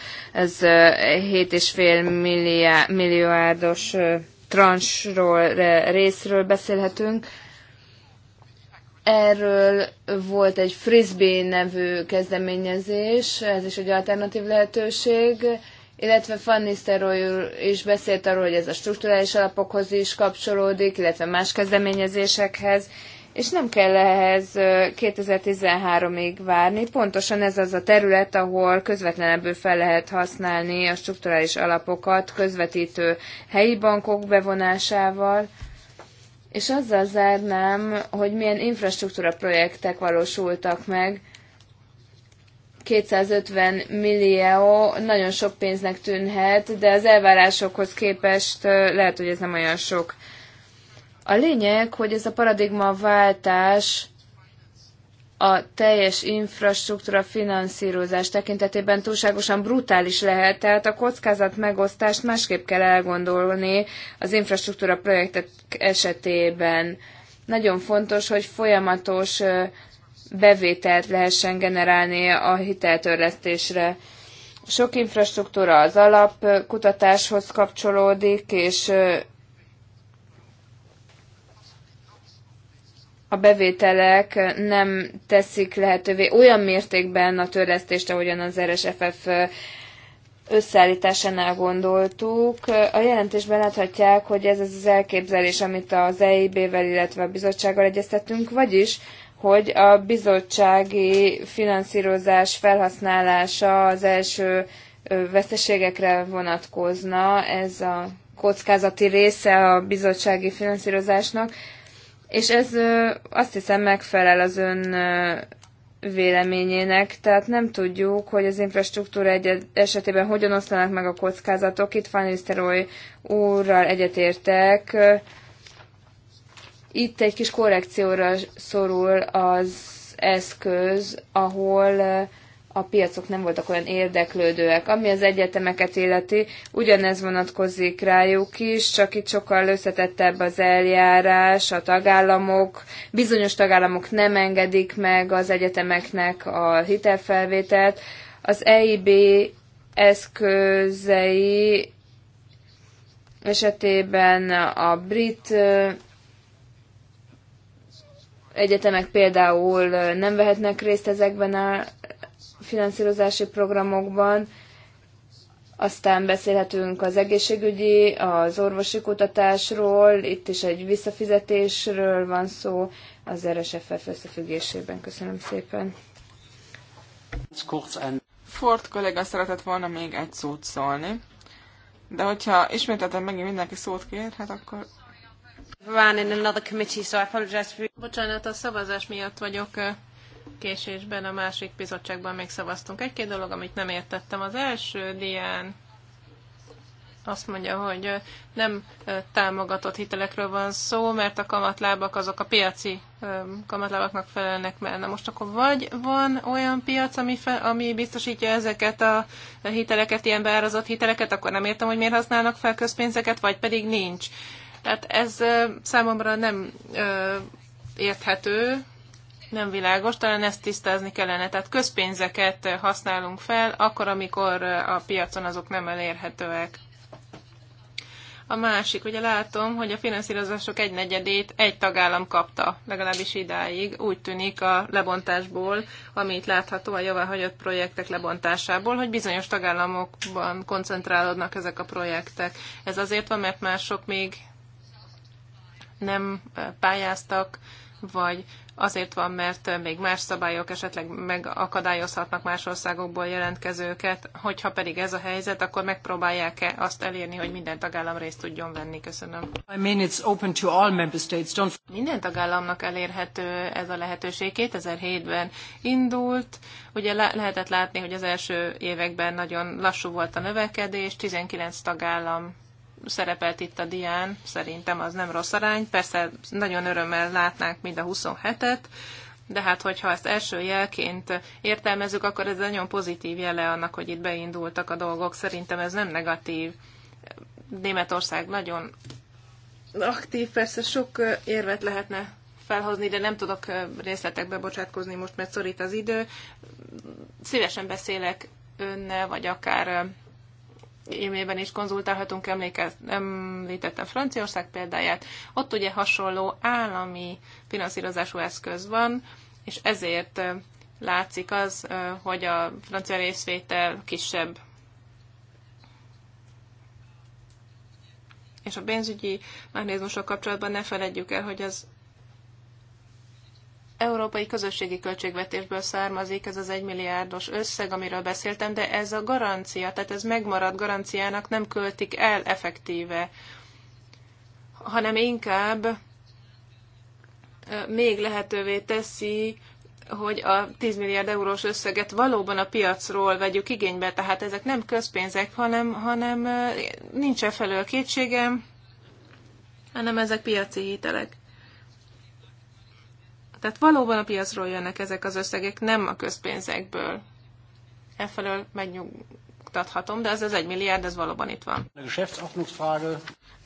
7,5 milliárdos ö, transról, részről beszélhetünk, Erről volt egy frisbee nevű kezdeményezés, ez is egy alternatív lehetőség, illetve Fanny Steroy is beszélt arról, hogy ez a strukturális alapokhoz is kapcsolódik, illetve más kezdeményezésekhez, és nem kell ehhez 2013-ig várni. Pontosan ez az a terület, ahol közvetlenebből fel lehet használni a strukturális alapokat közvetítő helyi bankok bevonásával, és azzal zárnám, hogy milyen infrastruktúra projektek valósultak meg. 250 millió nagyon sok pénznek tűnhet, de az elvárásokhoz képest lehet, hogy ez nem olyan sok. A lényeg, hogy ez a paradigmaváltás a teljes infrastruktúra finanszírozás tekintetében túlságosan brutális lehet, tehát a kockázat megosztást másképp kell elgondolni az infrastruktúra projektek esetében. Nagyon fontos, hogy folyamatos bevételt lehessen generálni a hiteltörlesztésre. Sok infrastruktúra az alapkutatáshoz kapcsolódik, és a bevételek nem teszik lehetővé olyan mértékben a törlesztést, ahogyan az RSFF összeállításánál gondoltuk. A jelentésben láthatják, hogy ez az elképzelés, amit az EIB-vel, illetve a bizottsággal egyeztettünk, vagyis, hogy a bizottsági finanszírozás felhasználása az első veszteségekre vonatkozna, ez a kockázati része a bizottsági finanszírozásnak, és ez azt hiszem megfelel az ön véleményének, tehát nem tudjuk, hogy az infrastruktúra egy- esetében hogyan osztanak meg a kockázatok. Itt Van Nistelrooy úrral egyetértek. Itt egy kis korrekcióra szorul az eszköz, ahol a piacok nem voltak olyan érdeklődőek. Ami az egyetemeket illeti, ugyanez vonatkozik rájuk is, csak itt sokkal összetettebb az eljárás, a tagállamok, bizonyos tagállamok nem engedik meg az egyetemeknek a hitelfelvételt. Az EIB eszközei esetében a brit egyetemek például nem vehetnek részt ezekben a finanszírozási programokban, aztán beszélhetünk az egészségügyi, az orvosi kutatásról, itt is egy visszafizetésről van szó az RSFF összefüggésében. Köszönöm szépen. Ford kollega szeretett volna még egy szót szólni, de hogyha ismételten megint mindenki szót kér, hát akkor... Bocsánat, a szavazás miatt vagyok késésben a másik bizottságban még szavaztunk. Egy-két dolog, amit nem értettem. Az első dián azt mondja, hogy nem támogatott hitelekről van szó, mert a kamatlábak azok a piaci kamatlábaknak felelnek meg. Na most akkor vagy van olyan piac, ami, fe, ami biztosítja ezeket a hiteleket, ilyen beárazott hiteleket, akkor nem értem, hogy miért használnak fel közpénzeket, vagy pedig nincs. Tehát ez számomra nem érthető, nem világos, talán ezt tisztázni kellene. Tehát közpénzeket használunk fel, akkor, amikor a piacon azok nem elérhetőek. A másik, ugye látom, hogy a finanszírozások egy negyedét egy tagállam kapta, legalábbis idáig, úgy tűnik a lebontásból, amit látható a javahagyott projektek lebontásából, hogy bizonyos tagállamokban koncentrálódnak ezek a projektek. Ez azért van, mert mások még nem pályáztak, vagy azért van, mert még más szabályok esetleg megakadályozhatnak más országokból jelentkezőket, hogyha pedig ez a helyzet, akkor megpróbálják-e azt elérni, hogy minden tagállam részt tudjon venni? Köszönöm. I mean, it's open to all member states. Don't... Minden tagállamnak elérhető ez a lehetőség. 2007-ben indult, ugye lehetett látni, hogy az első években nagyon lassú volt a növekedés, 19 tagállam szerepelt itt a dián, szerintem az nem rossz arány. Persze nagyon örömmel látnánk mind a 27-et, de hát hogyha ezt első jelként értelmezzük, akkor ez nagyon pozitív jele annak, hogy itt beindultak a dolgok. Szerintem ez nem negatív. Németország nagyon aktív, persze sok érvet lehetne felhozni, de nem tudok részletekbe bocsátkozni most, mert szorít az idő. Szívesen beszélek önnel, vagy akár e-mailben is konzultálhatunk, emlékez, említettem Franciaország példáját. Ott ugye hasonló állami finanszírozású eszköz van, és ezért látszik az, hogy a francia részvétel kisebb. És a pénzügyi mechanizmusok kapcsolatban ne feledjük el, hogy az európai közösségi költségvetésből származik ez az egymilliárdos összeg, amiről beszéltem, de ez a garancia, tehát ez megmarad garanciának, nem költik el effektíve, hanem inkább még lehetővé teszi, hogy a 10 milliárd eurós összeget valóban a piacról vegyük igénybe, tehát ezek nem közpénzek, hanem, hanem nincs e felől kétségem, hanem ezek piaci hitelek. Tehát valóban a piacról jönnek ezek az összegek, nem a közpénzekből. Efelől megnyugtathatom, de ez az egy milliárd, ez valóban itt van.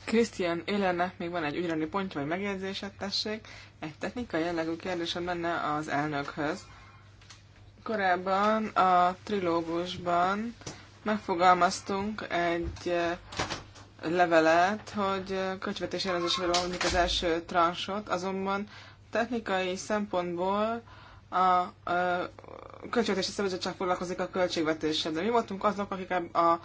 Krisztián Élennek még van egy ügyrendi pontja, vagy megjegyzéset tessék. Egy technikai jellegű kérdésem menne az elnökhöz. Korábban a trilógusban megfogalmaztunk egy eh, levelet, hogy eh, költségvetési jelenzésről van az első transot, azonban Technikai szempontból a, a költségvetési szabadság foglalkozik a költségvetéssel, de mi voltunk azok, akik a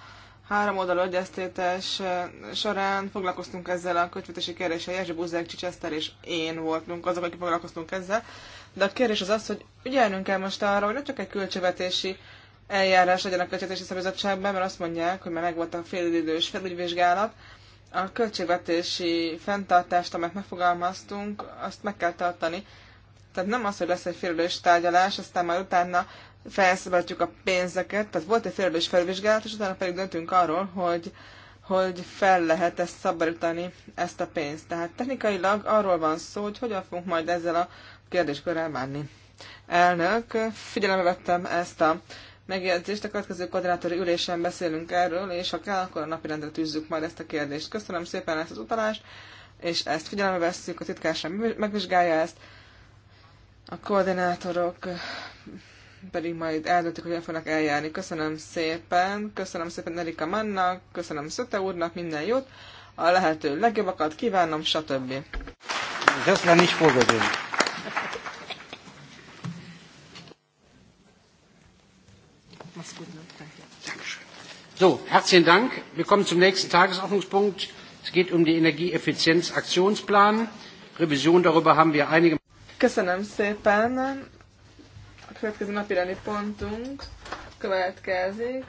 három oldalú egyeztétes e, során foglalkoztunk ezzel a költségvetési kérdéssel, Jerzsi Buzek, Csicseszter és én voltunk azok, akik foglalkoztunk ezzel, de a kérdés az az, hogy ügyelnünk kell most arra, hogy ne csak egy költségvetési eljárás legyen a költségvetési szabadságban, mert azt mondják, hogy már megvolt a félidős felügyvizsgálat, a költségvetési fenntartást, amit megfogalmaztunk, azt meg kell tartani. Tehát nem az, hogy lesz egy félülős tárgyalás, aztán majd utána felszabadjuk a pénzeket. Tehát volt egy félülős felvizsgálat, és utána pedig döntünk arról, hogy, hogy fel lehet ezt szabadítani, ezt a pénzt. Tehát technikailag arról van szó, hogy hogyan fogunk majd ezzel a kérdéskörrel bánni. Elnök, figyelembe vettem ezt a megjegyzést. A következő koordinátori ülésen beszélünk erről, és ha kell, akkor a napirendre tűzzük majd ezt a kérdést. Köszönöm szépen ezt az utalást, és ezt figyelembe vesszük, a titkárság megvizsgálja ezt. A koordinátorok pedig majd eldöntik, hogyan fognak eljárni. Köszönöm szépen, köszönöm szépen Erika Mannak, köszönöm Szöte úrnak, minden jót, a lehető legjobbakat kívánom, stb. Das war is vorgesehen. Dankeschön. So, herzlichen Dank. Wir kommen zum nächsten Tagesordnungspunkt. Es geht um den Energieeffizienzaktionsplan. Revision darüber haben wir einige. Köszönöm szépen. A következő napirányi pontunk következik,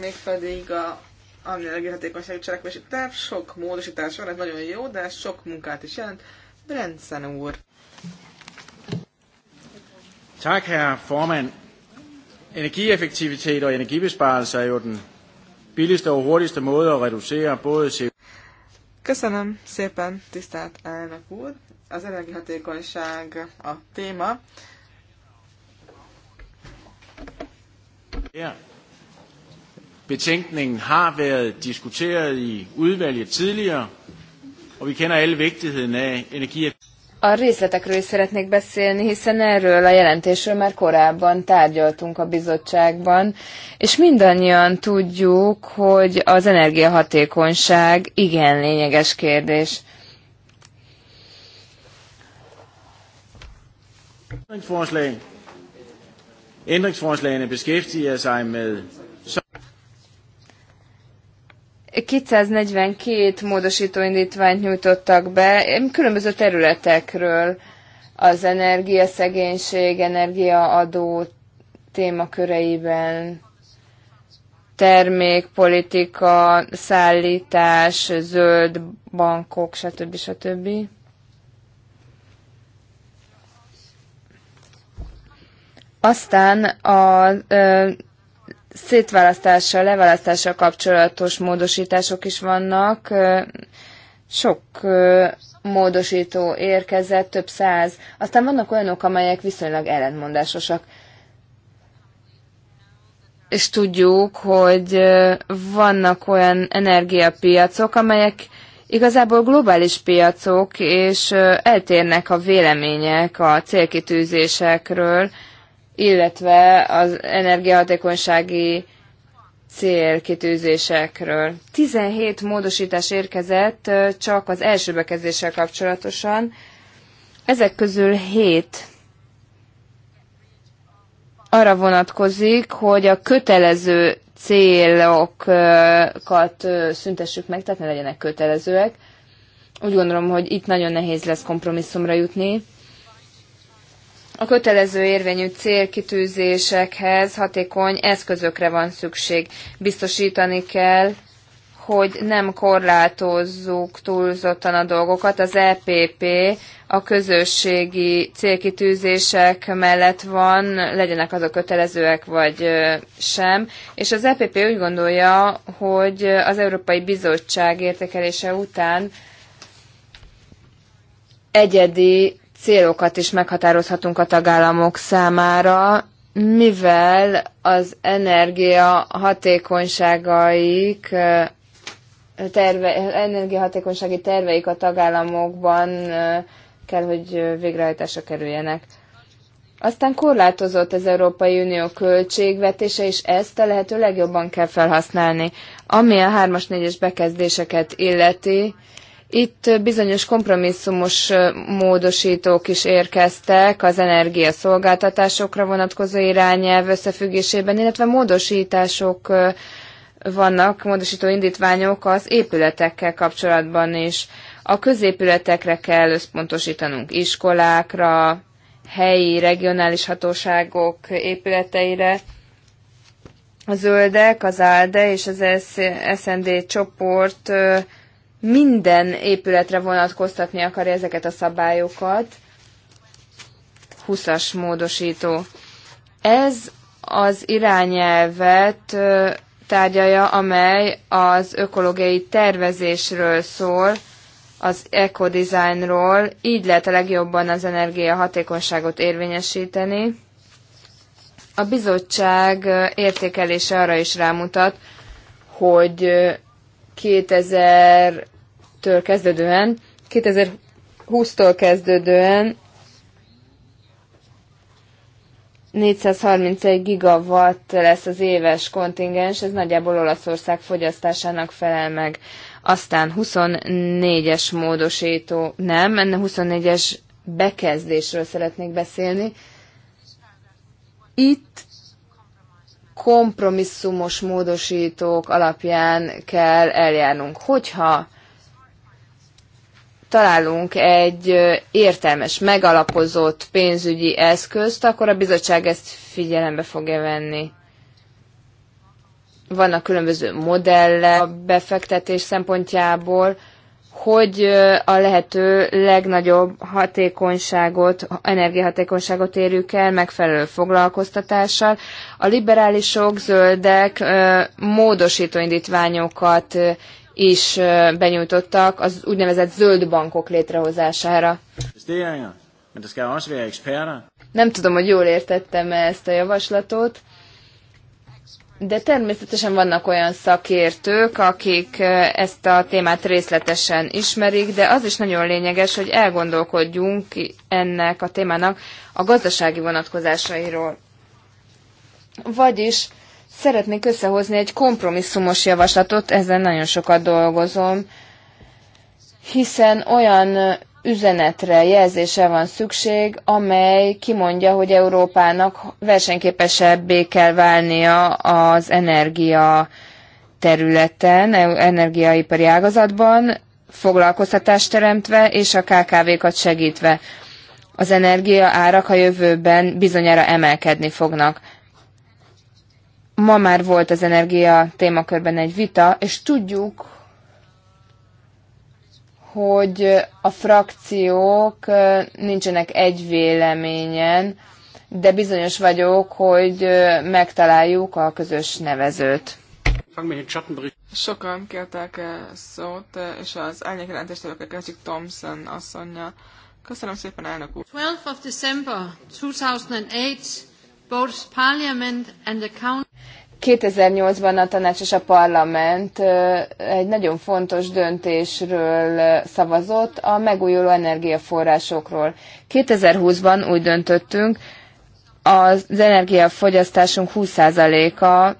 mégpedig a ami energiahatékonysági cselekvési terv. Sok módosítás van, ez nagyon jó, de ez sok munkát is jelent. Brentzen úr. Tag, herr formand. Energieffektivitet og energibesparelse er jo den billigste og hurtigste måde at reducere både CO2. Köszönöm szépen, tisztelt elnök úr! Az energiahatékonyság a téma. Ja. Betænkningen har været diskuteret i udvalget tidligere, og vi kender alle vigtigheden af energi. A részletekről is szeretnék beszélni, hiszen erről a jelentésről már korábban tárgyaltunk a bizottságban, és mindannyian tudjuk, hogy az energiahatékonyság igen lényeges kérdés. Ændringsforslagene beskæftiger sig med 242 módosító indítványt nyújtottak be különböző területekről, az energiaszegénység, energiaadó témaköreiben, termékpolitika, szállítás, zöld bankok, stb. stb. Aztán a szétválasztással, leválasztással kapcsolatos módosítások is vannak. Sok módosító érkezett, több száz. Aztán vannak olyanok, amelyek viszonylag ellentmondásosak. És tudjuk, hogy vannak olyan energiapiacok, amelyek igazából globális piacok, és eltérnek a vélemények a célkitűzésekről, illetve az energiahatékonysági célkitűzésekről. 17 módosítás érkezett csak az első bekezdéssel kapcsolatosan. Ezek közül 7 arra vonatkozik, hogy a kötelező célokat szüntessük meg, tehát ne legyenek kötelezőek. Úgy gondolom, hogy itt nagyon nehéz lesz kompromisszumra jutni. A kötelező érvényű célkitűzésekhez hatékony eszközökre van szükség. Biztosítani kell, hogy nem korlátozzuk túlzottan a dolgokat. Az EPP a közösségi célkitűzések mellett van, legyenek azok kötelezőek vagy sem. És az EPP úgy gondolja, hogy az Európai Bizottság értékelése után egyedi célokat is meghatározhatunk a tagállamok számára, mivel az energia hatékonyságaik terve, energiahatékonysági terveik a tagállamokban kell, hogy végrehajtásra kerüljenek. Aztán korlátozott az Európai Unió költségvetése, és ezt a lehető legjobban kell felhasználni. Ami a 3-as, 4-es bekezdéseket illeti, itt bizonyos kompromisszumos módosítók is érkeztek az energiaszolgáltatásokra vonatkozó irányelv összefüggésében, illetve módosítások vannak, módosító indítványok az épületekkel kapcsolatban is. A középületekre kell összpontosítanunk, iskolákra, helyi, regionális hatóságok épületeire. A zöldek, az ALDE és az SND csoport minden épületre vonatkoztatni akarja ezeket a szabályokat. 20-as módosító. Ez az irányelvet tárgyalja, amely az ökológiai tervezésről szól, az ekodizájnról, így lehet a legjobban az energia hatékonyságot érvényesíteni. A bizottság értékelése arra is rámutat, hogy 2000 től kezdődően, 2020-tól kezdődően 431 gigawatt lesz az éves kontingens, ez nagyjából Olaszország fogyasztásának felel meg. Aztán 24-es módosító, nem, enne 24-es bekezdésről szeretnék beszélni. Itt kompromisszumos módosítók alapján kell eljárnunk. Hogyha találunk egy értelmes, megalapozott pénzügyi eszközt, akkor a bizottság ezt figyelembe fogja venni. Vannak különböző modelle a befektetés szempontjából, hogy a lehető legnagyobb hatékonyságot, energiahatékonyságot érjük el megfelelő foglalkoztatással. A liberálisok, zöldek módosító indítványokat is benyújtottak az úgynevezett zöld bankok létrehozására. Er Nem tudom, hogy jól értettem -e ezt a javaslatot, de természetesen vannak olyan szakértők, akik ezt a témát részletesen ismerik, de az is nagyon lényeges, hogy elgondolkodjunk ennek a témának a gazdasági vonatkozásairól. Vagyis Szeretnék összehozni egy kompromisszumos javaslatot, ezen nagyon sokat dolgozom, hiszen olyan üzenetre, jelzése van szükség, amely kimondja, hogy Európának versenyképesebbé kell válnia az energia területen, energiaipari ágazatban, foglalkoztatást teremtve és a KKV-kat segítve. Az energia árak a jövőben bizonyára emelkedni fognak. Ma már volt az energia témakörben egy vita, és tudjuk, hogy a frakciók nincsenek egy véleményen, de bizonyos vagyok, hogy megtaláljuk a közös nevezőt. Sokan kértek szót, és az jelentést jelentéstevőkkel kezdjük Thompson asszonya. Köszönöm szépen, elnök úr. 12 of December 2008, both Parliament and the Council 2008-ban a tanács és a parlament egy nagyon fontos döntésről szavazott a megújuló energiaforrásokról. 2020-ban úgy döntöttünk, az energiafogyasztásunk 20%-a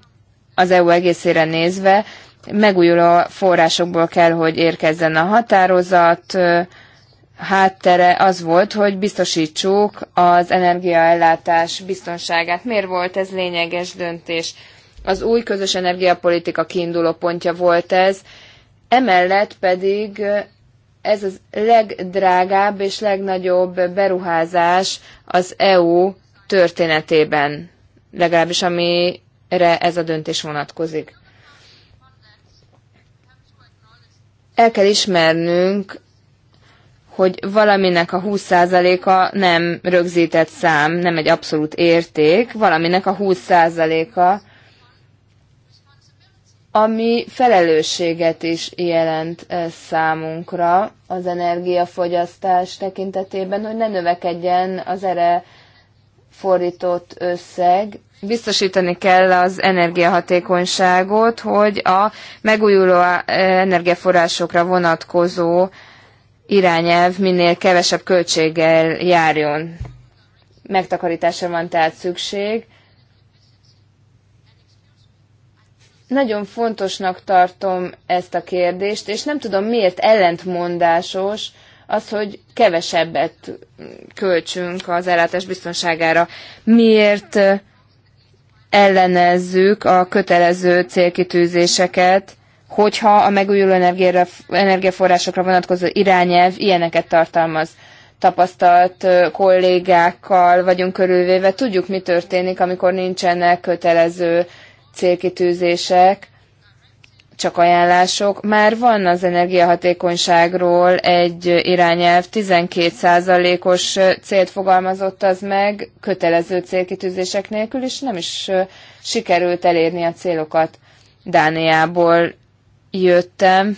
az EU egészére nézve megújuló forrásokból kell, hogy érkezzen a határozat. Háttere az volt, hogy biztosítsuk az energiaellátás biztonságát. Miért volt ez lényeges döntés? Az új közös energiapolitika kiinduló pontja volt ez, emellett pedig ez az legdrágább és legnagyobb beruházás az EU történetében, legalábbis amire ez a döntés vonatkozik. El kell ismernünk, hogy valaminek a 20%-a nem rögzített szám, nem egy abszolút érték, valaminek a 20%-a ami felelősséget is jelent számunkra az energiafogyasztás tekintetében, hogy ne növekedjen az erre fordított összeg. Biztosítani kell az energiahatékonyságot, hogy a megújuló energiaforrásokra vonatkozó irányelv minél kevesebb költséggel járjon. Megtakarításra van tehát szükség, Nagyon fontosnak tartom ezt a kérdést, és nem tudom miért ellentmondásos az, hogy kevesebbet költsünk az ellátás biztonságára. Miért ellenezzük a kötelező célkitűzéseket, hogyha a megújuló energiaforrásokra vonatkozó irányelv ilyeneket tartalmaz. Tapasztalt kollégákkal vagyunk körülvéve, tudjuk, mi történik, amikor nincsenek kötelező célkitűzések, csak ajánlások. Már van az energiahatékonyságról egy irányelv, 12%-os célt fogalmazott az meg, kötelező célkitűzések nélkül, és nem is sikerült elérni a célokat. Dániából jöttem,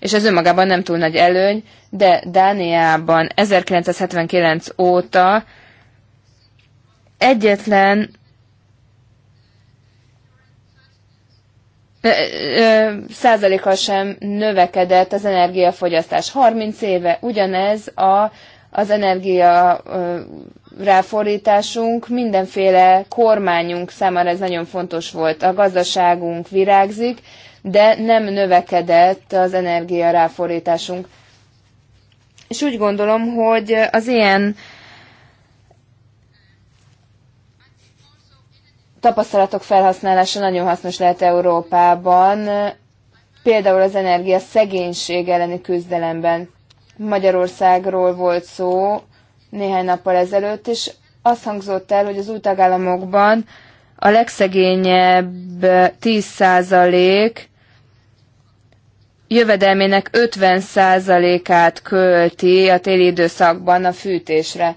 és ez önmagában nem túl nagy előny, de Dániában 1979 óta egyetlen százaléka sem növekedett az energiafogyasztás. 30 éve ugyanez a, az energia ráfordításunk, mindenféle kormányunk számára ez nagyon fontos volt. A gazdaságunk virágzik, de nem növekedett az energia ráfordításunk. És úgy gondolom, hogy az ilyen tapasztalatok felhasználása nagyon hasznos lehet Európában, például az energia szegénység elleni küzdelemben. Magyarországról volt szó néhány nappal ezelőtt, és azt hangzott el, hogy az új tagállamokban a legszegényebb 10% jövedelmének 50%-át költi a téli időszakban a fűtésre.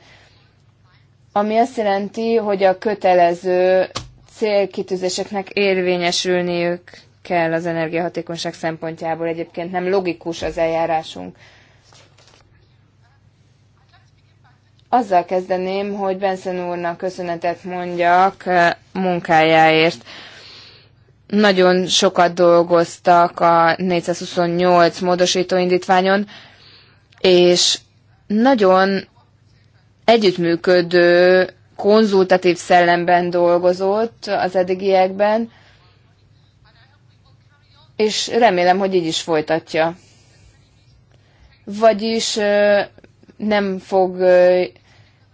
Ami azt jelenti, hogy a kötelező célkitűzéseknek érvényesülniük kell az energiahatékonyság szempontjából. Egyébként nem logikus az eljárásunk. Azzal kezdeném, hogy Benson úrnak köszönetet mondjak munkájáért. Nagyon sokat dolgoztak a 428 módosító indítványon, és nagyon együttműködő konzultatív szellemben dolgozott az eddigiekben, és remélem, hogy így is folytatja. Vagyis nem fog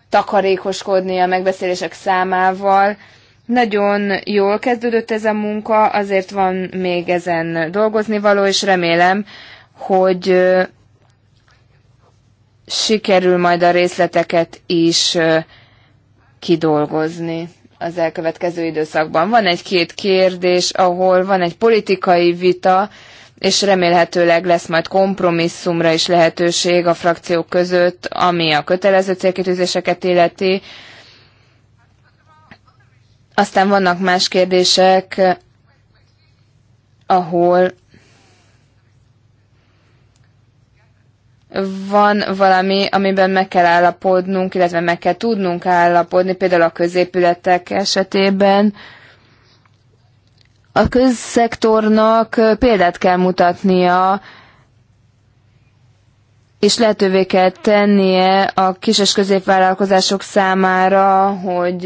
takarékoskodni a megbeszélések számával. Nagyon jól kezdődött ez a munka, azért van még ezen dolgozni való, és remélem, hogy sikerül majd a részleteket is kidolgozni az elkövetkező időszakban. Van egy-két kérdés, ahol van egy politikai vita, és remélhetőleg lesz majd kompromisszumra is lehetőség a frakciók között, ami a kötelező célkitűzéseket illeti. Aztán vannak más kérdések, ahol van valami, amiben meg kell állapodnunk, illetve meg kell tudnunk állapodni, például a középületek esetében. A közszektornak példát kell mutatnia, és lehetővé kell tennie a kis és középvállalkozások számára, hogy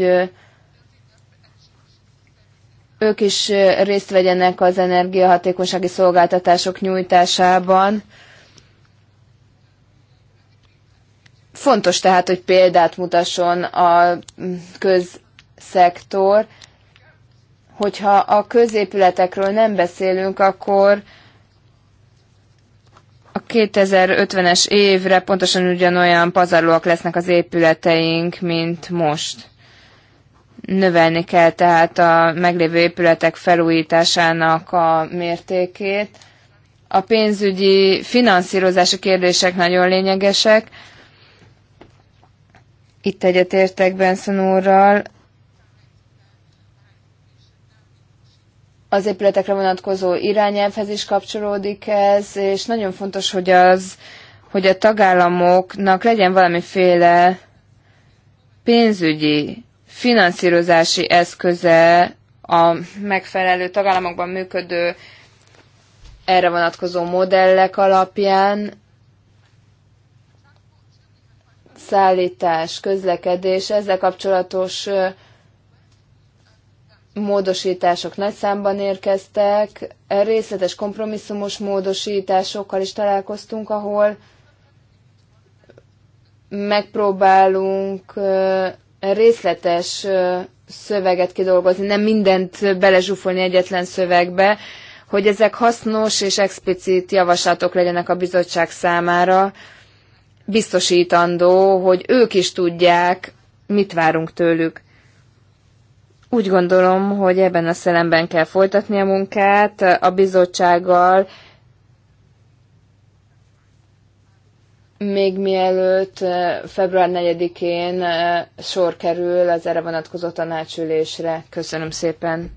ők is részt vegyenek az energiahatékonysági szolgáltatások nyújtásában. Fontos tehát, hogy példát mutasson a közszektor. Hogyha a középületekről nem beszélünk, akkor a 2050-es évre pontosan ugyanolyan pazarlóak lesznek az épületeink, mint most. Növelni kell tehát a meglévő épületek felújításának a mértékét. A pénzügyi finanszírozási kérdések nagyon lényegesek. Itt egyetértek Benson úrral. Az épületekre vonatkozó irányelvhez is kapcsolódik ez, és nagyon fontos, hogy az, hogy a tagállamoknak legyen valamiféle pénzügyi, finanszírozási eszköze a megfelelő tagállamokban működő erre vonatkozó modellek alapján, szállítás, közlekedés, ezzel kapcsolatos módosítások nagy számban érkeztek, részletes kompromisszumos módosításokkal is találkoztunk, ahol megpróbálunk részletes szöveget kidolgozni, nem mindent belezsúfolni egyetlen szövegbe, hogy ezek hasznos és explicit javaslatok legyenek a bizottság számára, biztosítandó, hogy ők is tudják, mit várunk tőlük. Úgy gondolom, hogy ebben a szelemben kell folytatni a munkát a bizottsággal, még mielőtt eh, február 4-én eh, sor kerül az erre vonatkozó tanácsülésre. Köszönöm szépen.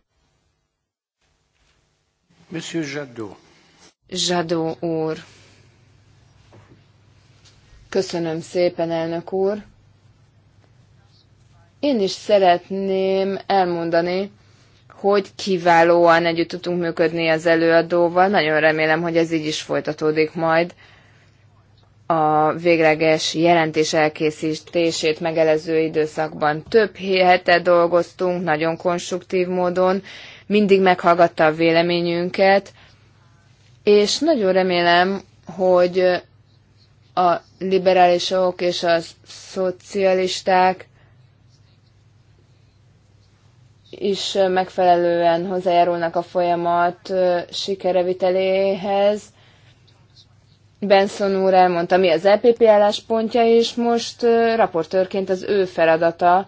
Monsieur Jadot. Jadot úr. Köszönöm szépen, elnök úr. Én is szeretném elmondani, hogy kiválóan együtt tudtunk működni az előadóval. Nagyon remélem, hogy ez így is folytatódik majd a végleges jelentés elkészítését megelező időszakban. Több hete dolgoztunk, nagyon konstruktív módon, mindig meghallgatta a véleményünket, és nagyon remélem, hogy a liberálisok és a szocialisták is megfelelően hozzájárulnak a folyamat sikereviteléhez. Benson úr elmondta, mi az EPP álláspontja, és most raportőrként az ő feladata,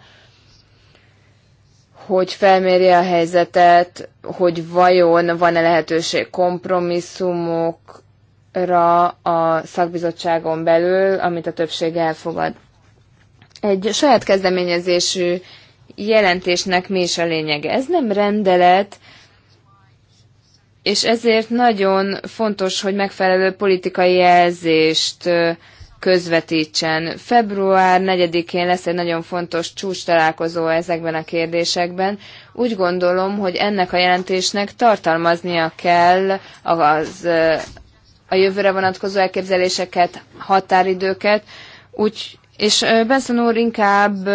hogy felmérje a helyzetet, hogy vajon van-e lehetőség kompromisszumok a szakbizottságon belül, amit a többség elfogad. Egy saját kezdeményezésű jelentésnek mi is a lényege. Ez nem rendelet, és ezért nagyon fontos, hogy megfelelő politikai jelzést közvetítsen. Február 4-én lesz egy nagyon fontos csúcs találkozó ezekben a kérdésekben. Úgy gondolom, hogy ennek a jelentésnek tartalmaznia kell az a jövőre vonatkozó elképzeléseket, határidőket, úgy, és Benson úr inkább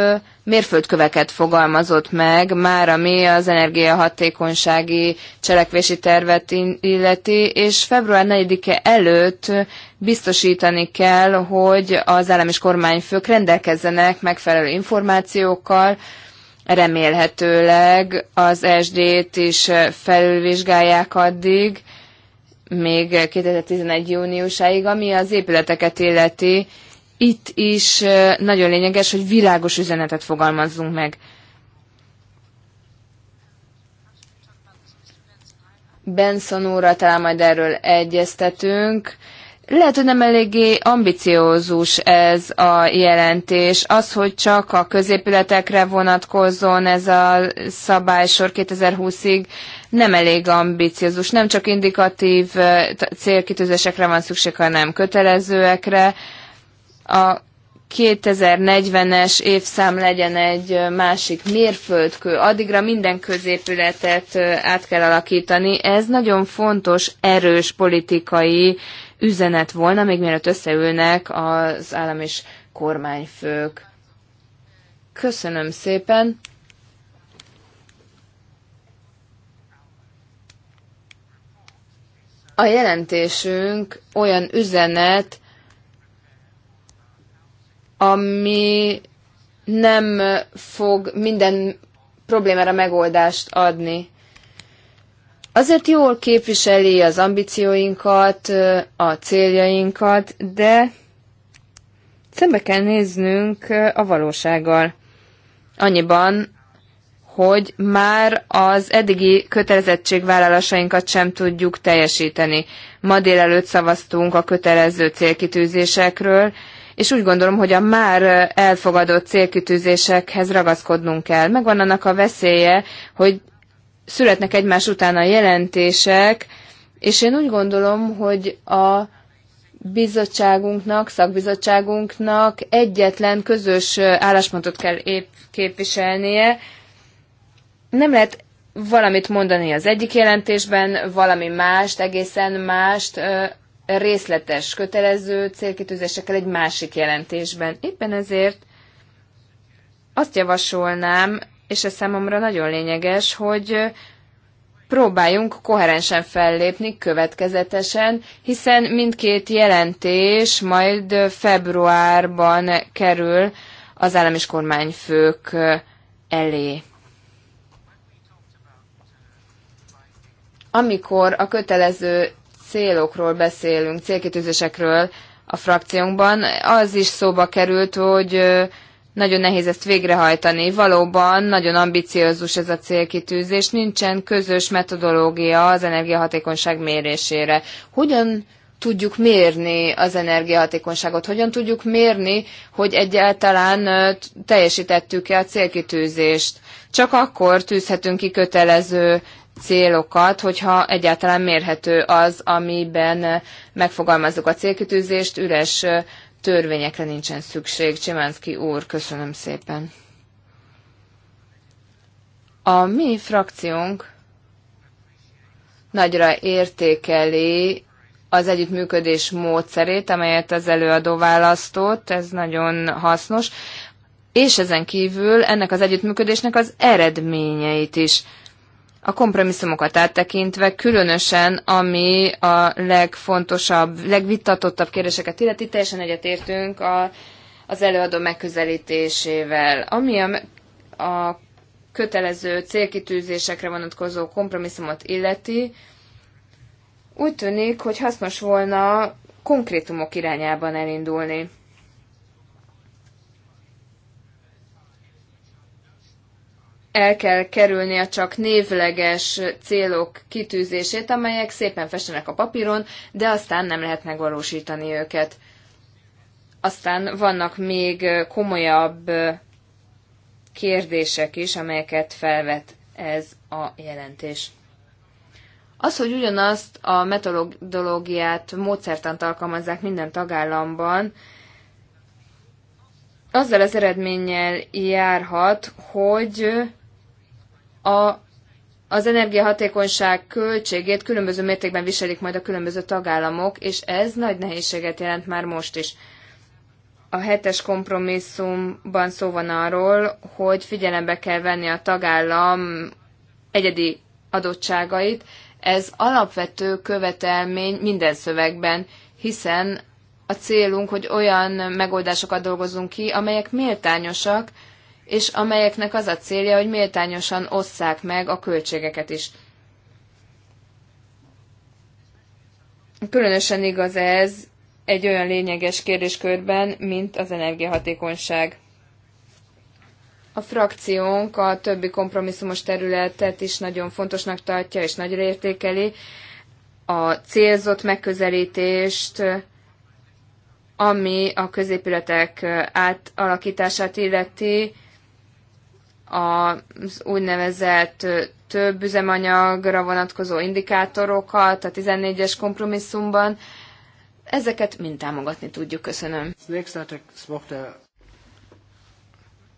mérföldköveket fogalmazott meg, már ami az energiahatékonysági cselekvési tervet illeti, és február 4-e előtt biztosítani kell, hogy az állam és kormányfők rendelkezzenek megfelelő információkkal, remélhetőleg az SD-t is felülvizsgálják addig, még 2011. júniusáig, ami az épületeket illeti. Itt is nagyon lényeges, hogy világos üzenetet fogalmazzunk meg. Benson úrral talán majd erről egyeztetünk. Lehet, hogy nem eléggé ambiciózus ez a jelentés. Az, hogy csak a középületekre vonatkozzon ez a szabálysor 2020-ig, nem elég ambiciózus. Nem csak indikatív célkitűzésekre van szükség, hanem kötelezőekre. A 2040-es évszám legyen egy másik mérföldkő, addigra minden középületet át kell alakítani. Ez nagyon fontos, erős politikai üzenet volna, még mielőtt összeülnek az állam és kormányfők. Köszönöm szépen! A jelentésünk olyan üzenet, ami nem fog minden problémára megoldást adni azért jól képviseli az ambícióinkat, a céljainkat, de szembe kell néznünk a valósággal. Annyiban, hogy már az eddigi kötelezettségvállalásainkat sem tudjuk teljesíteni. Ma délelőtt szavaztunk a kötelező célkitűzésekről, és úgy gondolom, hogy a már elfogadott célkitűzésekhez ragaszkodnunk kell. Megvan annak a veszélye, hogy születnek egymás után a jelentések, és én úgy gondolom, hogy a bizottságunknak, szakbizottságunknak egyetlen közös álláspontot kell épp képviselnie. Nem lehet valamit mondani az egyik jelentésben, valami mást, egészen mást, részletes, kötelező célkitűzésekkel egy másik jelentésben. Éppen ezért azt javasolnám, és ez számomra nagyon lényeges, hogy próbáljunk koherensen fellépni, következetesen, hiszen mindkét jelentés majd februárban kerül az állam és kormányfők elé. Amikor a kötelező célokról beszélünk, célkitűzésekről a frakciónkban, az is szóba került, hogy nagyon nehéz ezt végrehajtani. Valóban nagyon ambiciózus ez a célkitűzés, nincsen közös metodológia az energiahatékonyság mérésére. Hogyan tudjuk mérni az energiahatékonyságot? Hogyan tudjuk mérni, hogy egyáltalán teljesítettük-e a célkitűzést? Csak akkor tűzhetünk ki kötelező célokat, hogyha egyáltalán mérhető az, amiben megfogalmazzuk a célkitűzést, üres törvényekre nincsen szükség. Csimánszki úr, köszönöm szépen. A mi frakciónk nagyra értékeli az együttműködés módszerét, amelyet az előadó választott, ez nagyon hasznos, és ezen kívül ennek az együttműködésnek az eredményeit is a kompromisszumokat áttekintve, különösen ami a legfontosabb, legvitatottabb kérdéseket illeti, teljesen egyetértünk a, az előadó megközelítésével. Ami a, a kötelező célkitűzésekre vonatkozó kompromisszumot illeti, úgy tűnik, hogy hasznos volna konkrétumok irányában elindulni. el kell kerülni a csak névleges célok kitűzését, amelyek szépen festenek a papíron, de aztán nem lehet megvalósítani őket. Aztán vannak még komolyabb kérdések is, amelyeket felvet ez a jelentés. Az, hogy ugyanazt a metodológiát, módszertant alkalmazzák minden tagállamban, azzal az eredménnyel járhat, hogy a, az energiahatékonyság költségét különböző mértékben viselik majd a különböző tagállamok, és ez nagy nehézséget jelent már most is. A hetes kompromisszumban szó van arról, hogy figyelembe kell venni a tagállam egyedi adottságait. Ez alapvető követelmény minden szövegben, hiszen a célunk, hogy olyan megoldásokat dolgozunk ki, amelyek méltányosak, és amelyeknek az a célja, hogy méltányosan osszák meg a költségeket is. Különösen igaz ez egy olyan lényeges kérdéskörben, mint az energiahatékonyság. A frakciónk a többi kompromisszumos területet is nagyon fontosnak tartja és nagyra értékeli. A célzott megközelítést, ami a középületek átalakítását illeti, az úgynevezett több üzemanyagra vonatkozó indikátorokat a 14-es kompromisszumban. Ezeket mind támogatni tudjuk. Köszönöm.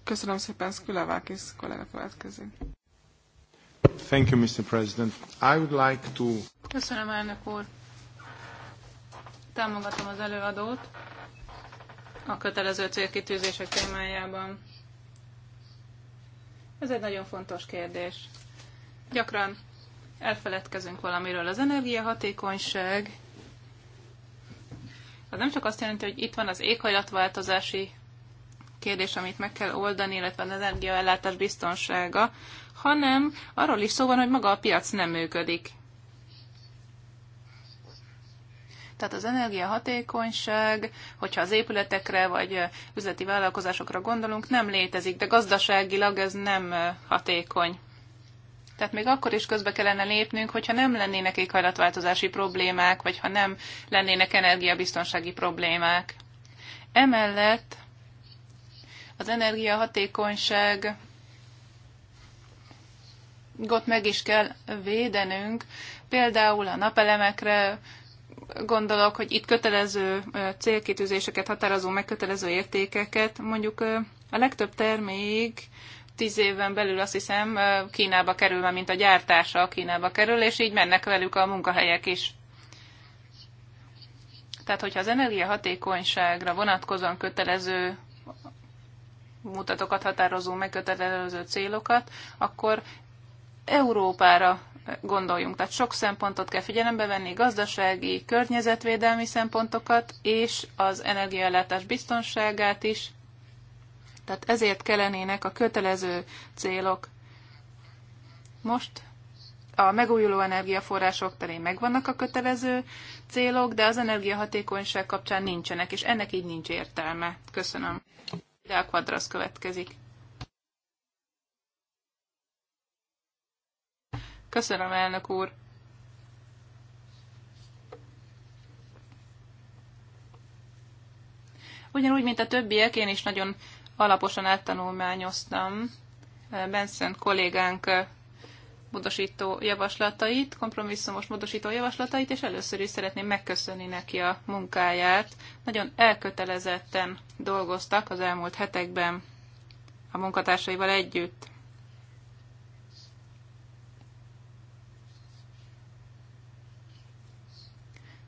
Köszönöm szépen, Skulávákis kollega következik. Thank you, Mr. President. I would like to... Köszönöm, elnök úr. Támogatom az előadót a kötelező célkitűzések témájában. Ez egy nagyon fontos kérdés. Gyakran elfeledkezünk valamiről. Az energiahatékonyság az nem csak azt jelenti, hogy itt van az éghajlatváltozási kérdés, amit meg kell oldani, illetve az energiaellátás biztonsága, hanem arról is szó van, hogy maga a piac nem működik. Tehát az energiahatékonyság, hogyha az épületekre vagy üzleti vállalkozásokra gondolunk, nem létezik, de gazdaságilag ez nem hatékony. Tehát még akkor is közbe kellene lépnünk, hogyha nem lennének éghajlatváltozási problémák, vagy ha nem lennének energiabiztonsági problémák. Emellett az energiahatékonyság gott meg is kell védenünk, például a napelemekre gondolok, hogy itt kötelező célkitűzéseket határozó meg kötelező értékeket, mondjuk a legtöbb termék tíz éven belül azt hiszem Kínába kerül, mint a gyártása a Kínába kerül, és így mennek velük a munkahelyek is. Tehát, hogyha az energiahatékonyságra vonatkozóan kötelező mutatokat határozó meg kötelező célokat, akkor Európára gondoljunk. Tehát sok szempontot kell figyelembe venni, gazdasági, környezetvédelmi szempontokat, és az energiaellátás biztonságát is. Tehát ezért kellenének a kötelező célok. Most a megújuló energiaforrások terén megvannak a kötelező célok, de az energiahatékonyság kapcsán nincsenek, és ennek így nincs értelme. Köszönöm. De a következik. Köszönöm, elnök úr. Ugyanúgy, mint a többiek, én is nagyon alaposan áttanulmányoztam eh, Benson kollégánk eh, módosító javaslatait, kompromisszumos módosító javaslatait, és először is szeretném megköszönni neki a munkáját. Nagyon elkötelezetten dolgoztak az elmúlt hetekben a munkatársaival együtt.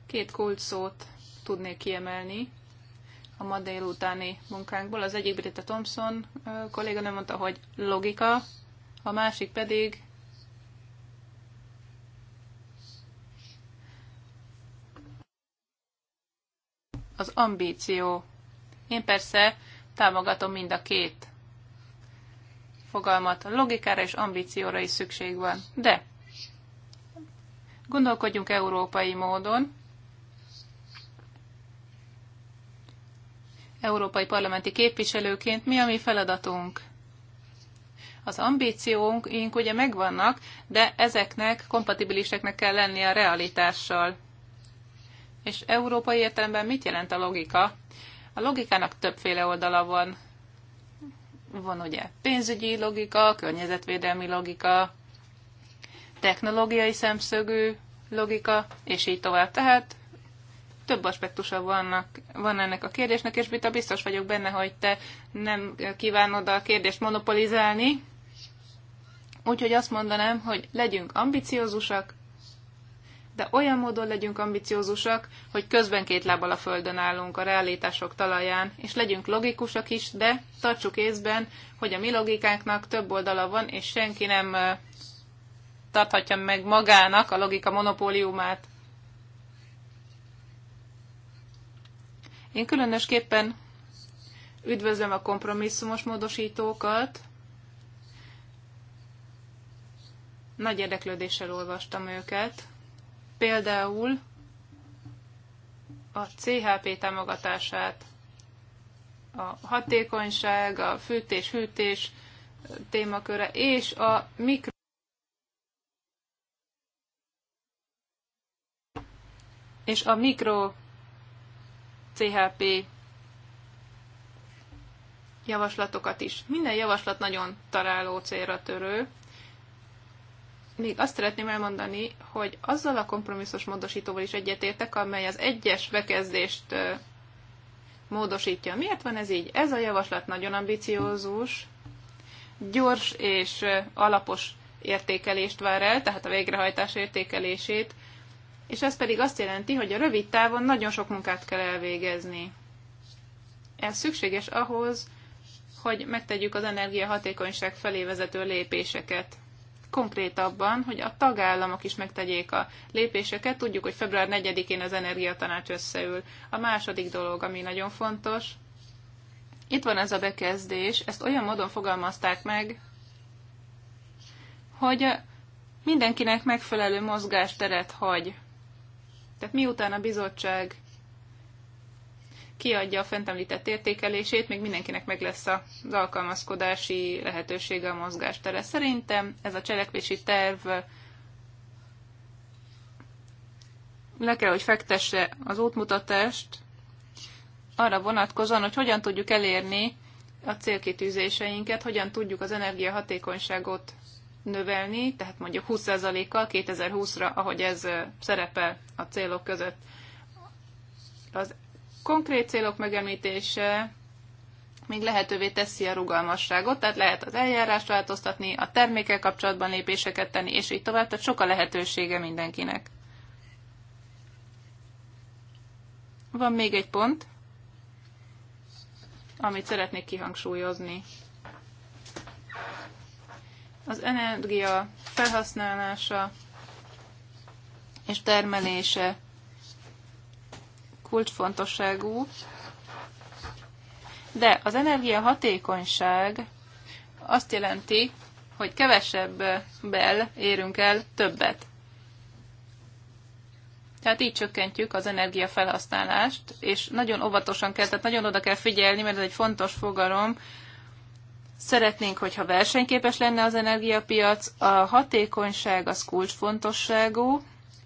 Két kulcsszót tudnék kiemelni a ma délutáni munkánkból. Az egyik Britta Thompson nem mondta, hogy logika, a másik pedig az ambíció. Én persze támogatom mind a két fogalmat. A logikára és ambícióra is szükség van. De gondolkodjunk európai módon, európai parlamenti képviselőként mi a mi feladatunk. Az ambícióink ugye megvannak, de ezeknek kompatibiliseknek kell lenni a realitással. És európai értelemben mit jelent a logika? A logikának többféle oldala van. Van ugye pénzügyi logika, környezetvédelmi logika, technológiai szemszögű logika, és így tovább. Tehát több aspektusa vannak, van ennek a kérdésnek, és Bita, biztos vagyok benne, hogy te nem kívánod a kérdést monopolizálni. Úgyhogy azt mondanám, hogy legyünk ambiciózusak, de olyan módon legyünk ambiciózusak, hogy közben két lábbal a földön állunk a realitások talaján, és legyünk logikusak is, de tartsuk észben, hogy a mi logikánknak több oldala van, és senki nem tarthatja meg magának a logika monopóliumát. Én különösképpen üdvözlöm a kompromisszumos módosítókat. Nagy érdeklődéssel olvastam őket. Például a CHP támogatását, a hatékonyság, a fűtés-hűtés témaköre és a mikro és a mikro CHP javaslatokat is. Minden javaslat nagyon találó célra törő. Még azt szeretném elmondani, hogy azzal a kompromisszos módosítóval is egyetértek, amely az egyes bekezdést módosítja. Miért van ez így? Ez a javaslat nagyon ambiciózus, gyors és alapos értékelést vár el, tehát a végrehajtás értékelését és ez pedig azt jelenti, hogy a rövid távon nagyon sok munkát kell elvégezni. Ez szükséges ahhoz, hogy megtegyük az energiahatékonyság felé vezető lépéseket. Konkrétabban, hogy a tagállamok is megtegyék a lépéseket. Tudjuk, hogy február 4-én az energiatanács összeül. A második dolog, ami nagyon fontos, itt van ez a bekezdés, ezt olyan módon fogalmazták meg, hogy mindenkinek megfelelő mozgásteret hagy tehát miután a bizottság kiadja a fent említett értékelését, még mindenkinek meg lesz az alkalmazkodási lehetősége a mozgástere. Szerintem ez a cselekvési terv le kell, hogy fektesse az útmutatást arra vonatkozóan, hogy hogyan tudjuk elérni a célkitűzéseinket, hogyan tudjuk az energiahatékonyságot növelni, tehát mondjuk 20%-kal 2020-ra, ahogy ez szerepel a célok között. Az konkrét célok megemlítése még lehetővé teszi a rugalmasságot, tehát lehet az eljárást változtatni, a termékkel kapcsolatban lépéseket tenni, és így tovább, tehát sok a lehetősége mindenkinek. Van még egy pont, amit szeretnék kihangsúlyozni az energia felhasználása és termelése kulcsfontosságú, de az energia hatékonyság azt jelenti, hogy bel érünk el többet. Tehát így csökkentjük az energiafelhasználást, és nagyon óvatosan kell, tehát nagyon oda kell figyelni, mert ez egy fontos fogalom, Szeretnénk, hogyha versenyképes lenne az energiapiac, a hatékonyság az kulcsfontosságú,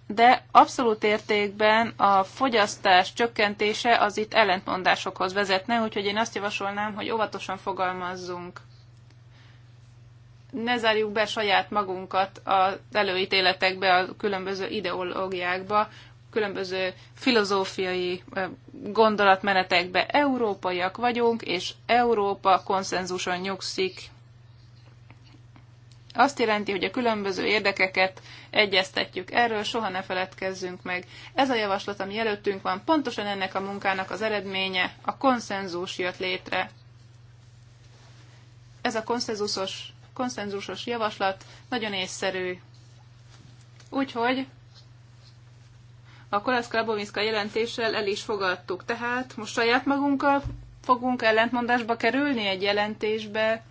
de abszolút értékben a fogyasztás csökkentése az itt ellentmondásokhoz vezetne, úgyhogy én azt javasolnám, hogy óvatosan fogalmazzunk. Ne zárjuk be saját magunkat az előítéletekbe, a különböző ideológiákba, különböző filozófiai gondolatmenetekbe európaiak vagyunk, és Európa konszenzuson nyugszik. Azt jelenti, hogy a különböző érdekeket egyeztetjük. Erről soha ne feledkezzünk meg. Ez a javaslat, ami előttünk van, pontosan ennek a munkának az eredménye, a konszenzus jött létre. Ez a konszenzusos, konszenzusos javaslat nagyon észszerű. Úgyhogy a Kolász-Krábovinszka jelentéssel el is fogadtuk. Tehát most saját magunkkal fogunk ellentmondásba kerülni egy jelentésbe,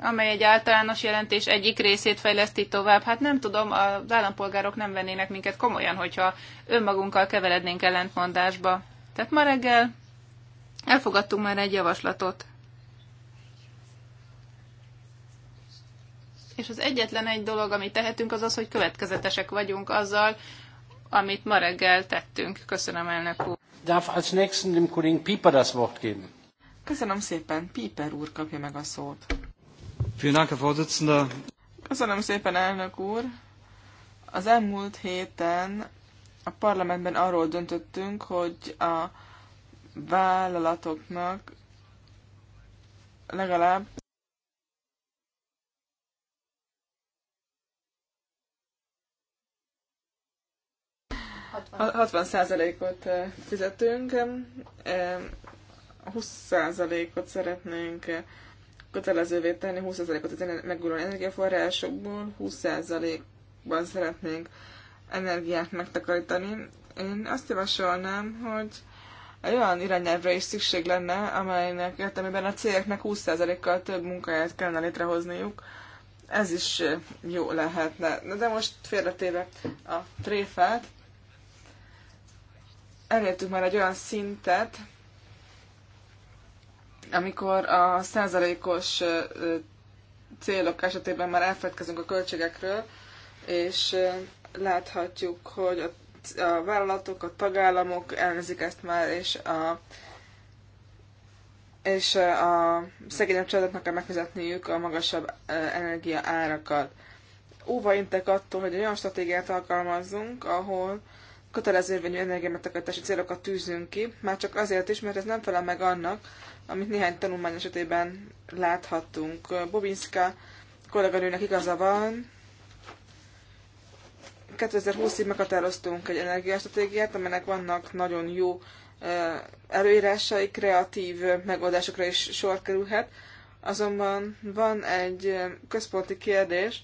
amely egy általános jelentés egyik részét fejleszti tovább. Hát nem tudom, az állampolgárok nem vennének minket komolyan, hogyha önmagunkkal keverednénk ellentmondásba. Tehát ma reggel elfogadtunk már egy javaslatot. És az egyetlen egy dolog, amit tehetünk, az az, hogy következetesek vagyunk azzal, amit ma reggel tettünk. Köszönöm, elnök úr. Darf als nächsten dem Kollegen Pieper das Wort geben. Köszönöm szépen, Pieper úr kapja meg a szót. Vielen Dank, Köszönöm szépen, elnök úr. Az elmúlt héten a parlamentben arról döntöttünk, hogy a vállalatoknak legalább 60%-ot eh, fizetünk, 20%-ot szeretnénk eh, kötelezővé tenni, 20%-ot az megújuló energiaforrásokból, 20%-ban szeretnénk energiát megtakarítani. Én azt javasolnám, hogy egy olyan irányelvre is szükség lenne, amelynek értelmében a cégeknek 20%-kal több munkáját kellene létrehozniuk. Ez is eh, jó lehetne. Na de most félretéve a tréfát, elértük már egy olyan szintet, amikor a százalékos célok esetében már elfelejtkezünk a költségekről, és láthatjuk, hogy a, a vállalatok, a tagállamok elnezik ezt már, és a, és a szegényebb családoknak kell megfizetniük a magasabb energia árakat. Óva intek attól, hogy olyan stratégiát alkalmazzunk, ahol kötelező érvényű energiamegtakarítási célokat tűzünk ki, már csak azért is, mert ez nem felel meg annak, amit néhány tanulmány esetében láthattunk. Bobinska kolléganőnek igaza van, 2020-ig meghatároztunk egy energiastratégiát, amelynek vannak nagyon jó előírásai, kreatív megoldásokra is sor kerülhet. Azonban van egy központi kérdés,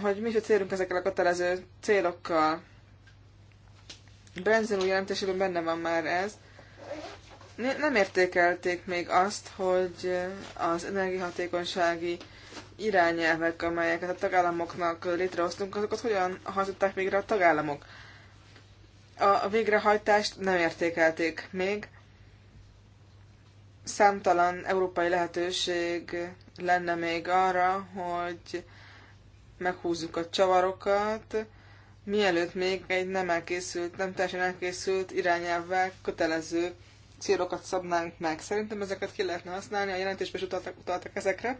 hogy a célunk ezekkel a kötelező célokkal. Benzin új jelentésében benne van már ez. Nem értékelték még azt, hogy az energiahatékonysági irányelvek, amelyeket a tagállamoknak létrehoztunk, azokat hogyan hajtották végre a tagállamok. A végrehajtást nem értékelték még. Számtalan európai lehetőség lenne még arra, hogy meghúzzuk a csavarokat, mielőtt még egy nem elkészült, nem teljesen elkészült irányelvvel kötelező célokat szabnánk meg. Szerintem ezeket ki lehetne használni, a jelentésben is utaltak, utaltak ezekre.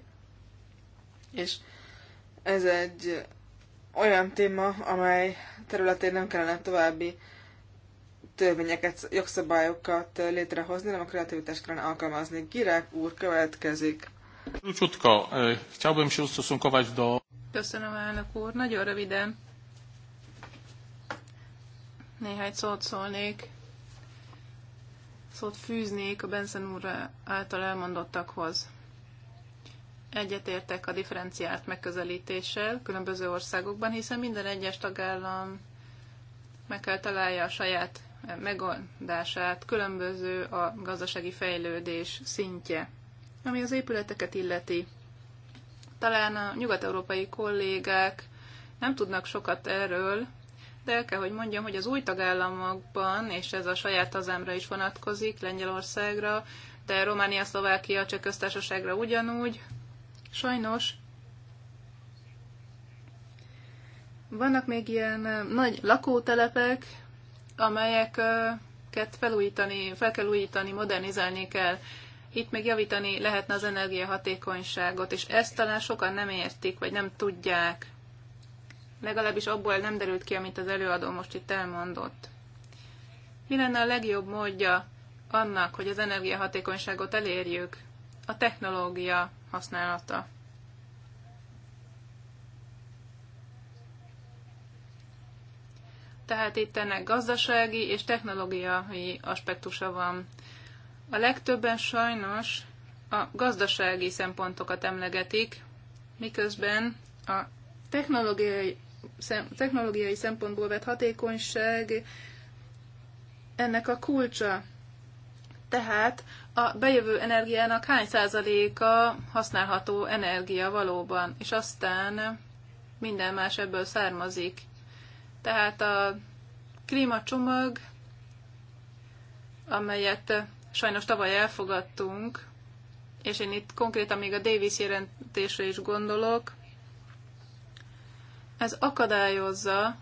És ez egy olyan téma, amely területén nem kellene további törvényeket, jogszabályokat létrehozni, hanem a kreativitást kellene alkalmazni. Girák úr következik. Csutka, e, chciałbym się ustosunkować do... Köszönöm, elnök úr. Nagyon röviden néhány szót szólnék, szót fűznék a Benson úr által elmondottakhoz. Egyetértek a differenciált megközelítéssel különböző országokban, hiszen minden egyes tagállam meg kell találja a saját megoldását, különböző a gazdasági fejlődés szintje. Ami az épületeket illeti, talán a nyugat-európai kollégák nem tudnak sokat erről, de el kell, hogy mondjam, hogy az új tagállamokban, és ez a saját hazámra is vonatkozik, Lengyelországra, de Románia, Szlovákia, Cseh köztársaságra ugyanúgy, sajnos vannak még ilyen nagy lakótelepek, amelyeket felújítani, fel kell újítani, modernizálni kell itt még javítani lehetne az energiahatékonyságot, és ezt talán sokan nem értik, vagy nem tudják. Legalábbis abból nem derült ki, amit az előadó most itt elmondott. Mi lenne a legjobb módja annak, hogy az energiahatékonyságot elérjük? A technológia használata. Tehát itt ennek gazdasági és technológiai aspektusa van. A legtöbben sajnos a gazdasági szempontokat emlegetik, miközben a technológiai, szem, technológiai szempontból vett hatékonyság ennek a kulcsa. Tehát a bejövő energiának hány százaléka használható energia valóban, és aztán minden más ebből származik. Tehát a klímacsomag, amelyet sajnos tavaly elfogadtunk, és én itt konkrétan még a Davis jelentésre is gondolok, ez akadályozza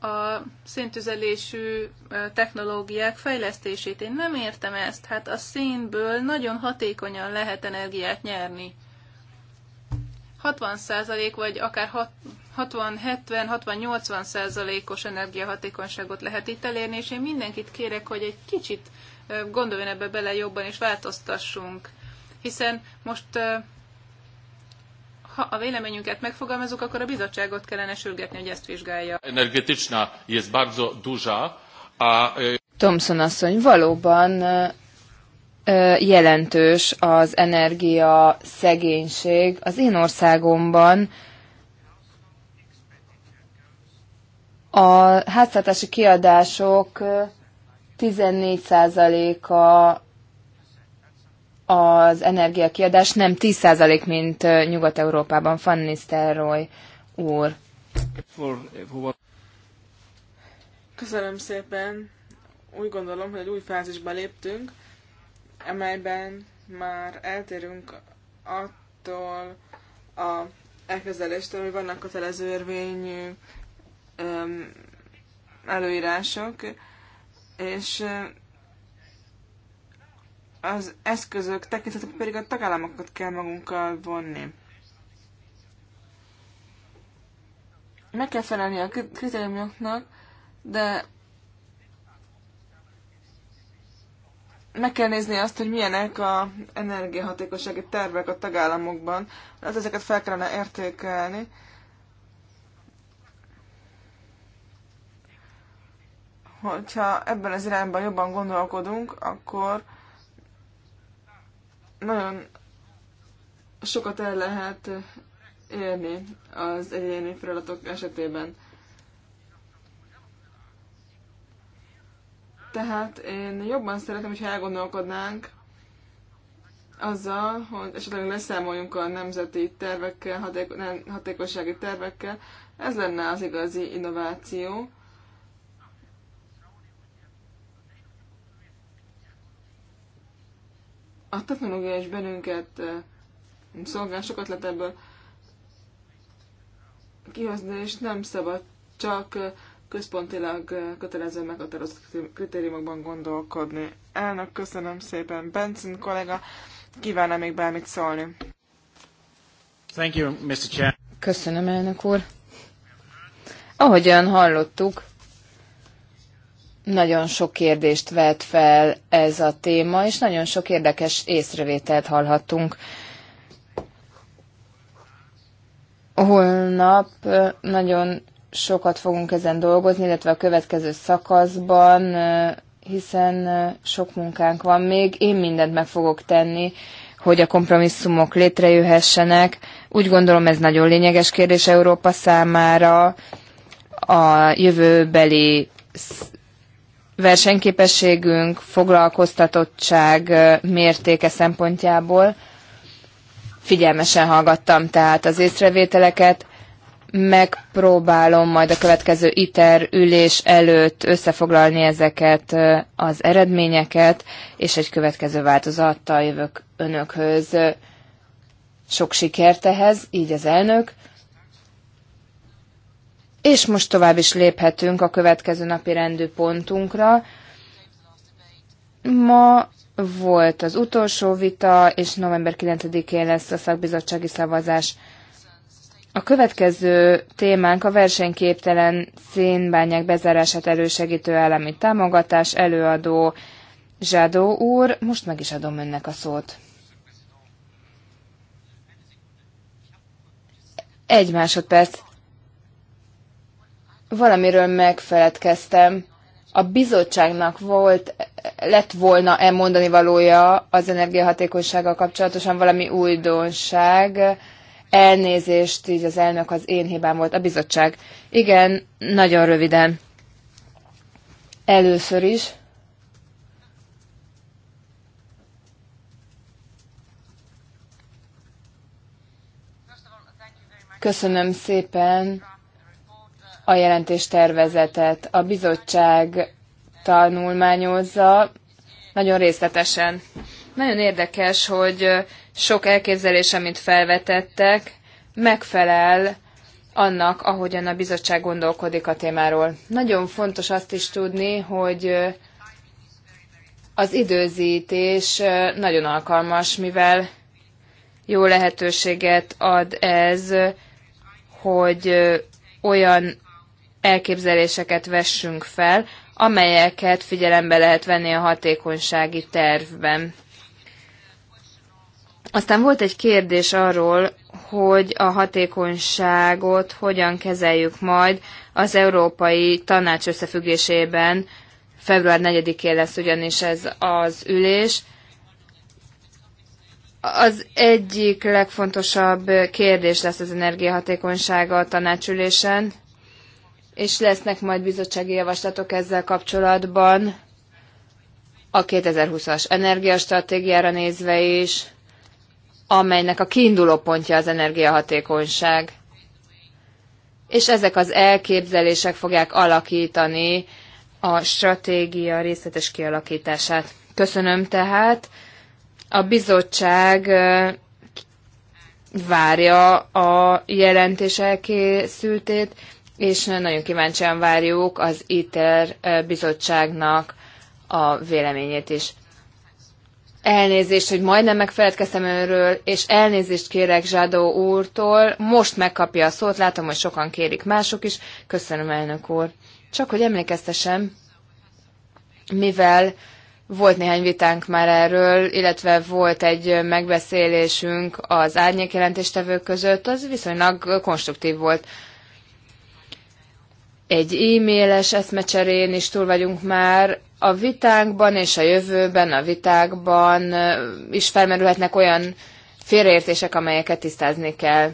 a széntüzelésű technológiák fejlesztését. Én nem értem ezt. Hát a szénből nagyon hatékonyan lehet energiát nyerni. 60% vagy akár 60-70-60-80 százalékos energiahatékonyságot lehet itt elérni, és én mindenkit kérek, hogy egy kicsit gondoljon ebbe bele jobban, és változtassunk. Hiszen most ha a véleményünket megfogalmazunk, akkor a bizottságot kellene sürgetni, hogy ezt vizsgálja. Energetična jest bardzo duża, a... E, Thomson asszony, valóban jelentős az energia szegénység. Az én országomban A háztartási kiadások 14%-a az energiakiadás, nem 10% mint Nyugat-Európában, Van Nistelrooy úr. Köszönöm szépen. Úgy gondolom, hogy egy új fázisba léptünk, amelyben már eltérünk attól a elkezeléstől, hogy vannak kötelező érvényű előírások, és az eszközök tekintetében pedig a tagállamokat kell magunkkal vonni. Meg kell felelni a kritériumoknak, de meg kell nézni azt, hogy milyenek a energiahatékossági tervek a tagállamokban. Hát ezeket fel kellene értékelni, hogyha ebben az irányban jobban gondolkodunk, akkor nagyon sokat el lehet érni az egyéni feladatok esetében. Tehát én jobban szeretem, hogyha elgondolkodnánk azzal, hogy esetleg leszámoljunk a nemzeti tervekkel, haték, nem, hatékonysági tervekkel. Ez lenne az igazi innováció. A technológia is bennünket szolgál, sokat lehet ebből kihozni, és nem szabad csak központilag kötelező meghatározott kritériumokban gondolkodni. Elnök, köszönöm szépen. Benson kollega, kívánom még bármit szólni? Thank you, Mr. Chair. Köszönöm, elnök úr. Ahogyan hallottuk, nagyon sok kérdést vet fel ez a téma, és nagyon sok érdekes észrevételt hallhattunk. Holnap nagyon sokat fogunk ezen dolgozni, illetve a következő szakaszban, hiszen sok munkánk van még. Én mindent meg fogok tenni, hogy a kompromisszumok létrejöhessenek. Úgy gondolom ez nagyon lényeges kérdés Európa számára. A jövőbeli versenyképességünk, foglalkoztatottság mértéke szempontjából. Figyelmesen hallgattam tehát az észrevételeket, megpróbálom majd a következő ITER ülés előtt összefoglalni ezeket az eredményeket, és egy következő változattal jövök önökhöz. Sok sikert ehhez, így az elnök. És most tovább is léphetünk a következő napi rendű pontunkra. Ma volt az utolsó vita, és november 9-én lesz a szakbizottsági szavazás. A következő témánk a versenyképtelen szénbányák bezárását elősegítő állami támogatás, előadó Zsádó úr. Most meg is adom önnek a szót. Egy másodperc valamiről megfeledkeztem. A bizottságnak volt, lett volna-e mondani valója az energiahatékonysággal kapcsolatosan valami újdonság, elnézést, így az elnök az én hibám volt, a bizottság. Igen, nagyon röviden. Először is. Köszönöm szépen a jelentéstervezetet. A bizottság tanulmányozza nagyon részletesen. Nagyon érdekes, hogy sok elképzelés, amit felvetettek, megfelel annak, ahogyan a bizottság gondolkodik a témáról. Nagyon fontos azt is tudni, hogy az időzítés nagyon alkalmas, mivel jó lehetőséget ad ez, hogy olyan elképzeléseket vessünk fel, amelyeket figyelembe lehet venni a hatékonysági tervben. Aztán volt egy kérdés arról, hogy a hatékonyságot hogyan kezeljük majd az Európai Tanács összefüggésében. Február 4-én lesz ugyanis ez az ülés. Az egyik legfontosabb kérdés lesz az energiahatékonysága a tanácsülésen, és lesznek majd bizottsági javaslatok ezzel kapcsolatban a 2020-as energiastratégiára nézve is, amelynek a kiinduló pontja az energiahatékonyság. És ezek az elképzelések fogják alakítani a stratégia részletes kialakítását. Köszönöm tehát. A bizottság várja a jelentés elkészültét, és nagyon kíváncsian várjuk az ITER bizottságnak a véleményét is. Elnézést, hogy majdnem megfeledkeztem önről, és elnézést kérek Zsádó úrtól. Most megkapja a szót, látom, hogy sokan kérik mások is. Köszönöm, elnök úr. Csak hogy emlékeztesem, mivel volt néhány vitánk már erről, illetve volt egy megbeszélésünk az jelentéstevők között, az viszonylag konstruktív volt egy e-mailes eszmecserén is túl vagyunk már, a vitánkban és a jövőben a vitákban is felmerülhetnek olyan félreértések, amelyeket tisztázni kell.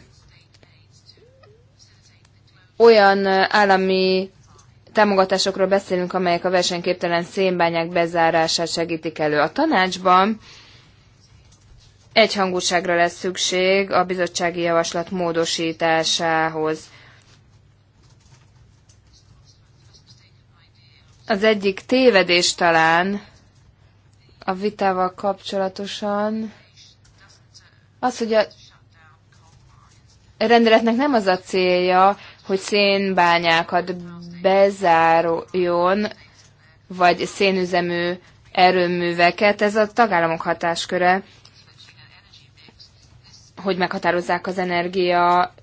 Olyan állami támogatásokról beszélünk, amelyek a versenyképtelen szénbányák bezárását segítik elő. A tanácsban egyhangúságra lesz szükség a bizottsági javaslat módosításához. Az egyik tévedés talán a vitával kapcsolatosan az, hogy a rendeletnek nem az a célja, hogy szénbányákat bezárjon, vagy szénüzemű erőműveket, ez a tagállamok hatásköre, hogy meghatározzák az energia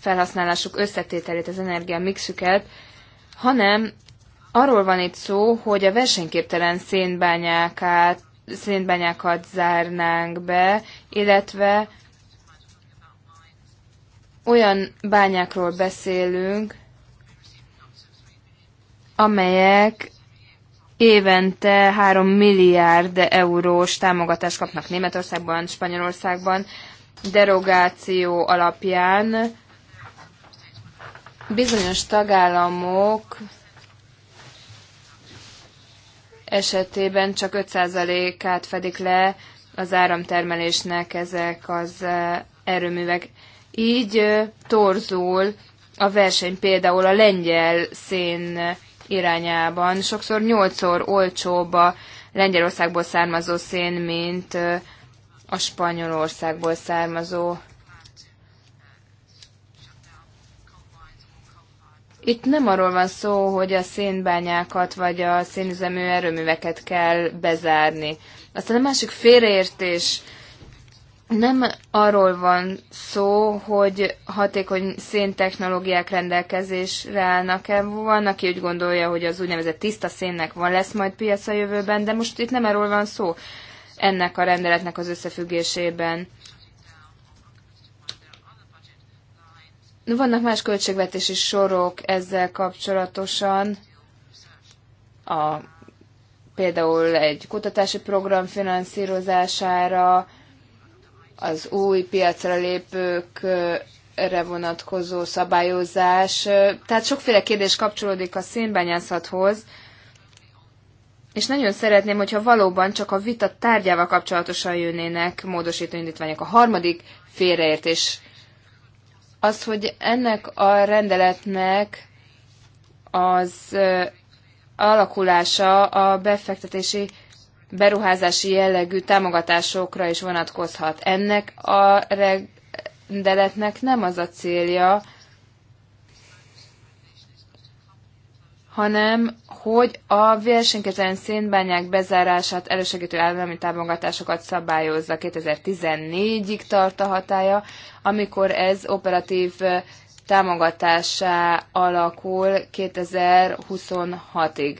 felhasználásuk összetételét, az energia mixüket, hanem Arról van itt szó, hogy a versenyképtelen szénbányákát, szénbányákat zárnánk be, illetve olyan bányákról beszélünk, amelyek évente 3 milliárd eurós támogatást kapnak Németországban, Spanyolországban, derogáció alapján bizonyos tagállamok esetében csak 5%-át fedik le az áramtermelésnek ezek az erőművek. Így torzul a verseny például a lengyel szén irányában. Sokszor szor olcsóbb a Lengyelországból származó szén, mint a Spanyolországból származó Itt nem arról van szó, hogy a szénbányákat vagy a szénüzemű erőműveket kell bezárni. Aztán a másik félreértés. Nem arról van szó, hogy hatékony széntechnológiák rendelkezésre állnak-e. Van, aki úgy gondolja, hogy az úgynevezett tiszta szénnek van lesz majd piac a jövőben, de most itt nem arról van szó ennek a rendeletnek az összefüggésében. Vannak más költségvetési sorok ezzel kapcsolatosan, a, például egy kutatási program finanszírozására, az új piacra lépőkre vonatkozó szabályozás. Tehát sokféle kérdés kapcsolódik a szénbányászathoz, és nagyon szeretném, hogyha valóban csak a vita tárgyával kapcsolatosan jönnének módosító indítványok. A harmadik félreértés az, hogy ennek a rendeletnek az alakulása a befektetési beruházási jellegű támogatásokra is vonatkozhat. Ennek a rendeletnek nem az a célja, hanem hogy a versenyketlen szénbányák bezárását elősegítő állami támogatásokat szabályozza 2014-ig tart a hatája, amikor ez operatív támogatásá alakul 2026-ig.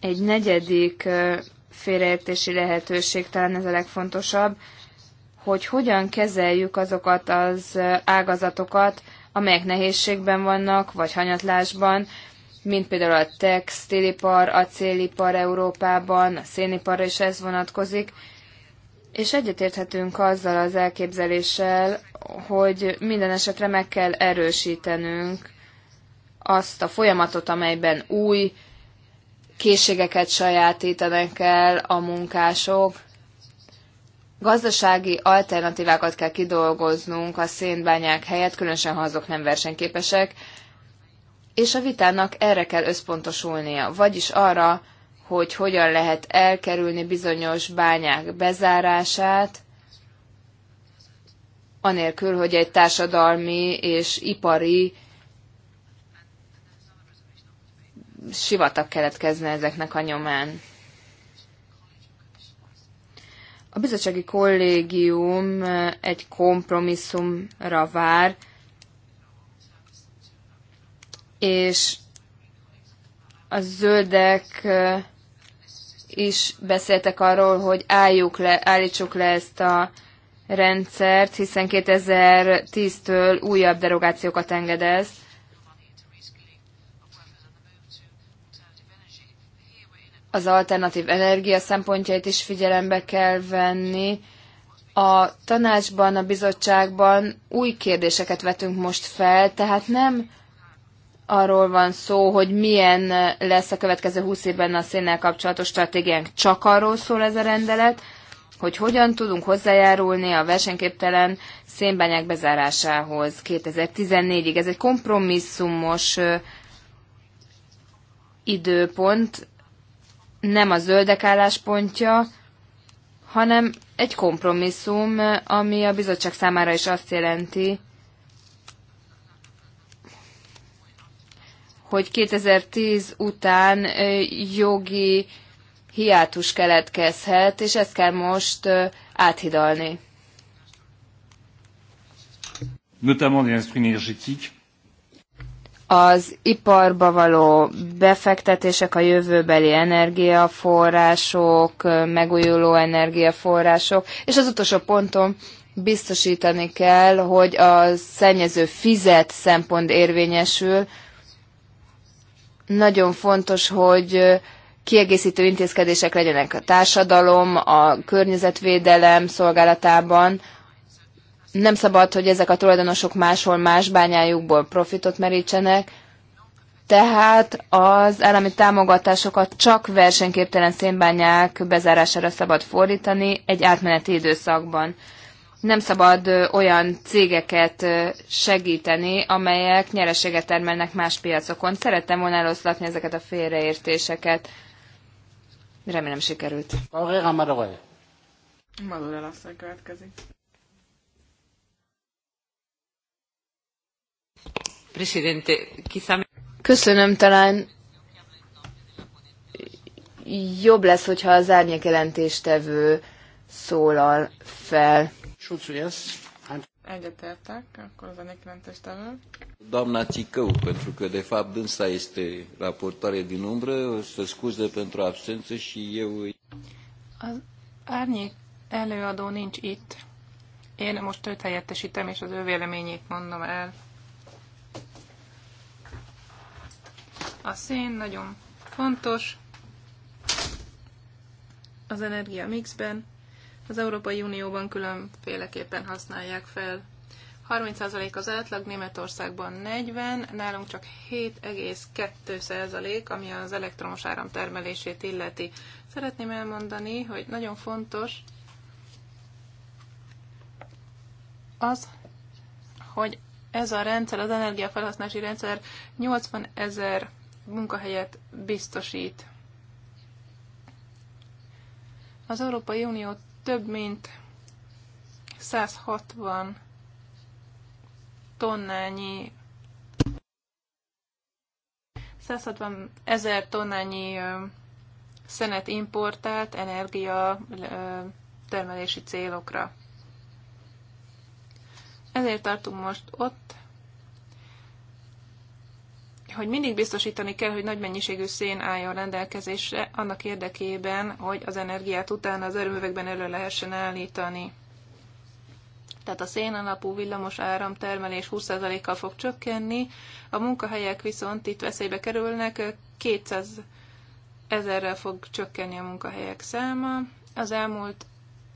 Egy negyedik félreértési lehetőség, talán ez a legfontosabb, hogy hogyan kezeljük azokat az ágazatokat, amelyek nehézségben vannak, vagy hanyatlásban, mint például a textilipar, acélipar Európában, a szénipar is ez vonatkozik, és egyetérthetünk azzal az elképzeléssel, hogy minden esetre meg kell erősítenünk azt a folyamatot, amelyben új készségeket sajátítanak el a munkások, gazdasági alternatívákat kell kidolgoznunk a szénbányák helyett, különösen ha azok nem versenyképesek, és a vitának erre kell összpontosulnia, vagyis arra, hogy hogyan lehet elkerülni bizonyos bányák bezárását, anélkül, hogy egy társadalmi és ipari sivatag keletkezne ezeknek a nyomán. A bizottsági kollégium eh, egy kompromisszumra vár, és a zöldek eh, is beszéltek arról, hogy álljuk le, állítsuk le ezt a rendszert, hiszen 2010-től újabb derogációkat engedez. az alternatív energia szempontjait is figyelembe kell venni. A tanácsban, a bizottságban új kérdéseket vetünk most fel, tehát nem arról van szó, hogy milyen lesz a következő húsz évben a szénnel kapcsolatos stratégiánk. Csak arról szól ez a rendelet, hogy hogyan tudunk hozzájárulni a versenyképtelen szénbányák bezárásához 2014-ig. Ez egy kompromisszumos időpont, nem a zöldek álláspontja, hanem egy kompromisszum, ami a bizottság számára is azt jelenti, hogy 2010 után jogi hiátus keletkezhet, és ezt kell most áthidalni. Notamment des aspects énergétiques az iparba való befektetések, a jövőbeli energiaforrások, megújuló energiaforrások, és az utolsó pontom biztosítani kell, hogy a szennyező fizet szempont érvényesül. Nagyon fontos, hogy kiegészítő intézkedések legyenek a társadalom, a környezetvédelem szolgálatában, nem szabad, hogy ezek a tulajdonosok máshol más bányájukból profitot merítsenek, tehát az állami támogatásokat csak versenyképtelen szénbányák bezárására szabad fordítani egy átmeneti időszakban. Nem szabad olyan cégeket segíteni, amelyek nyereséget termelnek más piacokon. Szerettem volna eloszlatni ezeket a félreértéseket. Remélem sikerült. Madurell asszony következik. Köszönöm, talán jobb lesz, hogyha az árnyék jelentéstevő szólal fel. Egyetértek, akkor az árnyék jelentéstevő. Doamna Țicău, pentru că de fapt dânsa este raportare din umbră, să scuze pentru absență și eu... Az árnyék előadó nincs itt. Én most őt helyettesítem, és az ő véleményét mondom el. A szén nagyon fontos az energia mixben. Az Európai Unióban különféleképpen használják fel 30% az átlag, Németországban 40, nálunk csak 7,2%, ami az elektromos áram termelését illeti. Szeretném elmondani, hogy nagyon fontos az, hogy ez a rendszer, az energiafelhasználási rendszer 80 ezer munkahelyet biztosít. Az Európai Unió több mint 160 tonnányi 160 ezer tonnányi szenet importált energia termelési célokra. Ezért tartunk most ott, hogy mindig biztosítani kell, hogy nagy mennyiségű szén álljon rendelkezésre annak érdekében, hogy az energiát utána az erőművekben elő lehessen állítani. Tehát a szén alapú villamos áramtermelés 20%-kal fog csökkenni, a munkahelyek viszont itt veszélybe kerülnek, 200 ezerrel fog csökkenni a munkahelyek száma. Az elmúlt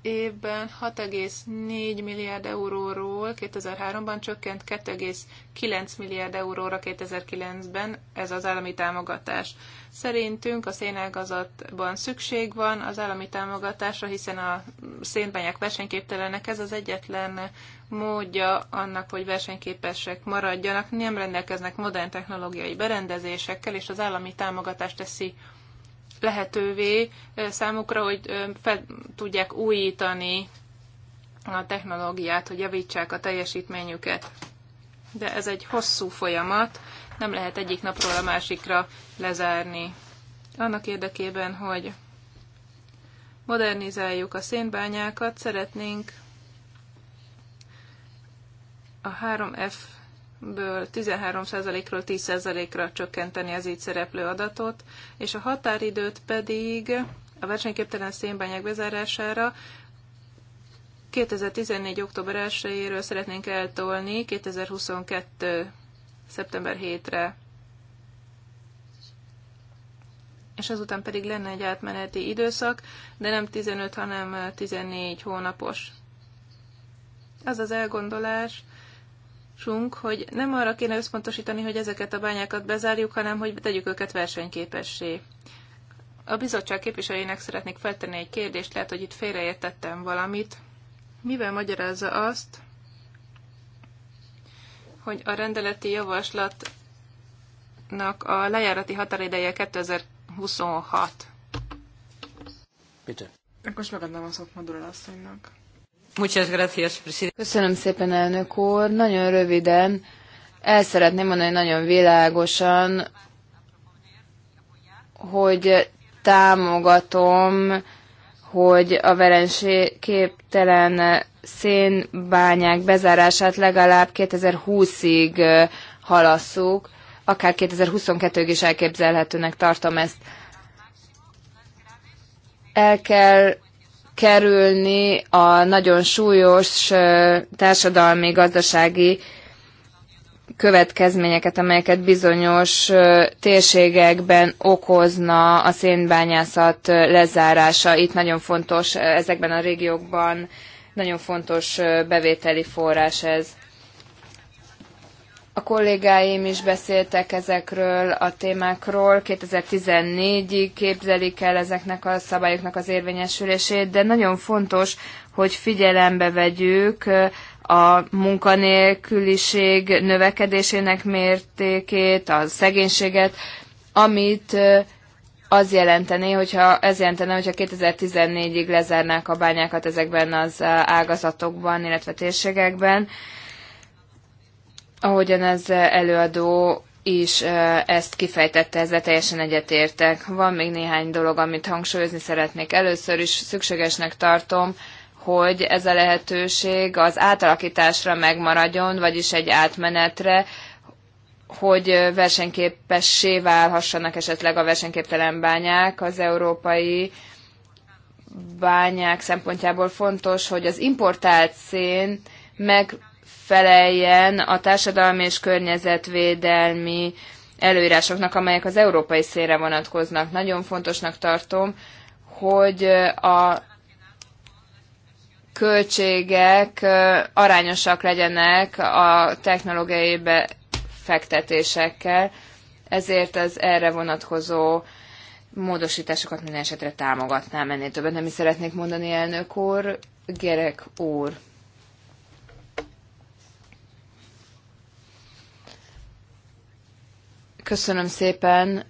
évben 6,4 milliárd euróról 2003-ban csökkent 2,9 milliárd euróra 2009-ben ez az állami támogatás. Szerintünk a szénágazatban szükség van az állami támogatásra, hiszen a szénbányák versenyképtelenek, ez az egyetlen módja annak, hogy versenyképesek maradjanak, nem rendelkeznek modern technológiai berendezésekkel, és az állami támogatás teszi lehetővé számukra, hogy fel tudják újítani a technológiát, hogy javítsák a teljesítményüket. De ez egy hosszú folyamat, nem lehet egyik napról a másikra lezárni. Annak érdekében, hogy modernizáljuk a szénbányákat, szeretnénk a 3F ből 13%-ról 10%-ra csökkenteni az így szereplő adatot, és a határidőt pedig a versenyképtelen szénbányák bezárására 2014. október 1-éről szeretnénk eltolni 2022. szeptember 7-re. És azután pedig lenne egy átmeneti időszak, de nem 15, hanem 14 hónapos. Az az elgondolás, tudásunk, hogy nem arra kéne összpontosítani, hogy ezeket a bányákat bezárjuk, hanem hogy tegyük őket versenyképessé. A bizottság képviselőjének szeretnék feltenni egy kérdést, lehet, hogy itt félreértettem valamit. Mivel magyarázza azt, hogy a rendeleti javaslatnak a lejárati határideje 2026? Bitte. Akkor is megadnám a szót Madura asszonynak. Köszönöm szépen, elnök úr. Nagyon röviden el szeretném mondani nagyon világosan, hogy támogatom, hogy a verenség képtelen szénbányák bezárását legalább 2020-ig halasszuk, akár 2022-ig is elképzelhetőnek tartom ezt. El kell kerülni a nagyon súlyos társadalmi, gazdasági következményeket, amelyeket bizonyos térségekben okozna a szénbányászat lezárása. Itt nagyon fontos, ezekben a régiókban nagyon fontos bevételi forrás ez. A kollégáim is beszéltek ezekről a témákról, 2014-ig képzelik el ezeknek a szabályoknak az érvényesülését, de nagyon fontos, hogy figyelembe vegyük a munkanélküliség növekedésének mértékét, a szegénységet, amit az jelentené, hogyha, ez jelentene, hogyha 2014-ig lezárnák a bányákat ezekben az ágazatokban, illetve térségekben. Ahogyan ez előadó is ezt kifejtette, ezzel teljesen egyetértek. Van még néhány dolog, amit hangsúlyozni szeretnék. Először is szükségesnek tartom, hogy ez a lehetőség az átalakításra megmaradjon, vagyis egy átmenetre, hogy versenyképessé válhassanak esetleg a versenyképtelen bányák az európai bányák szempontjából fontos, hogy az importált szén meg feleljen a társadalmi és környezetvédelmi előírásoknak, amelyek az európai szélre vonatkoznak. Nagyon fontosnak tartom, hogy a költségek arányosak legyenek a technológiai befektetésekkel, ezért az erre vonatkozó módosításokat minden esetre támogatnám, ennél többet nem is szeretnék mondani, elnök úr, Gerek úr. Köszönöm szépen.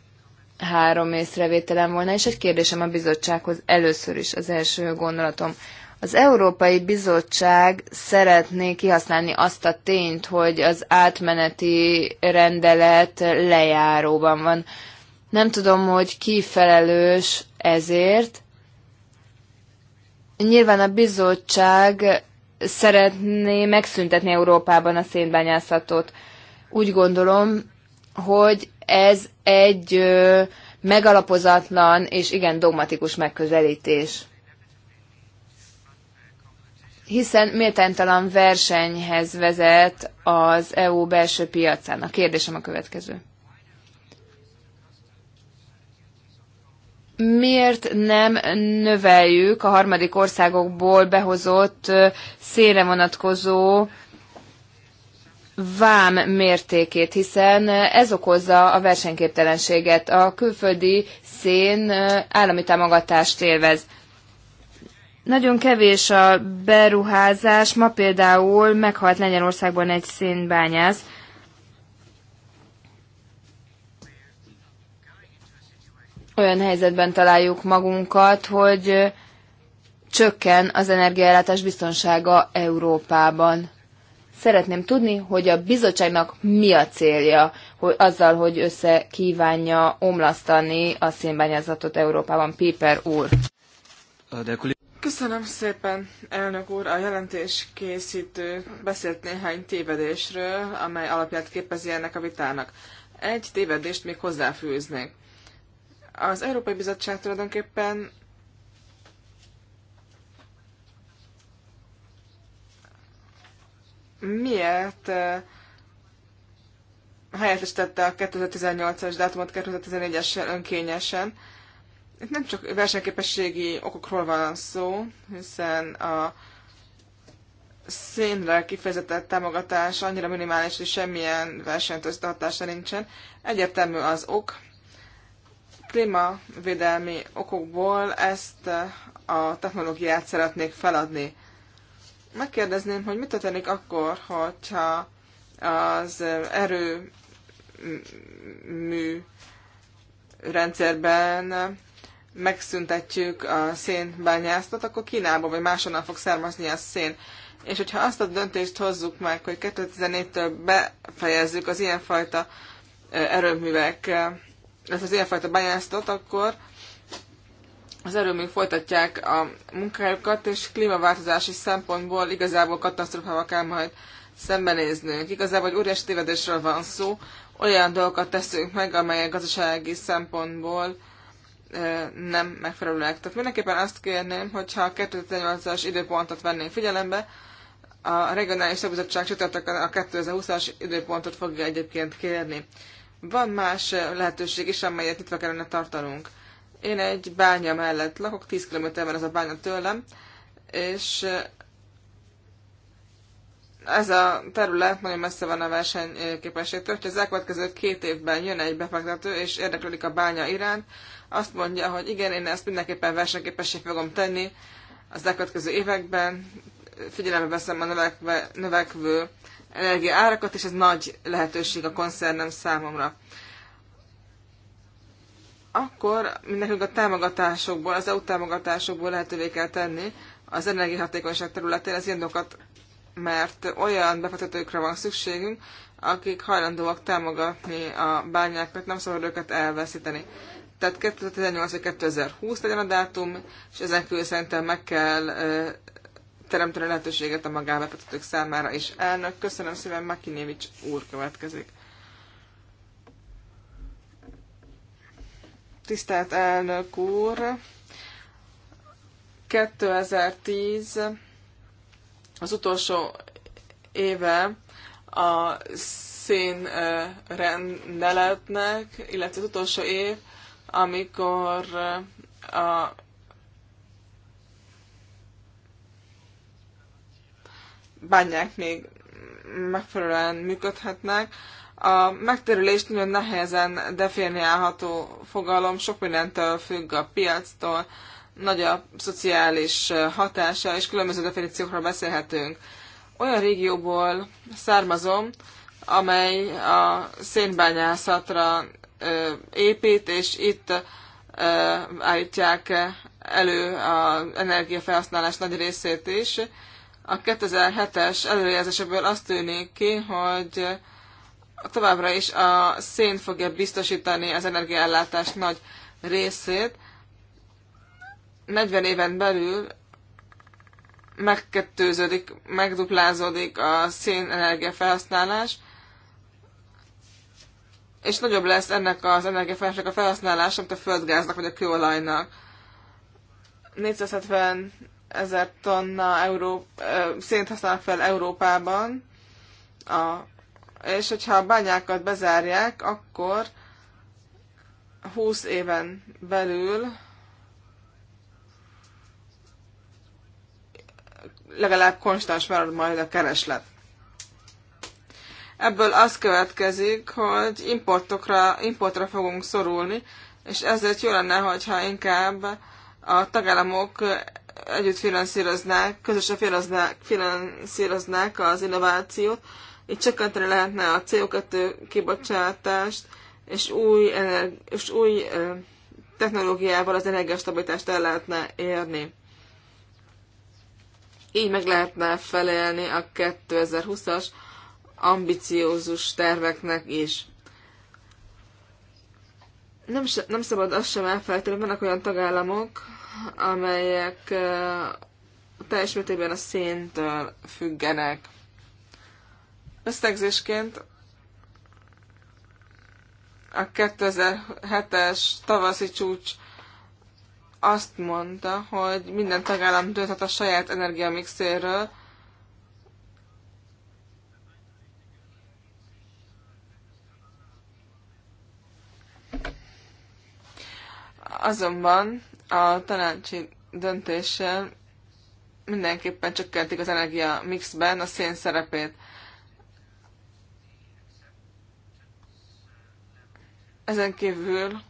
Három észrevételem volna, és egy kérdésem a bizottsághoz először is, az első gondolatom. Az Európai Bizottság szeretné kihasználni azt a tényt, hogy az átmeneti rendelet lejáróban van. Nem tudom, hogy ki felelős ezért. Nyilván a bizottság szeretné megszüntetni Európában a szénbányászatot. Úgy gondolom, hogy ez egy megalapozatlan és igen dogmatikus megközelítés. Hiszen méltánytalan versenyhez vezet az EU belső piacán. A kérdésem a következő. miért nem növeljük a harmadik országokból behozott szélre vonatkozó vám mértékét, hiszen ez okozza a versenyképtelenséget. A külföldi szén állami támogatást élvez. Nagyon kevés a beruházás. Ma például meghalt Lengyelországban egy szénbányász, olyan helyzetben találjuk magunkat, hogy csökken az energiállátás biztonsága Európában. Szeretném tudni, hogy a bizottságnak mi a célja hogy azzal, hogy össze kívánja omlasztani a szénbányázatot Európában. Piper úr. Köszönöm szépen, elnök úr. A jelentés készítő beszélt néhány tévedésről, amely alapját képezi ennek a vitának. Egy tévedést még hozzáfűznék. Az Európai Bizottság tulajdonképpen miért helyettesítette a 2018-as dátumot 2014-essel önkényesen. Itt nem csak versenyképességi okokról van szó, hiszen a szénre kifejezetett támogatás annyira minimális, hogy semmilyen versenytözte hatása nincsen. Egyértelmű az ok. Klímavédelmi okokból ezt a technológiát szeretnék feladni megkérdezném, hogy mit történik akkor, hogyha az erőmű rendszerben megszüntetjük a szénbányászatot, akkor Kínából vagy máshonnan fog származni a szén. És hogyha azt a döntést hozzuk meg, hogy 2014-től befejezzük az ilyenfajta erőművek, ez az ilyenfajta bányászatot, akkor az erőmű folytatják a munkájukat, és klímaváltozási szempontból igazából katasztrofával kell majd szembenéznünk. Igazából egy óriási tévedésről van szó, olyan dolgokat teszünk meg, amelyek gazdasági szempontból nem megfelelőek. Tehát mindenképpen azt kérném, hogyha a 2018-as időpontot vennénk figyelembe, a regionális szabizottság csütörtökön a 2020-as időpontot fogja egyébként kérni. Van más lehetőség is, amelyet nyitva kellene tartanunk. Én egy bánya mellett lakok, 10 van ez a bánya tőlem, és eh, ez a terület nagyon messze van a versenyképességtől, hogyha az elkövetkező két évben jön egy befektető, és érdeklődik a bánya iránt, azt mondja, hogy igen, én ezt mindenképpen versenyképessé fogom tenni az elkövetkező években, figyelembe veszem a növekve, növekvő energiaárakat, és ez nagy lehetőség a koncernem számomra akkor mindenkünk a támogatásokból, az EU támogatásokból lehetővé kell tenni az energiahatékonyság területén az indokat, mert olyan befektetőkre van szükségünk, akik hajlandóak támogatni a bányákat, nem szabad őket elveszíteni. Tehát 2018 vagy 2020 legyen a dátum, és ezen kívül szerintem meg kell teremteni lehetőséget a magánbefektetők számára is. Elnök, köszönöm szépen, Makinévics úr következik. Tisztelt elnök úr, 2010 az utolsó éve a színrendeletnek, illetve az utolsó év, amikor a bányák még megfelelően működhetnek. A megtérülést nagyon nehezen definiálható fogalom, sok mindentől függ a piactól, nagy a szociális hatása, és különböző definíciókról beszélhetünk. Olyan régióból származom, amely a szénbányászatra épít, és itt állítják elő az energiafelhasználás nagy részét is. A 2007-es előjelzéseből azt tűnik ki, hogy továbbra is a szén fogja biztosítani az energiaellátás nagy részét. 40 éven belül megkettőződik, megduplázódik a szénenergia felhasználás, és nagyobb lesz ennek az energiafelhasználásnak a felhasználás, mint a földgáznak vagy a kőolajnak. 470 ezer tonna euró, szént használ fel Európában a és hogyha a bányákat bezárják, akkor 20 éven belül legalább konstans marad majd a kereslet. Ebből az következik, hogy importokra, importra fogunk szorulni, és ezért jó lenne, hogyha inkább a tagállamok együtt finanszíroznák, közösen finanszíroznák az innovációt, így csökkenteni lehetne a CO2 kibocsátást, és új, és új technológiával az energiastabilitást el lehetne érni. Így meg lehetne felelni a 2020-as ambiciózus terveknek is. Nem, nem szabad azt sem elfelejteni, hogy vannak olyan tagállamok, amelyek teljes mértékben a széntől függenek. Összegzésként a 2007-es tavaszi csúcs azt mondta, hogy minden tagállam dönthet a saját energiamixéről, Azonban a tanácsi döntéssel mindenképpen csökkentik az energia mixben a szén szerepét. Ezen kívül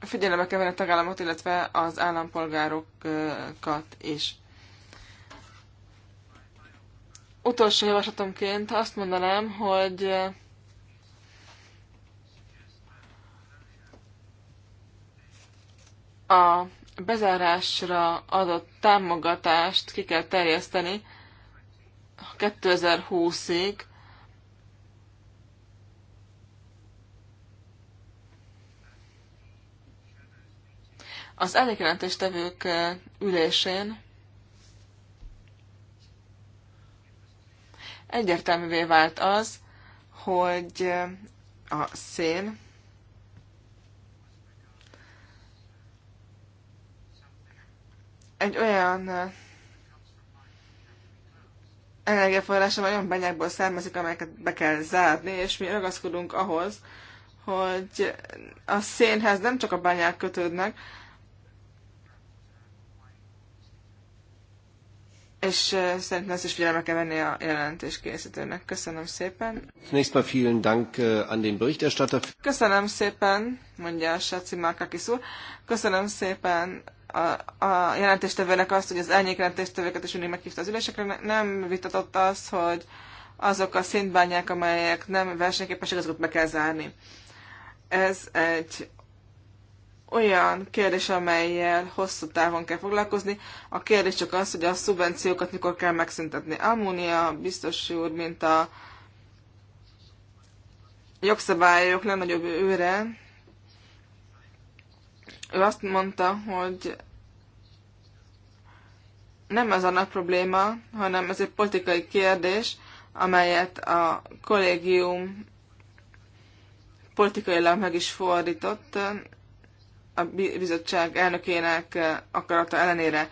figyelembe kell venni a tagállamot, illetve az állampolgárokat is. Utolsó javaslatomként azt mondanám, hogy a bezárásra adott támogatást ki kell terjeszteni 2020-ig, Az elégjelentéstevők eh, ülésén egyértelművé vált az, hogy eh, a szén egy olyan eh, energiaforrása vagy olyan bányákból származik, amelyeket be kell zárni, és mi ragaszkodunk ahhoz, hogy a szénhez nem csak a bányák kötődnek, és szerintem ezt is figyelembe kell venni a jelentés készítőnek. Köszönöm szépen. Zunächst mal vielen Dank äh, an den Berichterstatter. Köszönöm szépen, mondja a Saci Márkakis úr. Köszönöm szépen a, a jelentéstevőnek azt, hogy az elnyék jelentéstevőket is mindig meghívta az ülésekre. Nem vitatott az, hogy azok a szintbányák, amelyek nem versenyképesek, azokat be kell zárni. Ez egy olyan kérdés, amelyel hosszú távon kell foglalkozni. A kérdés csak az, hogy a szubvenciókat mikor kell megszüntetni. Ammónia biztos úr, mint a jogszabályok legnagyobb őre, ő azt mondta, hogy nem ez a nagy probléma, hanem ez egy politikai kérdés, amelyet a kollégium politikailag meg is fordított, a bizottság elnökének akarata ellenére.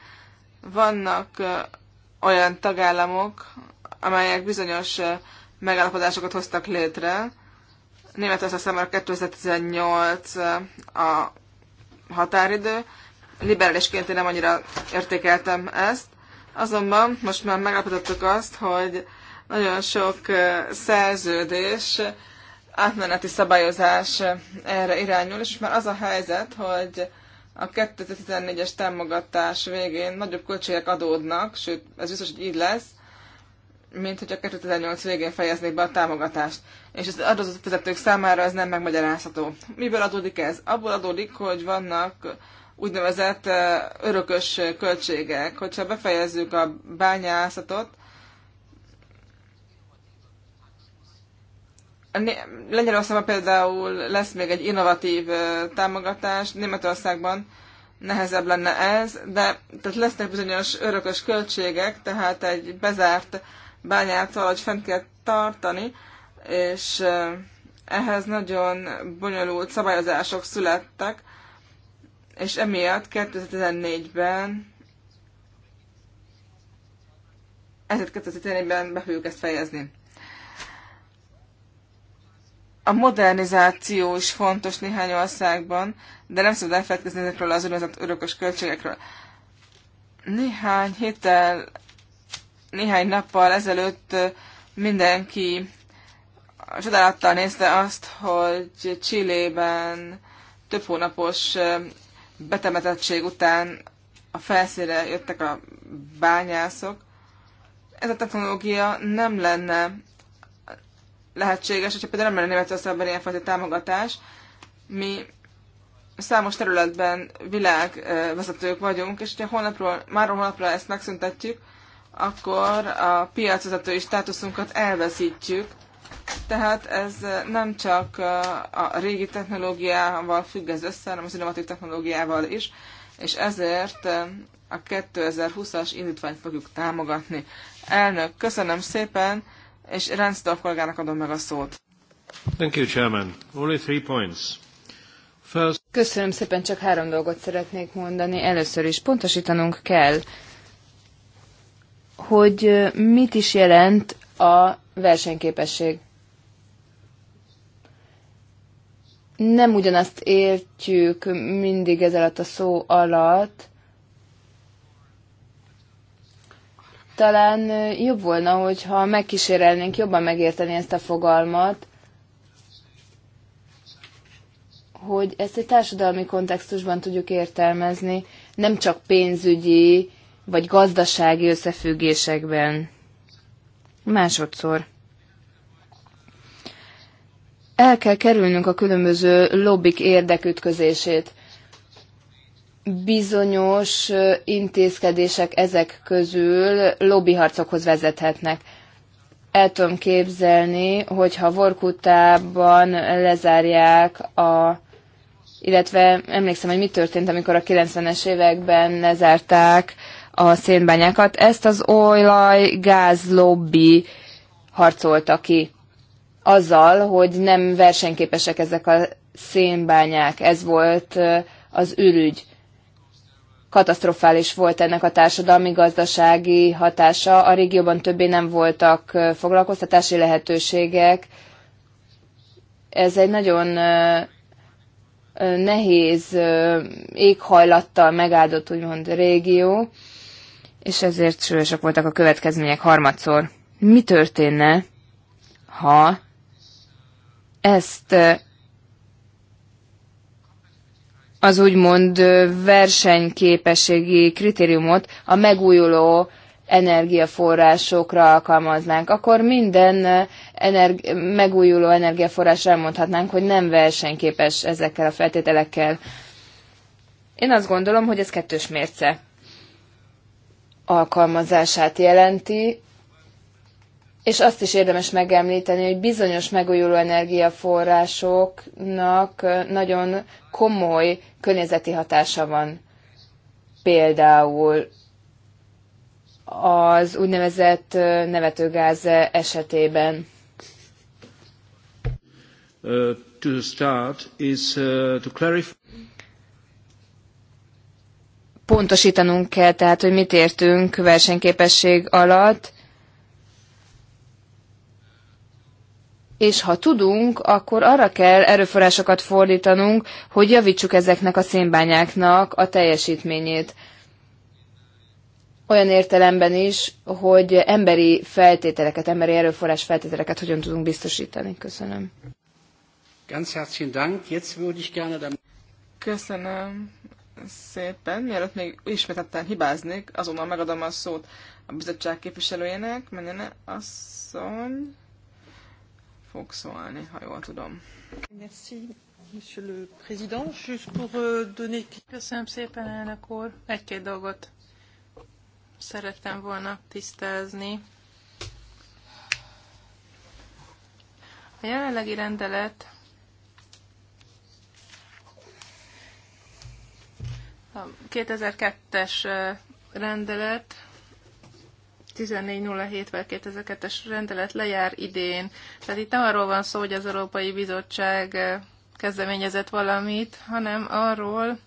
Vannak olyan tagállamok, amelyek bizonyos megállapodásokat hoztak létre. Németország számára 2018 a határidő. Liberálisként én nem annyira értékeltem ezt. Azonban most már megállapítottuk azt, hogy nagyon sok szerződés átmeneti szabályozás eh, erre irányul, és már az a helyzet, hogy a 2014-es támogatás végén nagyobb költségek adódnak, sőt, ez biztos, hogy így lesz, mint hogy a 2008 végén fejeznék be a támogatást. És az adózott fizetők számára ez nem megmagyarázható. Miből adódik ez? Abból adódik, hogy vannak úgynevezett eh, örökös költségek. Hogyha befejezzük a bányászatot, Lengyelországban például lesz még egy innovatív támogatás, Németországban nehezebb lenne ez, de tehát lesznek bizonyos örökös költségek, tehát egy bezárt bányát valahogy fent kell tartani, és ehhez nagyon bonyolult szabályozások születtek, és emiatt 2014-ben ezért 2014-ben be fogjuk ezt fejezni. A modernizáció is fontos néhány országban, de nem szabad elfelejtkezni ezekről az úgynevezett örökös költségekről. Néhány héttel, néhány nappal ezelőtt mindenki csodálattal nézte azt, hogy Csillében több hónapos betemetettség után a felszínre jöttek a bányászok. Ez a technológia nem lenne lehetséges, hogyha például nem lenne Németországban ilyenfajta támogatás. Mi számos területben világvezetők vagyunk, és hogyha holnapról, már holnapra ezt megszüntetjük, akkor a piacvezetői státuszunkat elveszítjük. Tehát ez nem csak a régi technológiával függ ez össze, hanem az innovatív technológiával is, és ezért a 2020-as indítványt fogjuk támogatni. Elnök, köszönöm szépen! és Ransdorf kollégának adom meg a szót. Thank you, Chairman. Only three points. First... Köszönöm szépen, csak három dolgot szeretnék mondani. Először is pontosítanunk kell, hogy mit is jelent a versenyképesség. Nem ugyanazt értjük mindig ez alatt a szó alatt, talán jobb volna, hogyha megkísérelnénk jobban megérteni ezt a fogalmat, hogy ezt egy társadalmi kontextusban tudjuk értelmezni, nem csak pénzügyi vagy gazdasági összefüggésekben. Másodszor. El kell kerülnünk a különböző lobbik érdekütközését bizonyos intézkedések ezek közül lobbyharcokhoz vezethetnek. El tudom képzelni, hogyha Vorkutában lezárják a illetve emlékszem, hogy mi történt, amikor a 90-es években lezárták a szénbányákat. Ezt az olaj-gáz lobby harcolta ki azzal, hogy nem versenyképesek ezek a szénbányák. Ez volt az ürügy katasztrofális volt ennek a társadalmi-gazdasági hatása. A régióban többé nem voltak foglalkoztatási lehetőségek. Ez egy nagyon nehéz éghajlattal megáldott, úgymond régió, és ezért súlyosak voltak a következmények harmadszor. Mi történne, ha ezt az úgymond versenyképességi kritériumot a megújuló energiaforrásokra alkalmaznánk, akkor minden energi- megújuló energiaforrásra elmondhatnánk, hogy nem versenyképes ezekkel a feltételekkel. Én azt gondolom, hogy ez kettős mérce alkalmazását jelenti, és azt is érdemes megemlíteni, hogy bizonyos megújuló energiaforrásoknak nagyon komoly környezeti hatása van. Például az úgynevezett nevetőgáz esetében. Uh, to start is uh, to clarify pontosítanunk kell, tehát hogy mit értünk versenyképesség alatt, és ha tudunk, akkor arra kell erőforrásokat fordítanunk, hogy javítsuk ezeknek a szénbányáknak a teljesítményét. Olyan értelemben is, hogy emberi feltételeket, emberi erőforrás feltételeket hogyan tudunk biztosítani. Köszönöm. Ganz herzlichen Dank. Jetzt würde ich gerne Köszönöm szépen. Mielőtt még ismételten hibáznék, azonnal megadom a szót a bizottság képviselőjének. Menjene asszony fog szólni, ha jól tudom. Merci, monsieur le président. Juste pour euh, donner... Köszönöm szépen, elnök úr. Egy-két dolgot szerettem volna tisztázni. A jelenlegi rendelet a 2002-es eh, rendelet 1407 vel 2002-es rendelet lejár idén. Tehát itt nem arról van szó, hogy az Európai Bizottság eh, kezdeményezett valamit, hanem arról,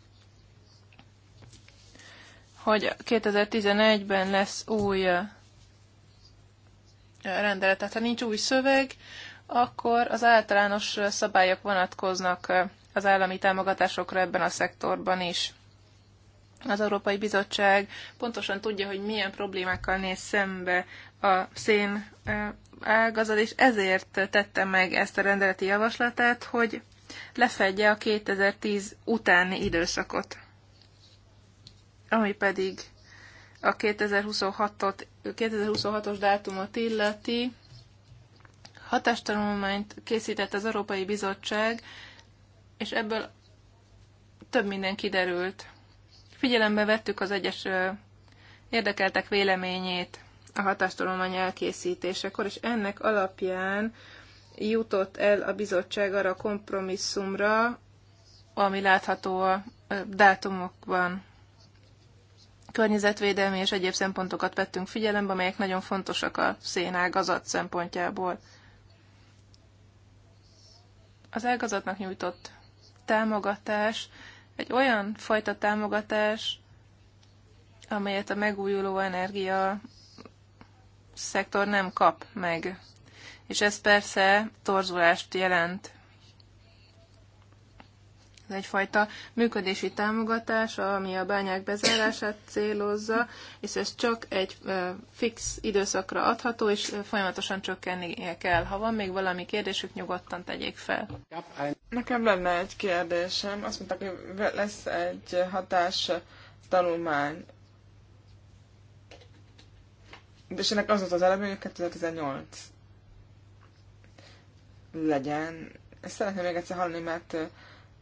hogy 2011-ben lesz új eh, rendelet. Tehát ha nincs új szöveg, akkor az általános eh, szabályok vonatkoznak az állami támogatásokra ebben a szektorban is az Európai Bizottság pontosan tudja, hogy milyen problémákkal néz szembe a szén ágazat, és ezért tette meg ezt a rendeleti javaslatát, hogy lefedje a 2010 utáni időszakot, ami pedig a 2026-ot, 2026-os dátumot illeti. Hatástanulmányt készített az Európai Bizottság, és ebből több minden kiderült Figyelembe vettük az egyes érdekeltek véleményét a hatástolomány elkészítésekor, és ennek alapján jutott el a bizottság arra a kompromisszumra, ami látható a dátumokban. Környezetvédelmi és egyéb szempontokat vettünk figyelembe, amelyek nagyon fontosak a szénágazat szempontjából. Az ágazatnak nyújtott támogatás egy olyan fajta támogatás, amelyet a megújuló energia szektor nem kap meg. És ez persze torzulást jelent egyfajta működési támogatás, ami a bányák bezárását célozza, és ez csak egy fix időszakra adható, és folyamatosan csökkennie kell. Ha van még valami kérdésük, nyugodtan tegyék fel. Nekem lenne egy kérdésem. Azt mondták, hogy lesz egy hatás tanulmány. És ennek az volt az eleme, hogy 2018 legyen. Ezt szeretném még egyszer hallani, mert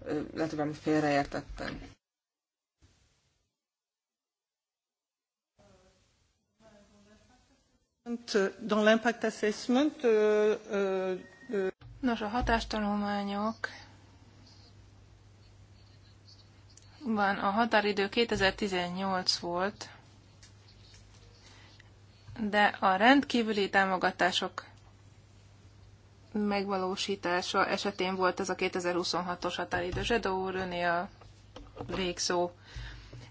lehet, hogy valamit félreértettem. l'impact assessment, euh, euh, Nos, a hatástanulmányok van, a határidő 2018 volt, de a rendkívüli támogatások megvalósítása esetén volt ez a 2026-os határidő. Zsedó úr, öné a végszó.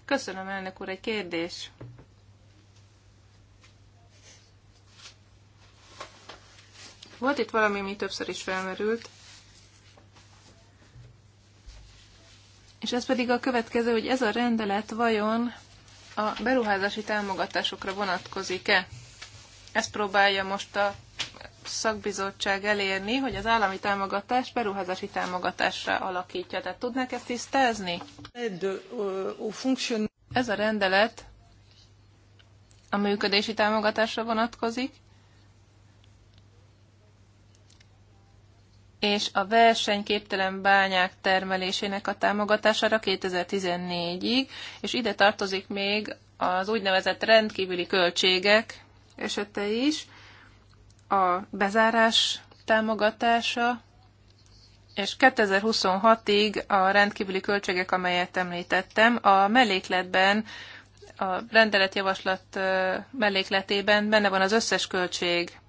Köszönöm, elnök úr, egy kérdés. Volt itt valami, ami többször is felmerült, és ez pedig a következő, hogy ez a rendelet vajon a beruházási támogatásokra vonatkozik-e? Ezt próbálja most a szakbizottság elérni, hogy az állami támogatás beruházási támogatásra alakítja. Tehát tudnák ezt tisztázni? Ez a rendelet a működési támogatásra vonatkozik, és a versenyképtelen bányák termelésének a támogatására 2014-ig, és ide tartozik még az úgynevezett rendkívüli költségek esete is, a bezárás támogatása, és 2026-ig a rendkívüli költségek, amelyet említettem, a mellékletben, a rendeletjavaslat mellékletében benne van az összes költség,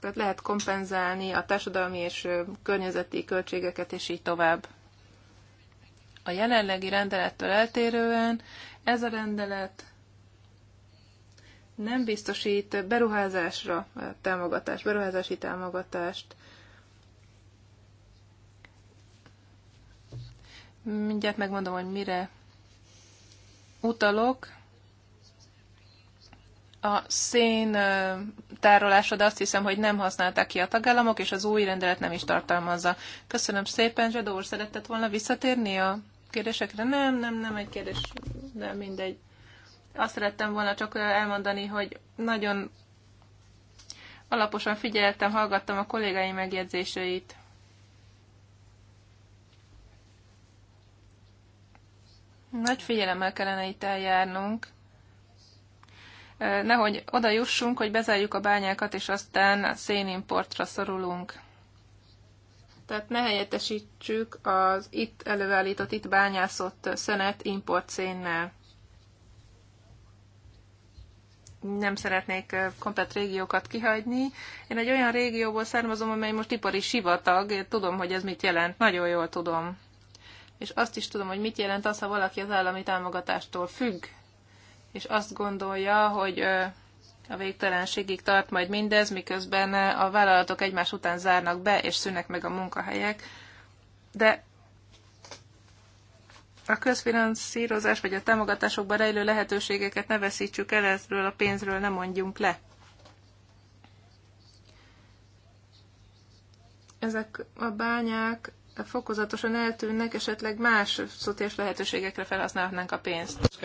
tehát lehet kompenzálni a társadalmi és környezeti költségeket, és így tovább. A jelenlegi rendelettől eltérően ez a rendelet nem biztosít beruházásra támogatást, beruházási támogatást. Mindjárt megmondom, hogy mire utalok. A szén tárolása, de azt hiszem, hogy nem használták ki a tagállamok, és az új rendelet nem is tartalmazza. Köszönöm szépen, Zsadó úr, szeretett volna visszatérni a kérdésekre? Nem, nem, nem egy kérdés, de mindegy. Azt szerettem volna csak elmondani, hogy nagyon alaposan figyeltem, hallgattam a kollégáim megjegyzéseit. Nagy figyelemmel kellene itt eljárnunk. Nehogy oda jussunk, hogy bezárjuk a bányákat, és aztán a szénimportra szorulunk. Tehát ne helyettesítsük az itt előállított, itt bányászott szenet import szénnel nem szeretnék komplet régiókat kihagyni. Én egy olyan régióból származom, amely most ipari sivatag, Én tudom, hogy ez mit jelent, nagyon jól tudom. És azt is tudom, hogy mit jelent az, ha valaki az állami támogatástól függ, és azt gondolja, hogy a végtelenségig tart majd mindez, miközben a vállalatok egymás után zárnak be, és szűnnek meg a munkahelyek. De a közfinanszírozás vagy a támogatásokban rejlő lehetőségeket ne veszítsük el ezről a pénzről, ne mondjunk le. Ezek a bányák fokozatosan eltűnnek, esetleg más szociális lehetőségekre felhasználhatnánk a pénzt.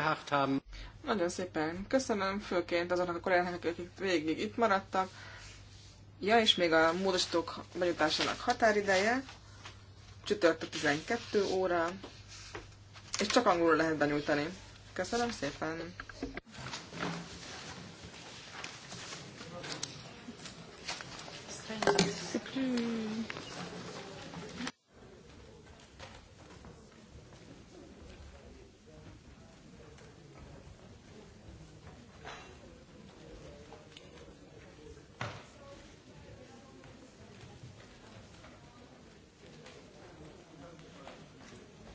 Nagyon szépen köszönöm, főként azoknak a kollégáknak, akik végig itt maradtak. Ja, és még a módosítók bejutásának határideje, csütörtök 12 óra, és csak angolul lehet benyújtani. Köszönöm szépen!